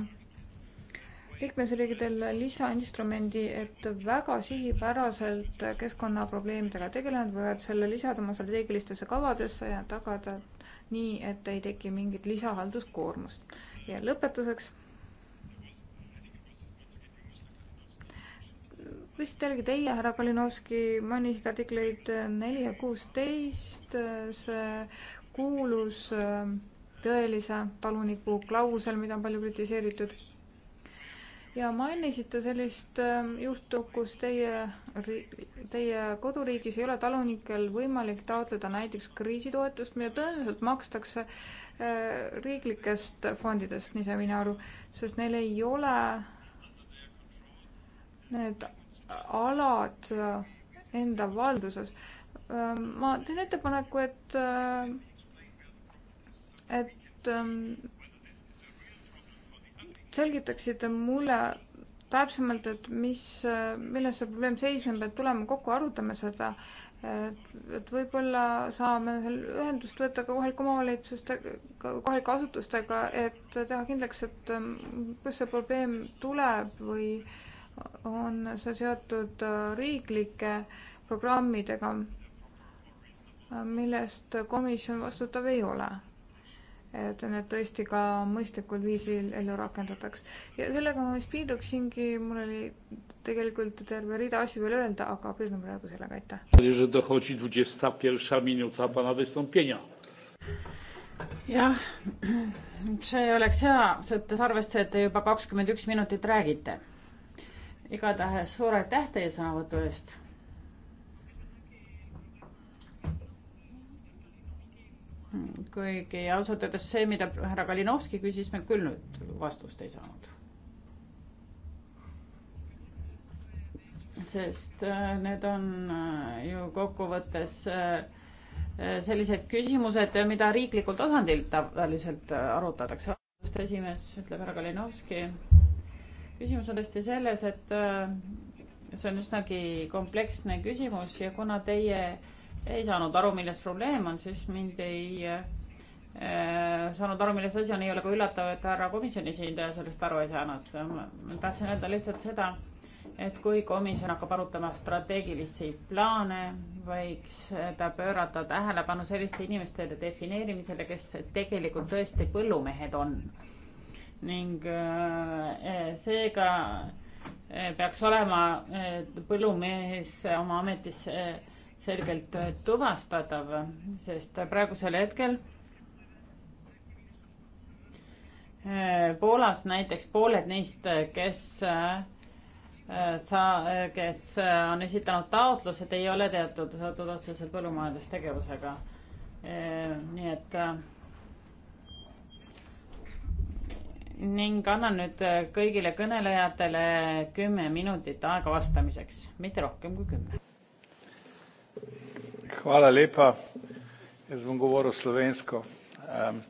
liikmesriikidele lisainstrumendi, et väga sihipäraselt keskkonnaprobleemidega tegelenud võivad selle lisada oma strateegilistesse kavadesse ja tagada nii, et ei teki mingit lisahalduskoormust. ja lõpetuseks vist jällegi teie, härra Kalinovski, mainisite artikleid äh, neli ja kuusteist, äh, see kuulus äh, tõelise taluniku klausel, mida on palju kritiseeritud. ja mainisite sellist ähm, juhtu, kus teie, teie koduriigis ei ole talunikel võimalik taotleda näiteks kriisitoetust, mida tõenäoliselt makstakse riiklikest fondidest, nii sain mina aru, sest neil ei ole need alad äh, enda valduses. Ähm, ma teen ettepaneku, et, äh, et ähm, selgitaksite mulle täpsemalt, et mis, äh, milles see probleem seisneb, et tuleme kokku, arutame seda. et, et võib-olla saame seal ühendust võtta ka kohalike omavalitsustega, kohalike asutustega, et teha kindlaks, et ähm, kust see probleem tuleb või äh, on see seotud äh, riiklike programmidega, millest komisjon vastutav ei ole. et need tõesti ka mõistlikul viisil ellu rakendataks. ja sellega ma vist piirduksingi, mul oli tegelikult terve rida asju veel öelda, aga piirdun praegu sellega, aitäh. jah, see oleks hea, võttes arvesse, et te juba kakskümmend üks minutit räägite igatahes suur aitäh teie sõnavõtu eest. kuigi ausalt öeldes see, mida härra Kalinovski küsis, me küll nüüd vastust ei saanud. sest äh, need on äh, ju kokkuvõttes äh, sellised küsimused, mida riiklikul tasandil tavaliselt arutatakse. esimees ütleb härra Kalinovski küsimus on tõesti selles, et äh, see on üsnagi kompleksne küsimus ja kuna teie ei saanud aru, milles probleem on, siis mind ei äh, saanud aru, milles asi on, ei ole ka üllatav, et härra komisjoni esindaja sellest aru ei saanud. ma tahtsin öelda lihtsalt seda, et kui komisjon hakkab arutama strateegilisi plaane, võiks ta pöörata tähelepanu selliste inimeste defineerimisele, kes tegelikult tõesti põllumehed on ning äh, äh, seega äh, peaks olema põllumees oma ametis selgelt tuvastatav, sest praegusel hetkel Poolas näiteks pooled neist, kes sa, kes on esitanud taotlused, ei ole teatud, seotud otseselt põllumajandustegevusega. nii et ning annan nüüd äh, kõigile kõnelejatele kümme minutit aega vastamiseks, mitte rohkem kui kümme. Hvala lepa. Jaz bom govoril slovensko. Um,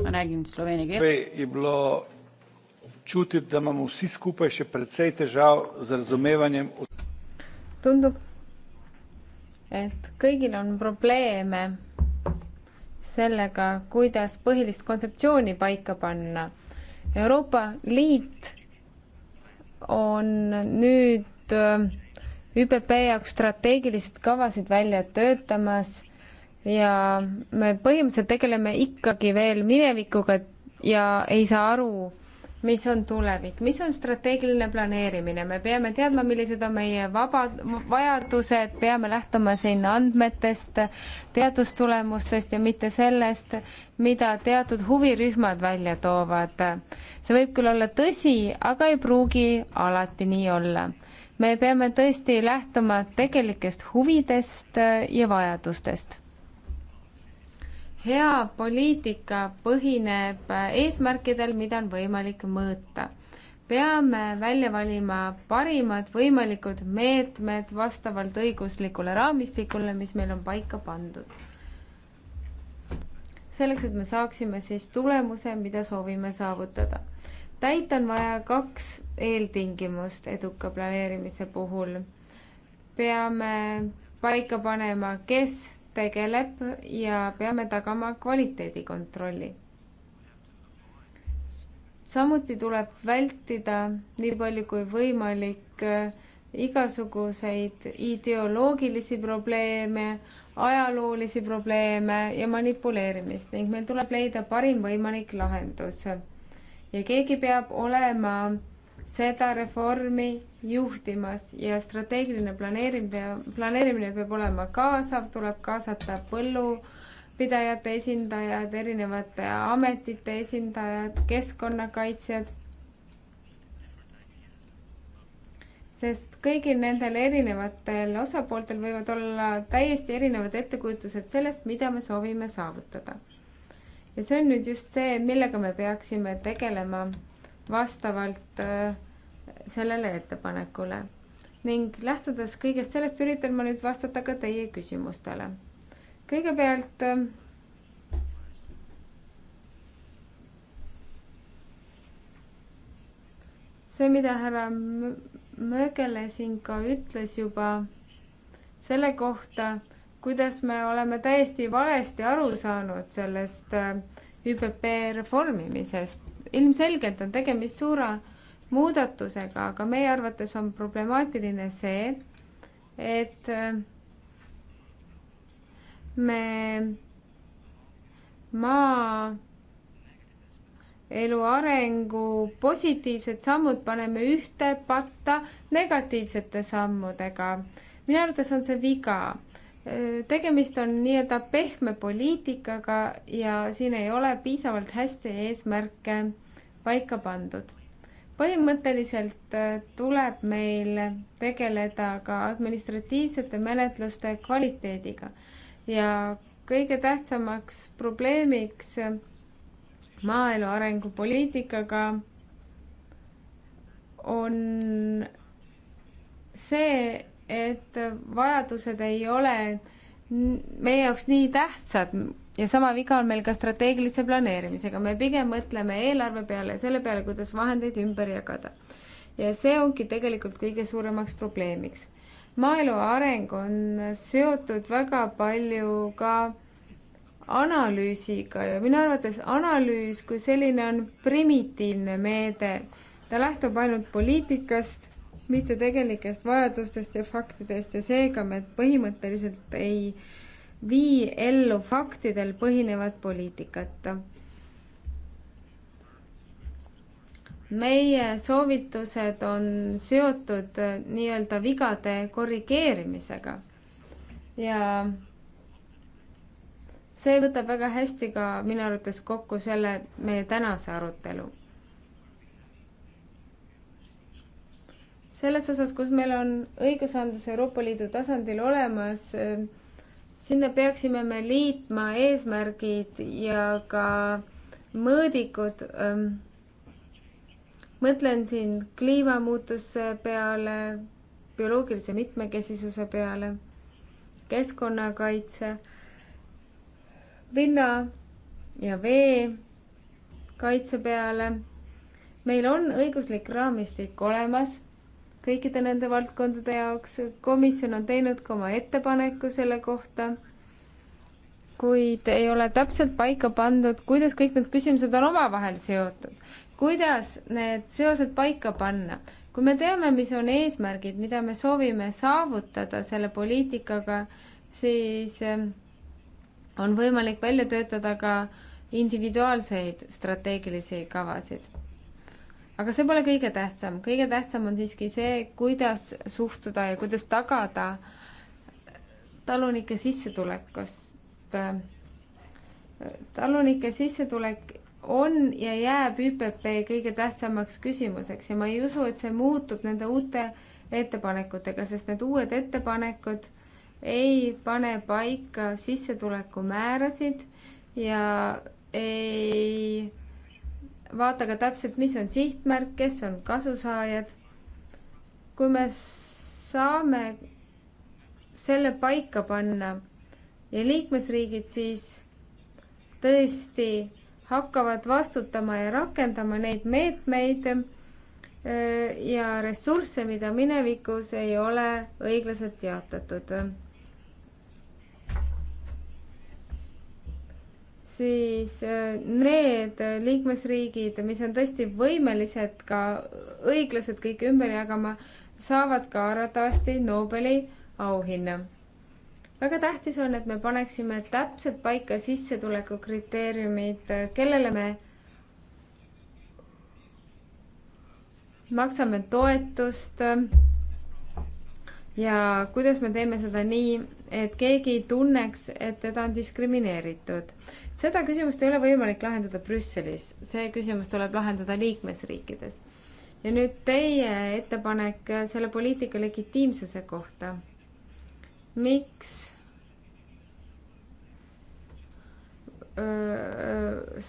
Ma räägin sloveeni keeles. Je bilo čutiti, da imamo vsi skupaj še precej težav z razumevanjem. Tundub, et kõigil on probleeme sellega, kuidas põhilist kontseptsiooni paika panna. Euroopa Liit on nüüd äh, ÜPP jaoks strateegilised kavasid välja töötamas ja me põhimõtteliselt tegeleme ikkagi veel minevikuga ja ei saa aru, mis on tulevik, mis on strateegiline planeerimine, me peame teadma, millised on meie vabad, vajadused, peame lähtuma siin andmetest, teadustulemustest ja mitte sellest, mida teatud huvirühmad välja toovad. see võib küll olla tõsi, aga ei pruugi alati nii olla. me peame tõesti lähtuma tegelikest huvidest ja vajadustest hea poliitika põhineb eesmärkidel, mida on võimalik mõõta. peame välja valima parimad võimalikud meetmed vastavalt õiguslikule raamistikule, mis meil on paika pandud. selleks, et me saaksime siis tulemuse, mida soovime saavutada. täita on vaja kaks eeltingimust eduka planeerimise puhul. peame paika panema, kes tegeleb ja peame tagama kvaliteedikontrolli. samuti tuleb vältida nii palju kui võimalik äh, igasuguseid ideoloogilisi probleeme, ajaloolisi probleeme ja manipuleerimist ning meil tuleb leida parim võimalik lahendus. ja keegi peab olema seda reformi juhtimas ja strateegiline planeerimine, planeerimine peab olema kaasav, tuleb kaasata põllupidajate esindajad, erinevate ametite esindajad, keskkonnakaitsjad. sest kõigil nendel erinevatel osapooltel võivad olla täiesti erinevad ettekujutused sellest, mida me soovime saavutada. ja see on nüüd just see, millega me peaksime tegelema vastavalt äh, sellele ettepanekule. ning lähtudes kõigest sellest, üritan ma nüüd vastata ka teie küsimustele. kõigepealt äh, see, mida härra Mögele siin ka ütles juba selle kohta, kuidas me oleme täiesti valesti aru saanud sellest äh, ÜPP reformimisest ilmselgelt on tegemist suure muudatusega, aga meie arvates on problemaatiline see, et äh, me maaelu arengu positiivsed sammud paneme ühte patta negatiivsete sammudega. minu arvates on see viga tegemist on nii-öelda pehme poliitikaga ja siin ei ole piisavalt hästi eesmärke paika pandud. põhimõtteliselt äh, tuleb meil tegeleda ka administratiivsete menetluste kvaliteediga ja kõige tähtsamaks probleemiks maaelu arengupoliitikaga on see, et vajadused ei ole meie jaoks nii tähtsad ja sama viga on meil ka strateegilise planeerimisega, me pigem mõtleme eelarve peale ja selle peale, kuidas vahendeid ümber jagada. ja see ongi tegelikult kõige suuremaks probleemiks. maaelu areng on seotud väga palju ka analüüsiga ja minu arvates analüüs kui selline on primitiivne meede, ta lähtub ainult poliitikast mitte tegelikest vajadustest ja faktidest ja seega me põhimõtteliselt ei vii ellu faktidel põhinevat poliitikat. meie soovitused on seotud nii-öelda vigade korrigeerimisega ja see võtab väga hästi ka minu arvates kokku selle meie tänase arutelu selles osas, kus meil on õigusandlus Euroopa Liidu tasandil olemas, sinna peaksime me liitma eesmärgid ja ka mõõdikud. mõtlen siin kliimamuutuse peale, bioloogilise mitmekesisuse peale, keskkonnakaitse, linna ja vee kaitse peale. meil on õiguslik raamistik olemas kõikide nende valdkondade jaoks. komisjon on teinud ka oma ettepaneku selle kohta, kuid ei ole täpselt paika pandud, kuidas kõik need küsimused on omavahel seotud. kuidas need seosed paika panna? kui me teame, mis on eesmärgid, mida me soovime saavutada selle poliitikaga, siis ähm, on võimalik välja töötada ka individuaalseid strateegilisi kavasid aga see pole kõige tähtsam, kõige tähtsam on siiski see, kuidas suhtuda ja kuidas tagada talunike sissetulekust. talunike sissetulek on ja jääb ÜPP kõige tähtsamaks küsimuseks ja ma ei usu, et see muutub nende uute ettepanekutega, sest need uued ettepanekud ei pane paika sissetulekumäärasid ja ei vaata ka täpselt, mis on sihtmärk, kes on kasusaajad. kui me saame selle paika panna ja liikmesriigid siis tõesti hakkavad vastutama ja rakendama neid meetmeid äh, ja ressursse, mida minevikus ei ole õiglaselt jaotatud siis äh, need liikmesriigid, mis on tõesti võimelised ka õiglaselt kõike ümber jagama, saavad ka arvatavasti Nobeli auhinna. väga tähtis on, et me paneksime täpselt paika sissetulekukriteeriumid, kellele me maksame toetust ja kuidas me teeme seda nii, et keegi ei tunneks, et teda on diskrimineeritud seda küsimust ei ole võimalik lahendada Brüsselis, see küsimus tuleb lahendada liikmesriikides. ja nüüd teie ettepanek selle poliitika legitiimsuse kohta. miks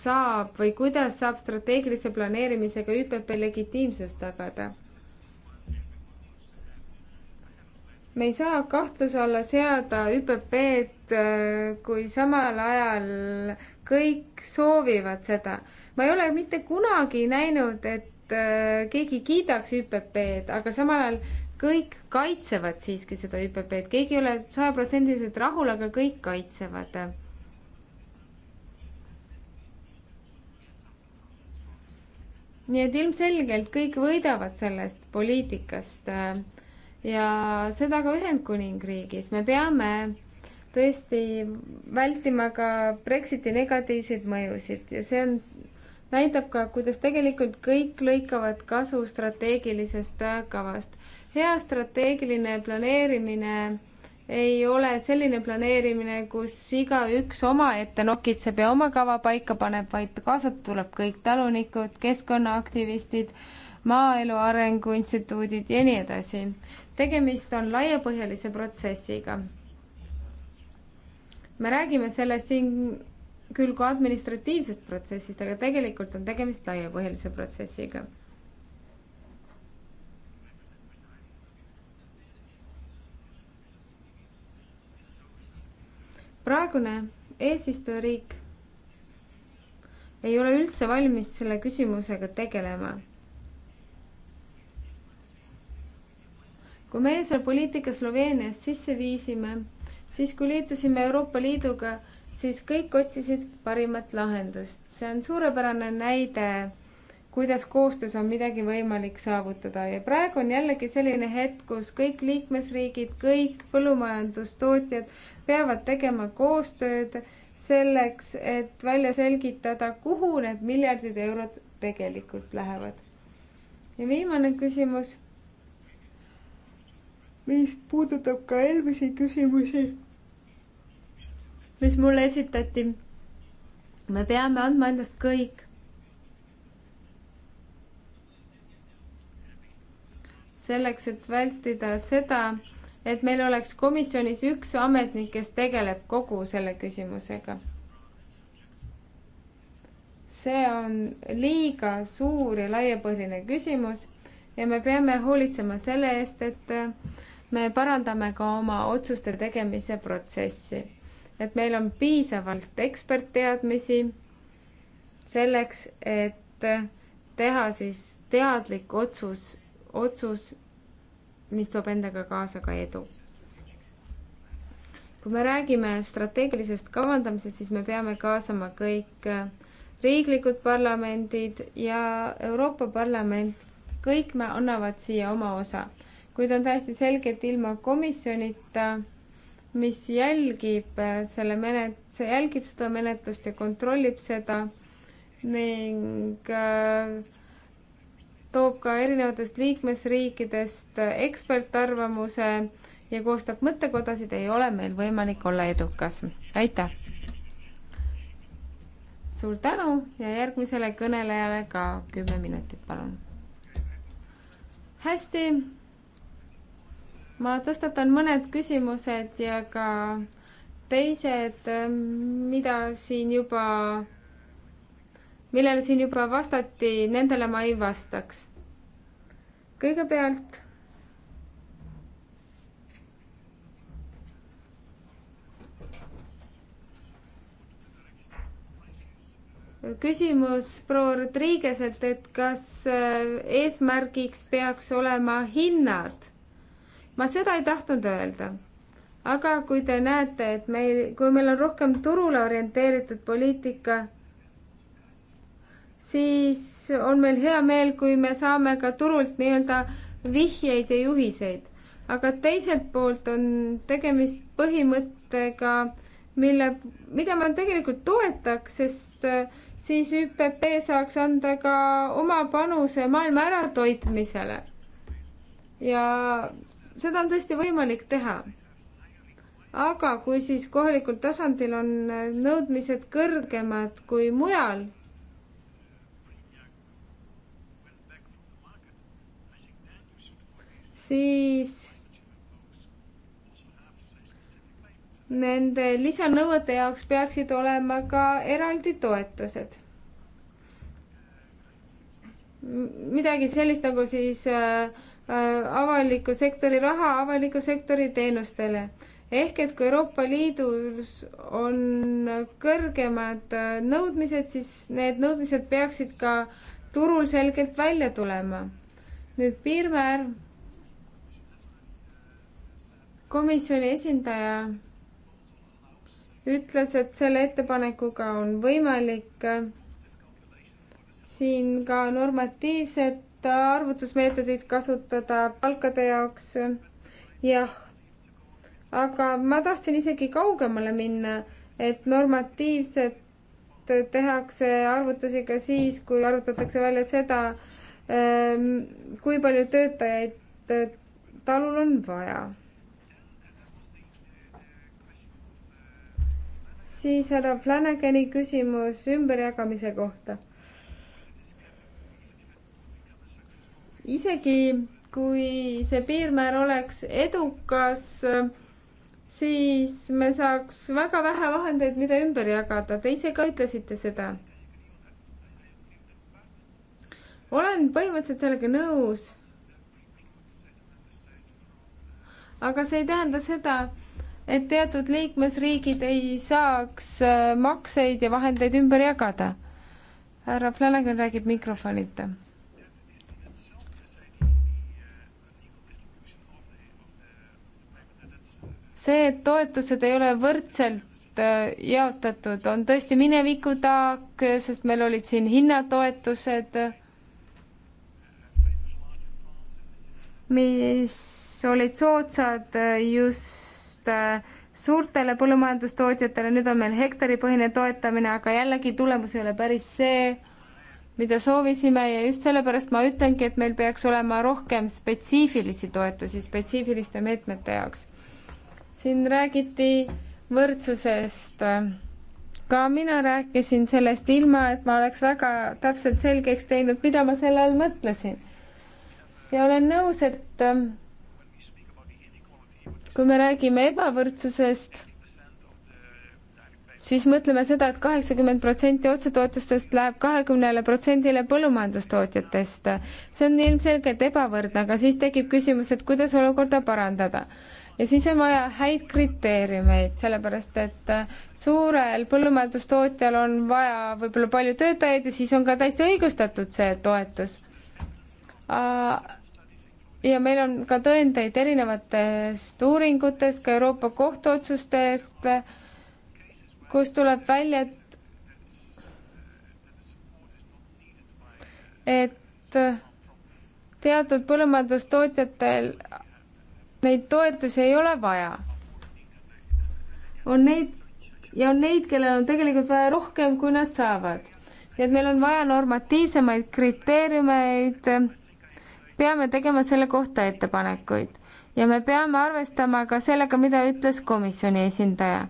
saab või kuidas saab strateegilise planeerimisega ÜPP legitiimsust tagada? me ei saa kahtluse alla seada ÜPP-d, kui samal ajal kõik soovivad seda. ma ei ole mitte kunagi näinud, et äh, keegi kiidaks ÜPP-d, aga samal ajal kõik kaitsevad siiski seda ÜPP-d, keegi ei ole sajaprotsendiliselt rahul, aga kõik kaitsevad. nii et ilmselgelt kõik võidavad sellest poliitikast äh, ja seda ka Ühendkuningriigis. me peame tõesti vältima ka Brexiti negatiivseid mõjusid ja see on, näitab ka, kuidas tegelikult kõik lõikavad kasu strateegilisest kavast. hea strateegiline planeerimine ei ole selline planeerimine, kus igaüks omaette nokitseb ja oma kava paika paneb, vaid kaasata tuleb kõik talunikud, keskkonnaaktivistid, Maaelu Arengu Instituudid ja nii edasi. tegemist on laiapõhjalise protsessiga. me räägime sellest siin küll kui administratiivsest protsessist, aga tegelikult on tegemist laiapõhjalise protsessiga praegune eesistujariik ei ole üldse valmis selle küsimusega tegelema kui meie selle poliitika Sloveenias sisse viisime, siis kui liitusime Euroopa Liiduga, siis kõik otsisid parimat lahendust. see on suurepärane näide, kuidas koostöös on midagi võimalik saavutada ja praegu on jällegi selline hetk, kus kõik liikmesriigid, kõik põllumajandustootjad peavad tegema koostööd selleks, et välja selgitada, kuhu need miljardid eurod tegelikult lähevad. ja viimane küsimus mis puudutab ka eelmisi küsimusi, mis mulle esitati. me peame andma endast kõik. selleks, et vältida seda, et meil oleks komisjonis üks ametnik, kes tegeleb kogu selle küsimusega. see on liiga suur ja laiapõhjaline küsimus ja me peame hoolitsema selle eest, et me parandame ka oma otsuste tegemise protsessi, et meil on piisavalt ekspertteadmisi selleks, et teha siis teadlik otsus, otsus, mis toob endaga kaasa ka edu. kui me räägime strateegilisest kavandamisest, siis me peame kaasama kõik riiklikud parlamendid ja Euroopa Parlament, kõik me annavad siia oma osa kuid on täiesti selge, et ilma komisjonita, mis jälgib äh, selle menet-, see jälgib seda menetlust ja kontrollib seda ning äh, toob ka erinevatest liikmesriikidest äh, ekspertarvamuse ja koostab mõttekodasid, ei ole meil võimalik olla edukas. aitäh! suur tänu ja järgmisele kõnelejale ka kümme minutit, palun. hästi ma tõstatan mõned küsimused ja ka teised, ähm, mida siin juba, millele siin juba vastati, nendele ma ei vastaks. kõigepealt küsimus proua Rodriguezelt, et kas äh, eesmärgiks peaks olema hinnad ma seda ei tahtnud öelda. aga kui te näete, et meil, kui meil on rohkem turule orienteeritud poliitika, siis on meil hea meel, kui me saame ka turult nii-öelda vihjeid ja juhiseid. aga teiselt poolt on tegemist põhimõttega, mille, mida ma tegelikult toetaks, sest äh, siis ÜPP saaks anda ka oma panuse maailma äratoitmisele. ja seda on tõesti võimalik teha. aga kui siis kohalikul tasandil on nõudmised kõrgemad kui mujal, siis nende lisanõuete jaoks peaksid olema ka eraldi toetused. midagi sellist nagu siis äh, Äh, avaliku sektori raha avaliku sektori teenustele. ehk et kui Euroopa Liidus on kõrgemad äh, nõudmised, siis need nõudmised peaksid ka turul selgelt välja tulema. nüüd piirmäär. komisjoni esindaja ütles, et selle ettepanekuga on võimalik äh, siin ka normatiivset arvutusmeetodit kasutada palkade jaoks. jah, aga ma tahtsin isegi kaugemale minna, et normatiivset tehakse arvutusi ka siis, kui arvutatakse välja seda, ähm, kui palju töötajaid äh, talul on vaja. siis härra Flanagani küsimus ümberjagamise kohta isegi kui see piirmäär oleks edukas, siis me saaks väga vähe vahendeid, mida ümber jagada, te ise ka ütlesite seda. olen põhimõtteliselt sellega nõus. aga see ei tähenda seda, et teatud liikmesriigid ei saaks äh, makseid ja vahendeid ümber jagada. härra Flanagan räägib mikrofonita see, et toetused ei ole võrdselt äh, jaotatud, on tõesti mineviku taak, sest meil olid siin hinnatoetused, mis olid soodsad äh, just äh, suurtele põllumajandustootjatele, nüüd on meil hektaripõhine toetamine, aga jällegi tulemus ei ole päris see, mida soovisime ja just sellepärast ma ütlengi, et meil peaks olema rohkem spetsiifilisi toetusi spetsiifiliste meetmete jaoks siin räägiti võrdsusest. ka mina rääkisin sellest ilma, et ma oleks väga täpselt selgeks teinud, mida ma selle all mõtlesin. ja olen nõus, et eh, kui me räägime ebavõrdsusest, siis mõtleme seda et, et kaheksakümmend protsenti otsetoetustest läheb kahekümnele protsendile põllumajandustootjatest. see on ilmselgelt ebavõrdne, aga siis tekib küsimus, et kuidas olukorda parandada ja siis on vaja häid kriteeriumeid, sellepärast et äh, suurel põllumajandustootjal on vaja võib-olla palju töötajaid ja siis on ka täiesti õigustatud see toetus. Äh, ja meil on ka tõendeid erinevatest uuringutest, ka Euroopa Kohtu otsustest, kus tuleb välja, et et teatud põllumajandustootjatel Neid toetusi ei ole vaja. on neid ja on neid, kellel on tegelikult vaja rohkem, kui nad saavad. nii et meil on vaja normatiivsemaid kriteeriumeid. peame tegema selle kohta ettepanekuid ja me peame arvestama ka sellega, mida ütles komisjoni esindaja.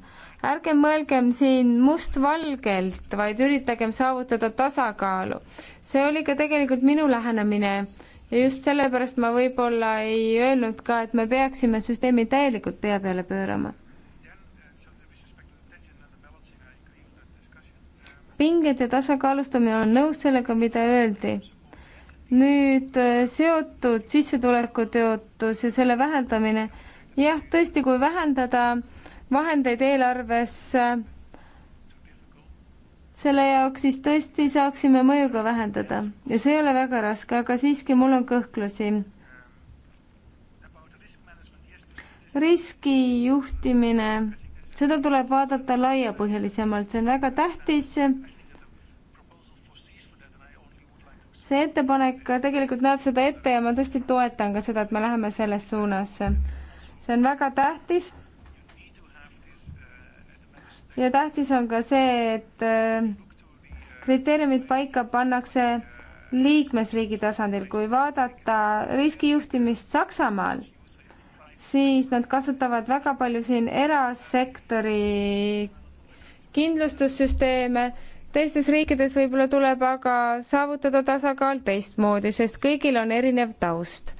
ärgem mõelgem siin mustvalgelt, vaid üritagem saavutada tasakaalu. see oli ka tegelikult minu lähenemine ja just sellepärast ma võib-olla ei öelnud ka, et me peaksime süsteemi täielikult pea peale pöörama. pinged ja tasakaalustamine, olen nõus sellega, mida öeldi. nüüd äh, seotud sissetulekuteotus ja selle vähendamine. jah, tõesti, kui vähendada vahendeid eelarves äh, selle jaoks siis tõesti saaksime mõju ka vähendada ja see ei ole väga raske, aga siiski mul on kõhklusi. riskijuhtimine, seda tuleb vaadata laiapõhjalisemalt, see on väga tähtis see ettepanek tegelikult näeb seda ette ja ma tõesti toetan ka seda, et me läheme selles suunas. see on väga tähtis ja tähtis on ka see, et äh, kriteeriumid paika pannakse liikmesriigi tasandil, kui vaadata riskijuhtimist Saksamaal, siis nad kasutavad väga palju siin erasektori kindlustussüsteeme, teistes riikides võib-olla tuleb aga saavutada tasakaal teistmoodi, sest kõigil on erinev taust.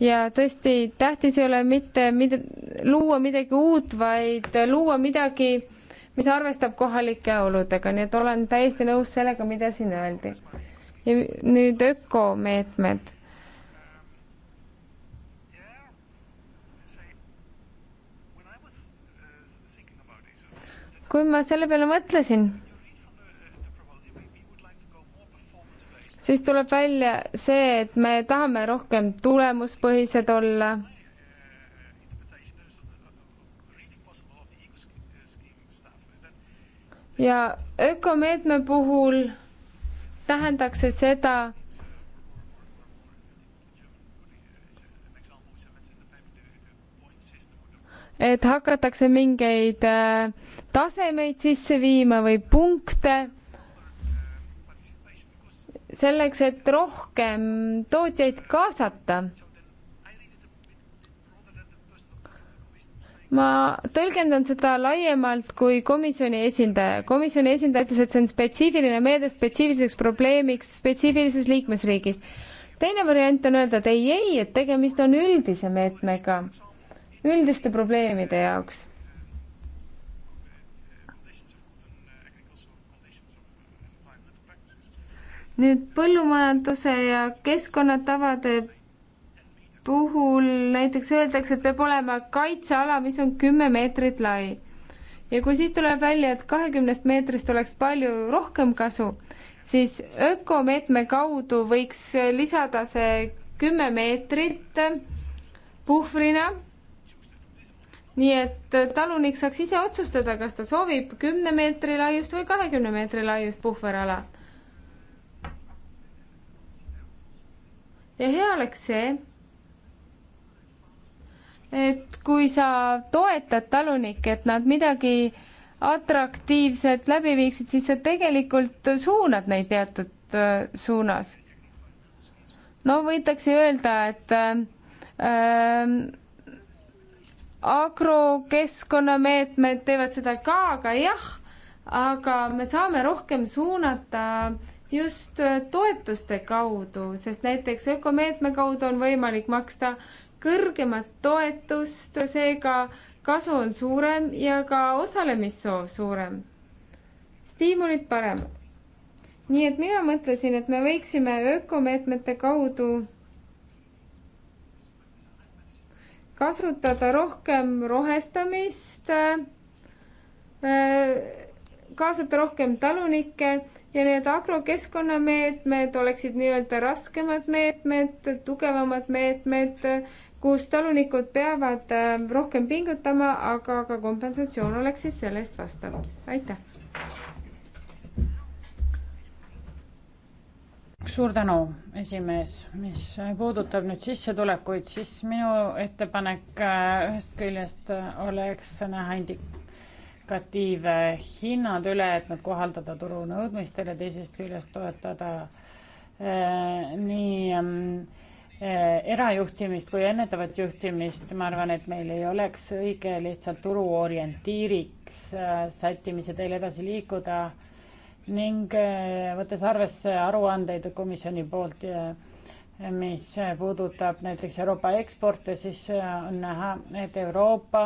ja tõesti, tähtis ei ole mitte mida, luua midagi uut, vaid luua midagi, mis arvestab kohalike oludega, nii et olen täiesti nõus sellega, mida siin öeldi. ja nüüd ökomeetmed kui ma selle peale mõtlesin, siis tuleb välja see, et me tahame rohkem tulemuspõhised olla ja ökomeetme puhul tähendaks see seda, et hakatakse mingeid äh, tasemeid sisse viima või punkte selleks, et rohkem tootjaid kaasata ma tõlgendan seda laiemalt kui komisjoni esindaja. komisjoni esindaja ütles, et see on spetsiifiline meede spetsiifiliseks probleemiks spetsiifilises liikmesriigis. teine variant on öelda, et ei, ei, et tegemist on üldise meetmega, üldiste probleemide jaoks. nüüd põllumajanduse ja keskkonnatavade puhul näiteks öeldakse, et peab olema kaitseala, mis on kümme meetrit lai. ja kui siis tuleb välja, et kahekümnest meetrist oleks palju rohkem kasu, siis ökomeetme kaudu võiks lisada see kümme meetrit puhvrina, nii et talunik saaks ise otsustada, kas ta soovib kümne meetri laiust või kahekümne meetri laiust puhverala. ja hea oleks see et kui sa toetad talunikke, et nad midagi atraktiivset läbi viiksid, siis sa tegelikult suunad neid teatud äh, suunas. no võidakse öelda, et äh, agrokeskkonnameetmed teevad seda ka, aga jah, aga me saame rohkem suunata just äh, toetuste kaudu, sest näiteks ökomeetme kaudu on võimalik maksta kõrgemat toetust, seega kasu on suurem ja ka osalemissoov suurem. stiimulid paremad. nii et mina mõtlesin, et me võiksime ökomeetmete kaudu kasutada rohkem rohestamist, äh, kaasata rohkem talunikke ja need agrokeskkonnameetmed oleksid nii-öelda raskemad meetmed, tugevamad meetmed kus talunikud peavad äh, rohkem pingutama, aga ka kompensatsioon oleks siis selle eest vastav. aitäh. suur tänu, esimees. mis puudutab nüüd sissetulekuid, siis minu ettepanek äh, ühest küljest äh, oleks näha indikatiive hinnad üle, et nad kohaldada turu nõudmistele, teisest küljest toetada äh, nii äh, Eh, erajuhtimist kui ennetavat juhtimist, ma arvan, et meil ei oleks õige lihtsalt turu orientiiriks äh, sättimise teel edasi liikuda ning äh, võttes arvesse aruandeid komisjoni poolt, äh, mis puudutab näiteks Euroopa eksporte, siis on näha, et Euroopa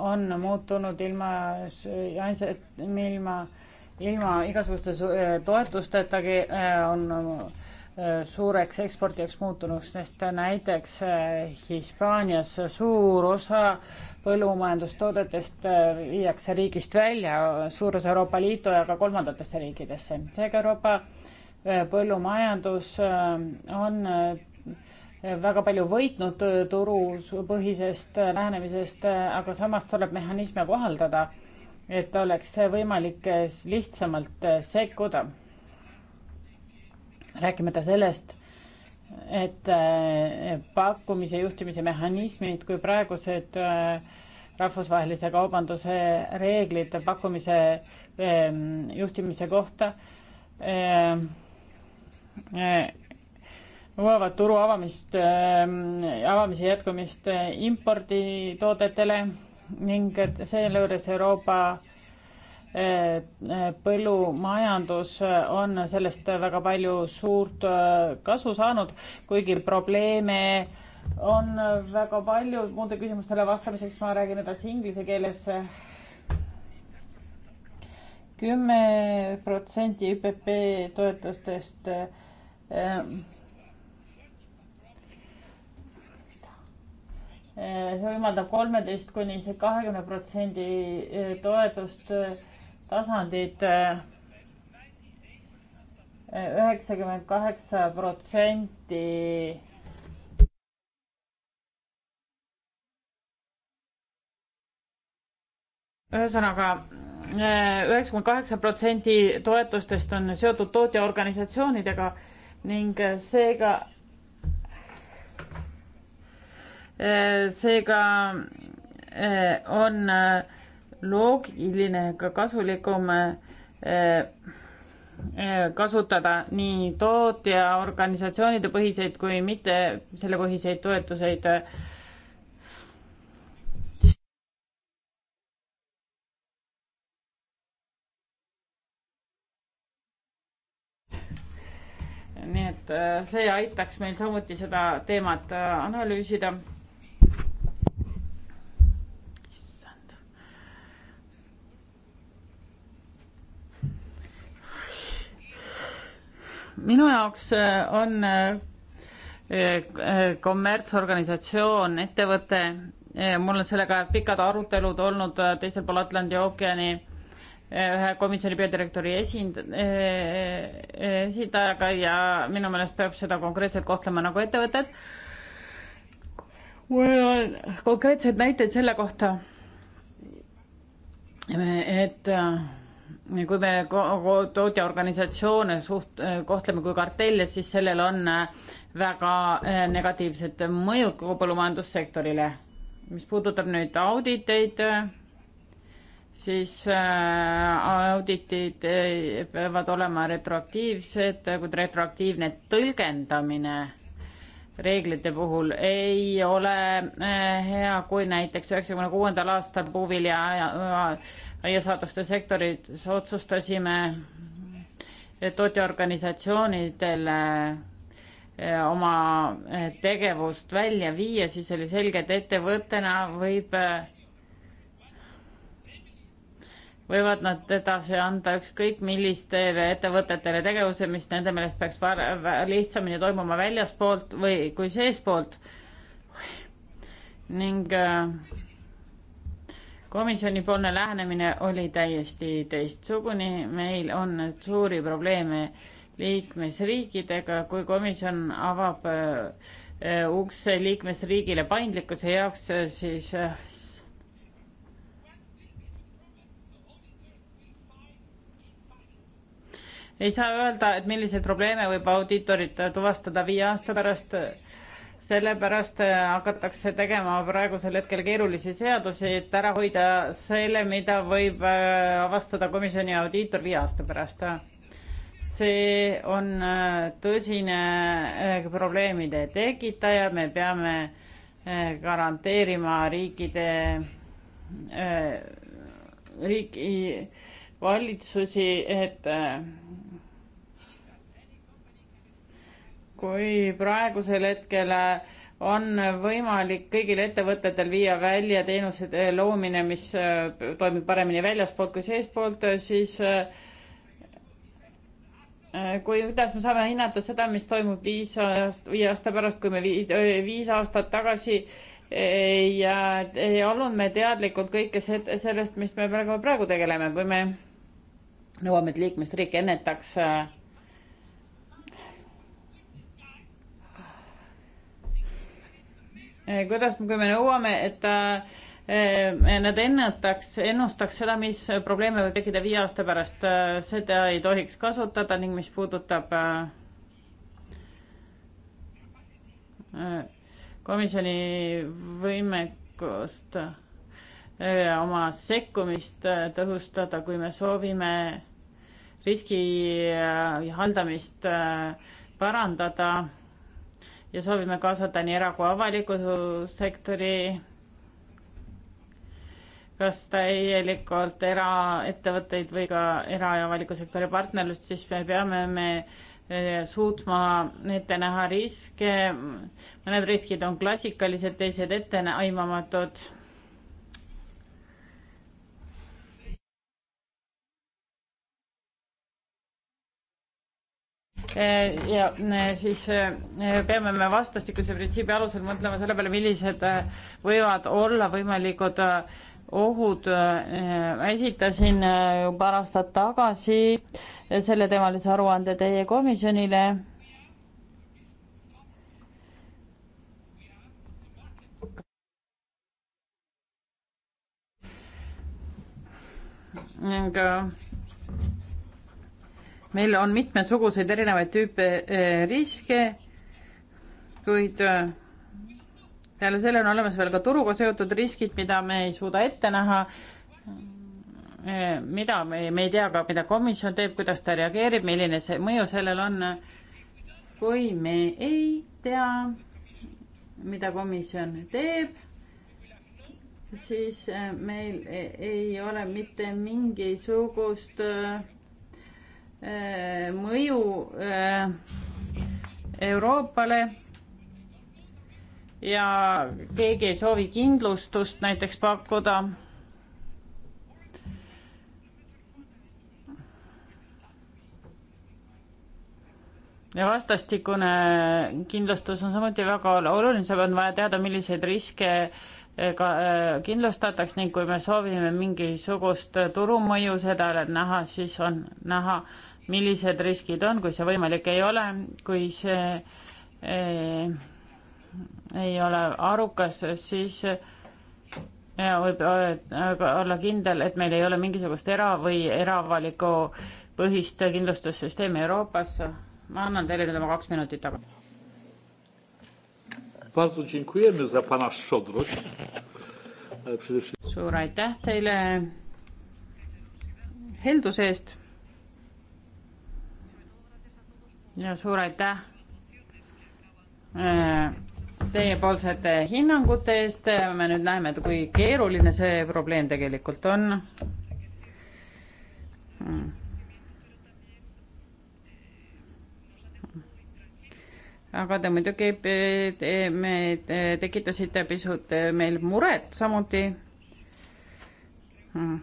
on muutunud ilma, ilma, ilma igasuguste toetusteta on Äh, suureks eksportijaks muutunustest, näiteks äh, Hispaanias suur osa põllumajandustoodetest äh, viiakse riigist välja, suur osa Euroopa Liitu ja ka kolmandatesse riikidesse. seega Euroopa põllumajandus on väga palju võitnud turupõhisest lähenemisest, aga samas tuleb mehhanisme kohaldada, et oleks võimalik lihtsamalt sekkuda rääkimata sellest, et äh, pakkumise juhtimise mehhanismid kui praegused äh, rahvusvahelise kaubanduse reeglid pakkumise ähm, juhtimise kohta ähm, äh, nõuavad turu avamist, ähm, avamise jätkumist imporditoodetele ning selle juures Euroopa Äh, äh, põllumajandus äh, on sellest väga palju suurt kasu saanud, kuigi probleeme on väga palju. muude küsimustele vastamiseks ma räägin edasi inglise keeles. kümme protsenti ÜPP toetustest see võimaldab kolmeteist kuni kahekümne protsendi toetust tasandid. Eh, üheksakümmend kaheksa protsenti ühesõnaga eh, üheksakümmend kaheksa protsenti toetustest on seotud tootjaorganisatsioonidega ning eh, seega, seega on loogiline ka kasulikum eh, eh, kasutada nii tootjaorganisatsioonide põhiseid kui mitte selle põhiseid toetuseid. nii et eh, see aitaks meil samuti seda teemat analüüsida minu jaoks äh, on äh, äh, kommertsorganisatsioon, ettevõte, mul on sellega pikad arutelud olnud teisel pool Atlandi ookeani ühe komisjoni peadirektori esind-, esindajaga ja minu meelest peab seda konkreetselt kohtlema nagu ettevõtet. mul on konkreetseid näiteid selle kohta, et kui me tootjaorganisatsioone suht-, eh, kohtleme kui kartelle, siis sellel on eh, väga eh, negatiivsed mõjud kogu põllumajandussektorile. mis puudutab nüüd auditeid, siis auditid peavad olema retroaktiivsed, kuid retroaktiivne tõlgendamine reeglite puhul ei ole hea, kui näiteks üheksakümne kuuendal aastal puuvilja aiasaaduste sektoris otsustasime tootjaorganisatsioonidel eh, oma eh, tegevust välja viia, siis oli selge, et ettevõttena võib, eh, võivad nad edasi anda ükskõik millistele ettevõtetele tegevuse, mis nende meelest peaks lihtsamini toimuma väljaspoolt või kui seespoolt. ning äh, komisjonipoolne lähenemine oli täiesti teistsugune, meil on suuri probleeme liikmesriikidega, kui komisjon avab äh, ukse liikmesriigile paindlikkuse jaoks, siis äh, ei saa öelda, et milliseid probleeme võib audiitorid tuvastada viie aasta pärast sellepärast äh, hakatakse tegema praegusel hetkel keerulisi seadusi, et ära hoida selle, mida võib äh, avastada komisjoni audiitor viie aasta pärast. see on äh, tõsine probleemide tekitaja, me peame garanteerima riikide, riigi valitsusi, et kui praegusel hetkel äh, on võimalik kõigil ettevõtetel viia välja teenuse äh, loomine, mis äh, toimib paremini väljaspoolt kui seestpoolt, siis kui, kuidas me saame hinnata seda, mis toimub viis aast-, viie aasta pärast, kui me viis aastat tagasi ei, ei olnud me teadlikud kõike sellest, mis me praegu, praegu tegeleme, kui me nõuame, et liikmesriik ennetaks äh, Eh, kuidas, kui me nõuame, et ta eh, eh, Nad ennetaks, ennustaks seda, mis probleeme võib tekkida viie aasta pärast, seda ei tohiks kasutada ning mis puudutab komisjoni võimekust oma sekkumist tõhustada, kui me soovime riski haldamist parandada ja soovime kaasata nii era- kui avaliku sektori kas täielikult eraettevõtteid või ka era- ja avaliku sektori partnerlust, siis me peame me eh, suutma ette näha riske. mõned riskid on klassikalised, teised etteaimamatud Eh, ja eh, siis eh, peame me vastastikuse printsiibi alusel mõtlema selle peale, millised võivad olla võimalikud ohud. ma esitasin paar aastat tagasi selleteemalise aruande teie komisjonile. ning meil on mitmesuguseid erinevaid tüüpe eh, riske, kuid eh, peale selle on olemas veel ka turuga seotud riskid, mida me ei suuda ette näha, eh, mida me, me ei tea ka, mida komisjon teeb, kuidas ta reageerib, milline see mõju sellel on. kui me ei tea, mida komisjon teeb, siis meil ei ole mitte mingisugust äh, Eh, mõju eh, Euroopale ja keegi ei soovi kindlustust näiteks pakkuda. ja vastastikune kindlustus on samuti väga oluline, seal on vaja teada, milliseid riske eh, ka kindlustataks ning kui me soovime mingisugust turumõju seda näha, siis on näha, millised riskid on, kui see võimalik ei ole, kui see ei, eh, ei ole arukas, siis eh, võib eh, olla kindel, et meil ei ole mingisugust era- või eraavaliku põhist kindlustussüsteemi Euroopas. ma annan teile nüüd oma kaks minutit tagasi. suur aitäh teile helduse eest ja suur aitäh äh, teiepoolsete hinnangute eest, me nüüd näeme, et kui keeruline see probleem tegelikult on. aga te muidugi te, me te, tekitasite pisut meil muret samuti hmm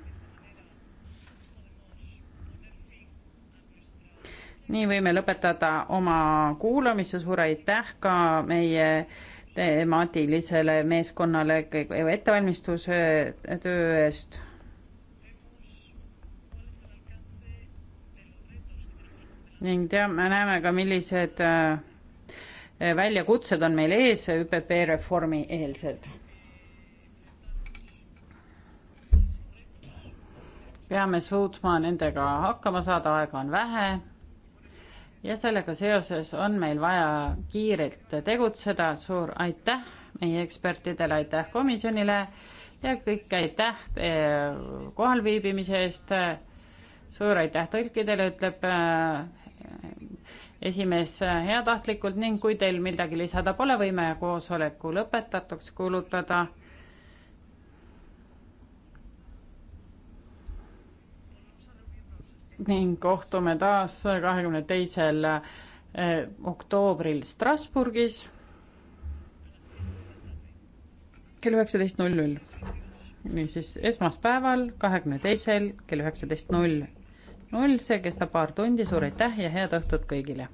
nii võime lõpetada oma kuulamise, suur aitäh ka meie temaatilisele meeskonnale ettevalmistuse töö eest. ning teame, näeme ka, millised äh, väljakutsed on meil ees ÜPP reformi eelselt. peame suutma nendega hakkama saada, aega on vähe ja sellega seoses on meil vaja kiirelt tegutseda, suur aitäh meie ekspertidele, aitäh komisjonile ja kõik aitäh eh, kohalviibimise eest. suur aitäh tõlkidele, ütleb eh, esimees heatahtlikult ning kui teil midagi lisada pole, võime koosoleku lõpetatuks kuulutada ning kohtume taas kahekümne teisel eh, oktoobril Strasburgis kell üheksateist null null. niisiis esmaspäeval, kahekümne teisel kell üheksateist null null, see kestab paar tundi, suur aitäh ja head õhtut kõigile!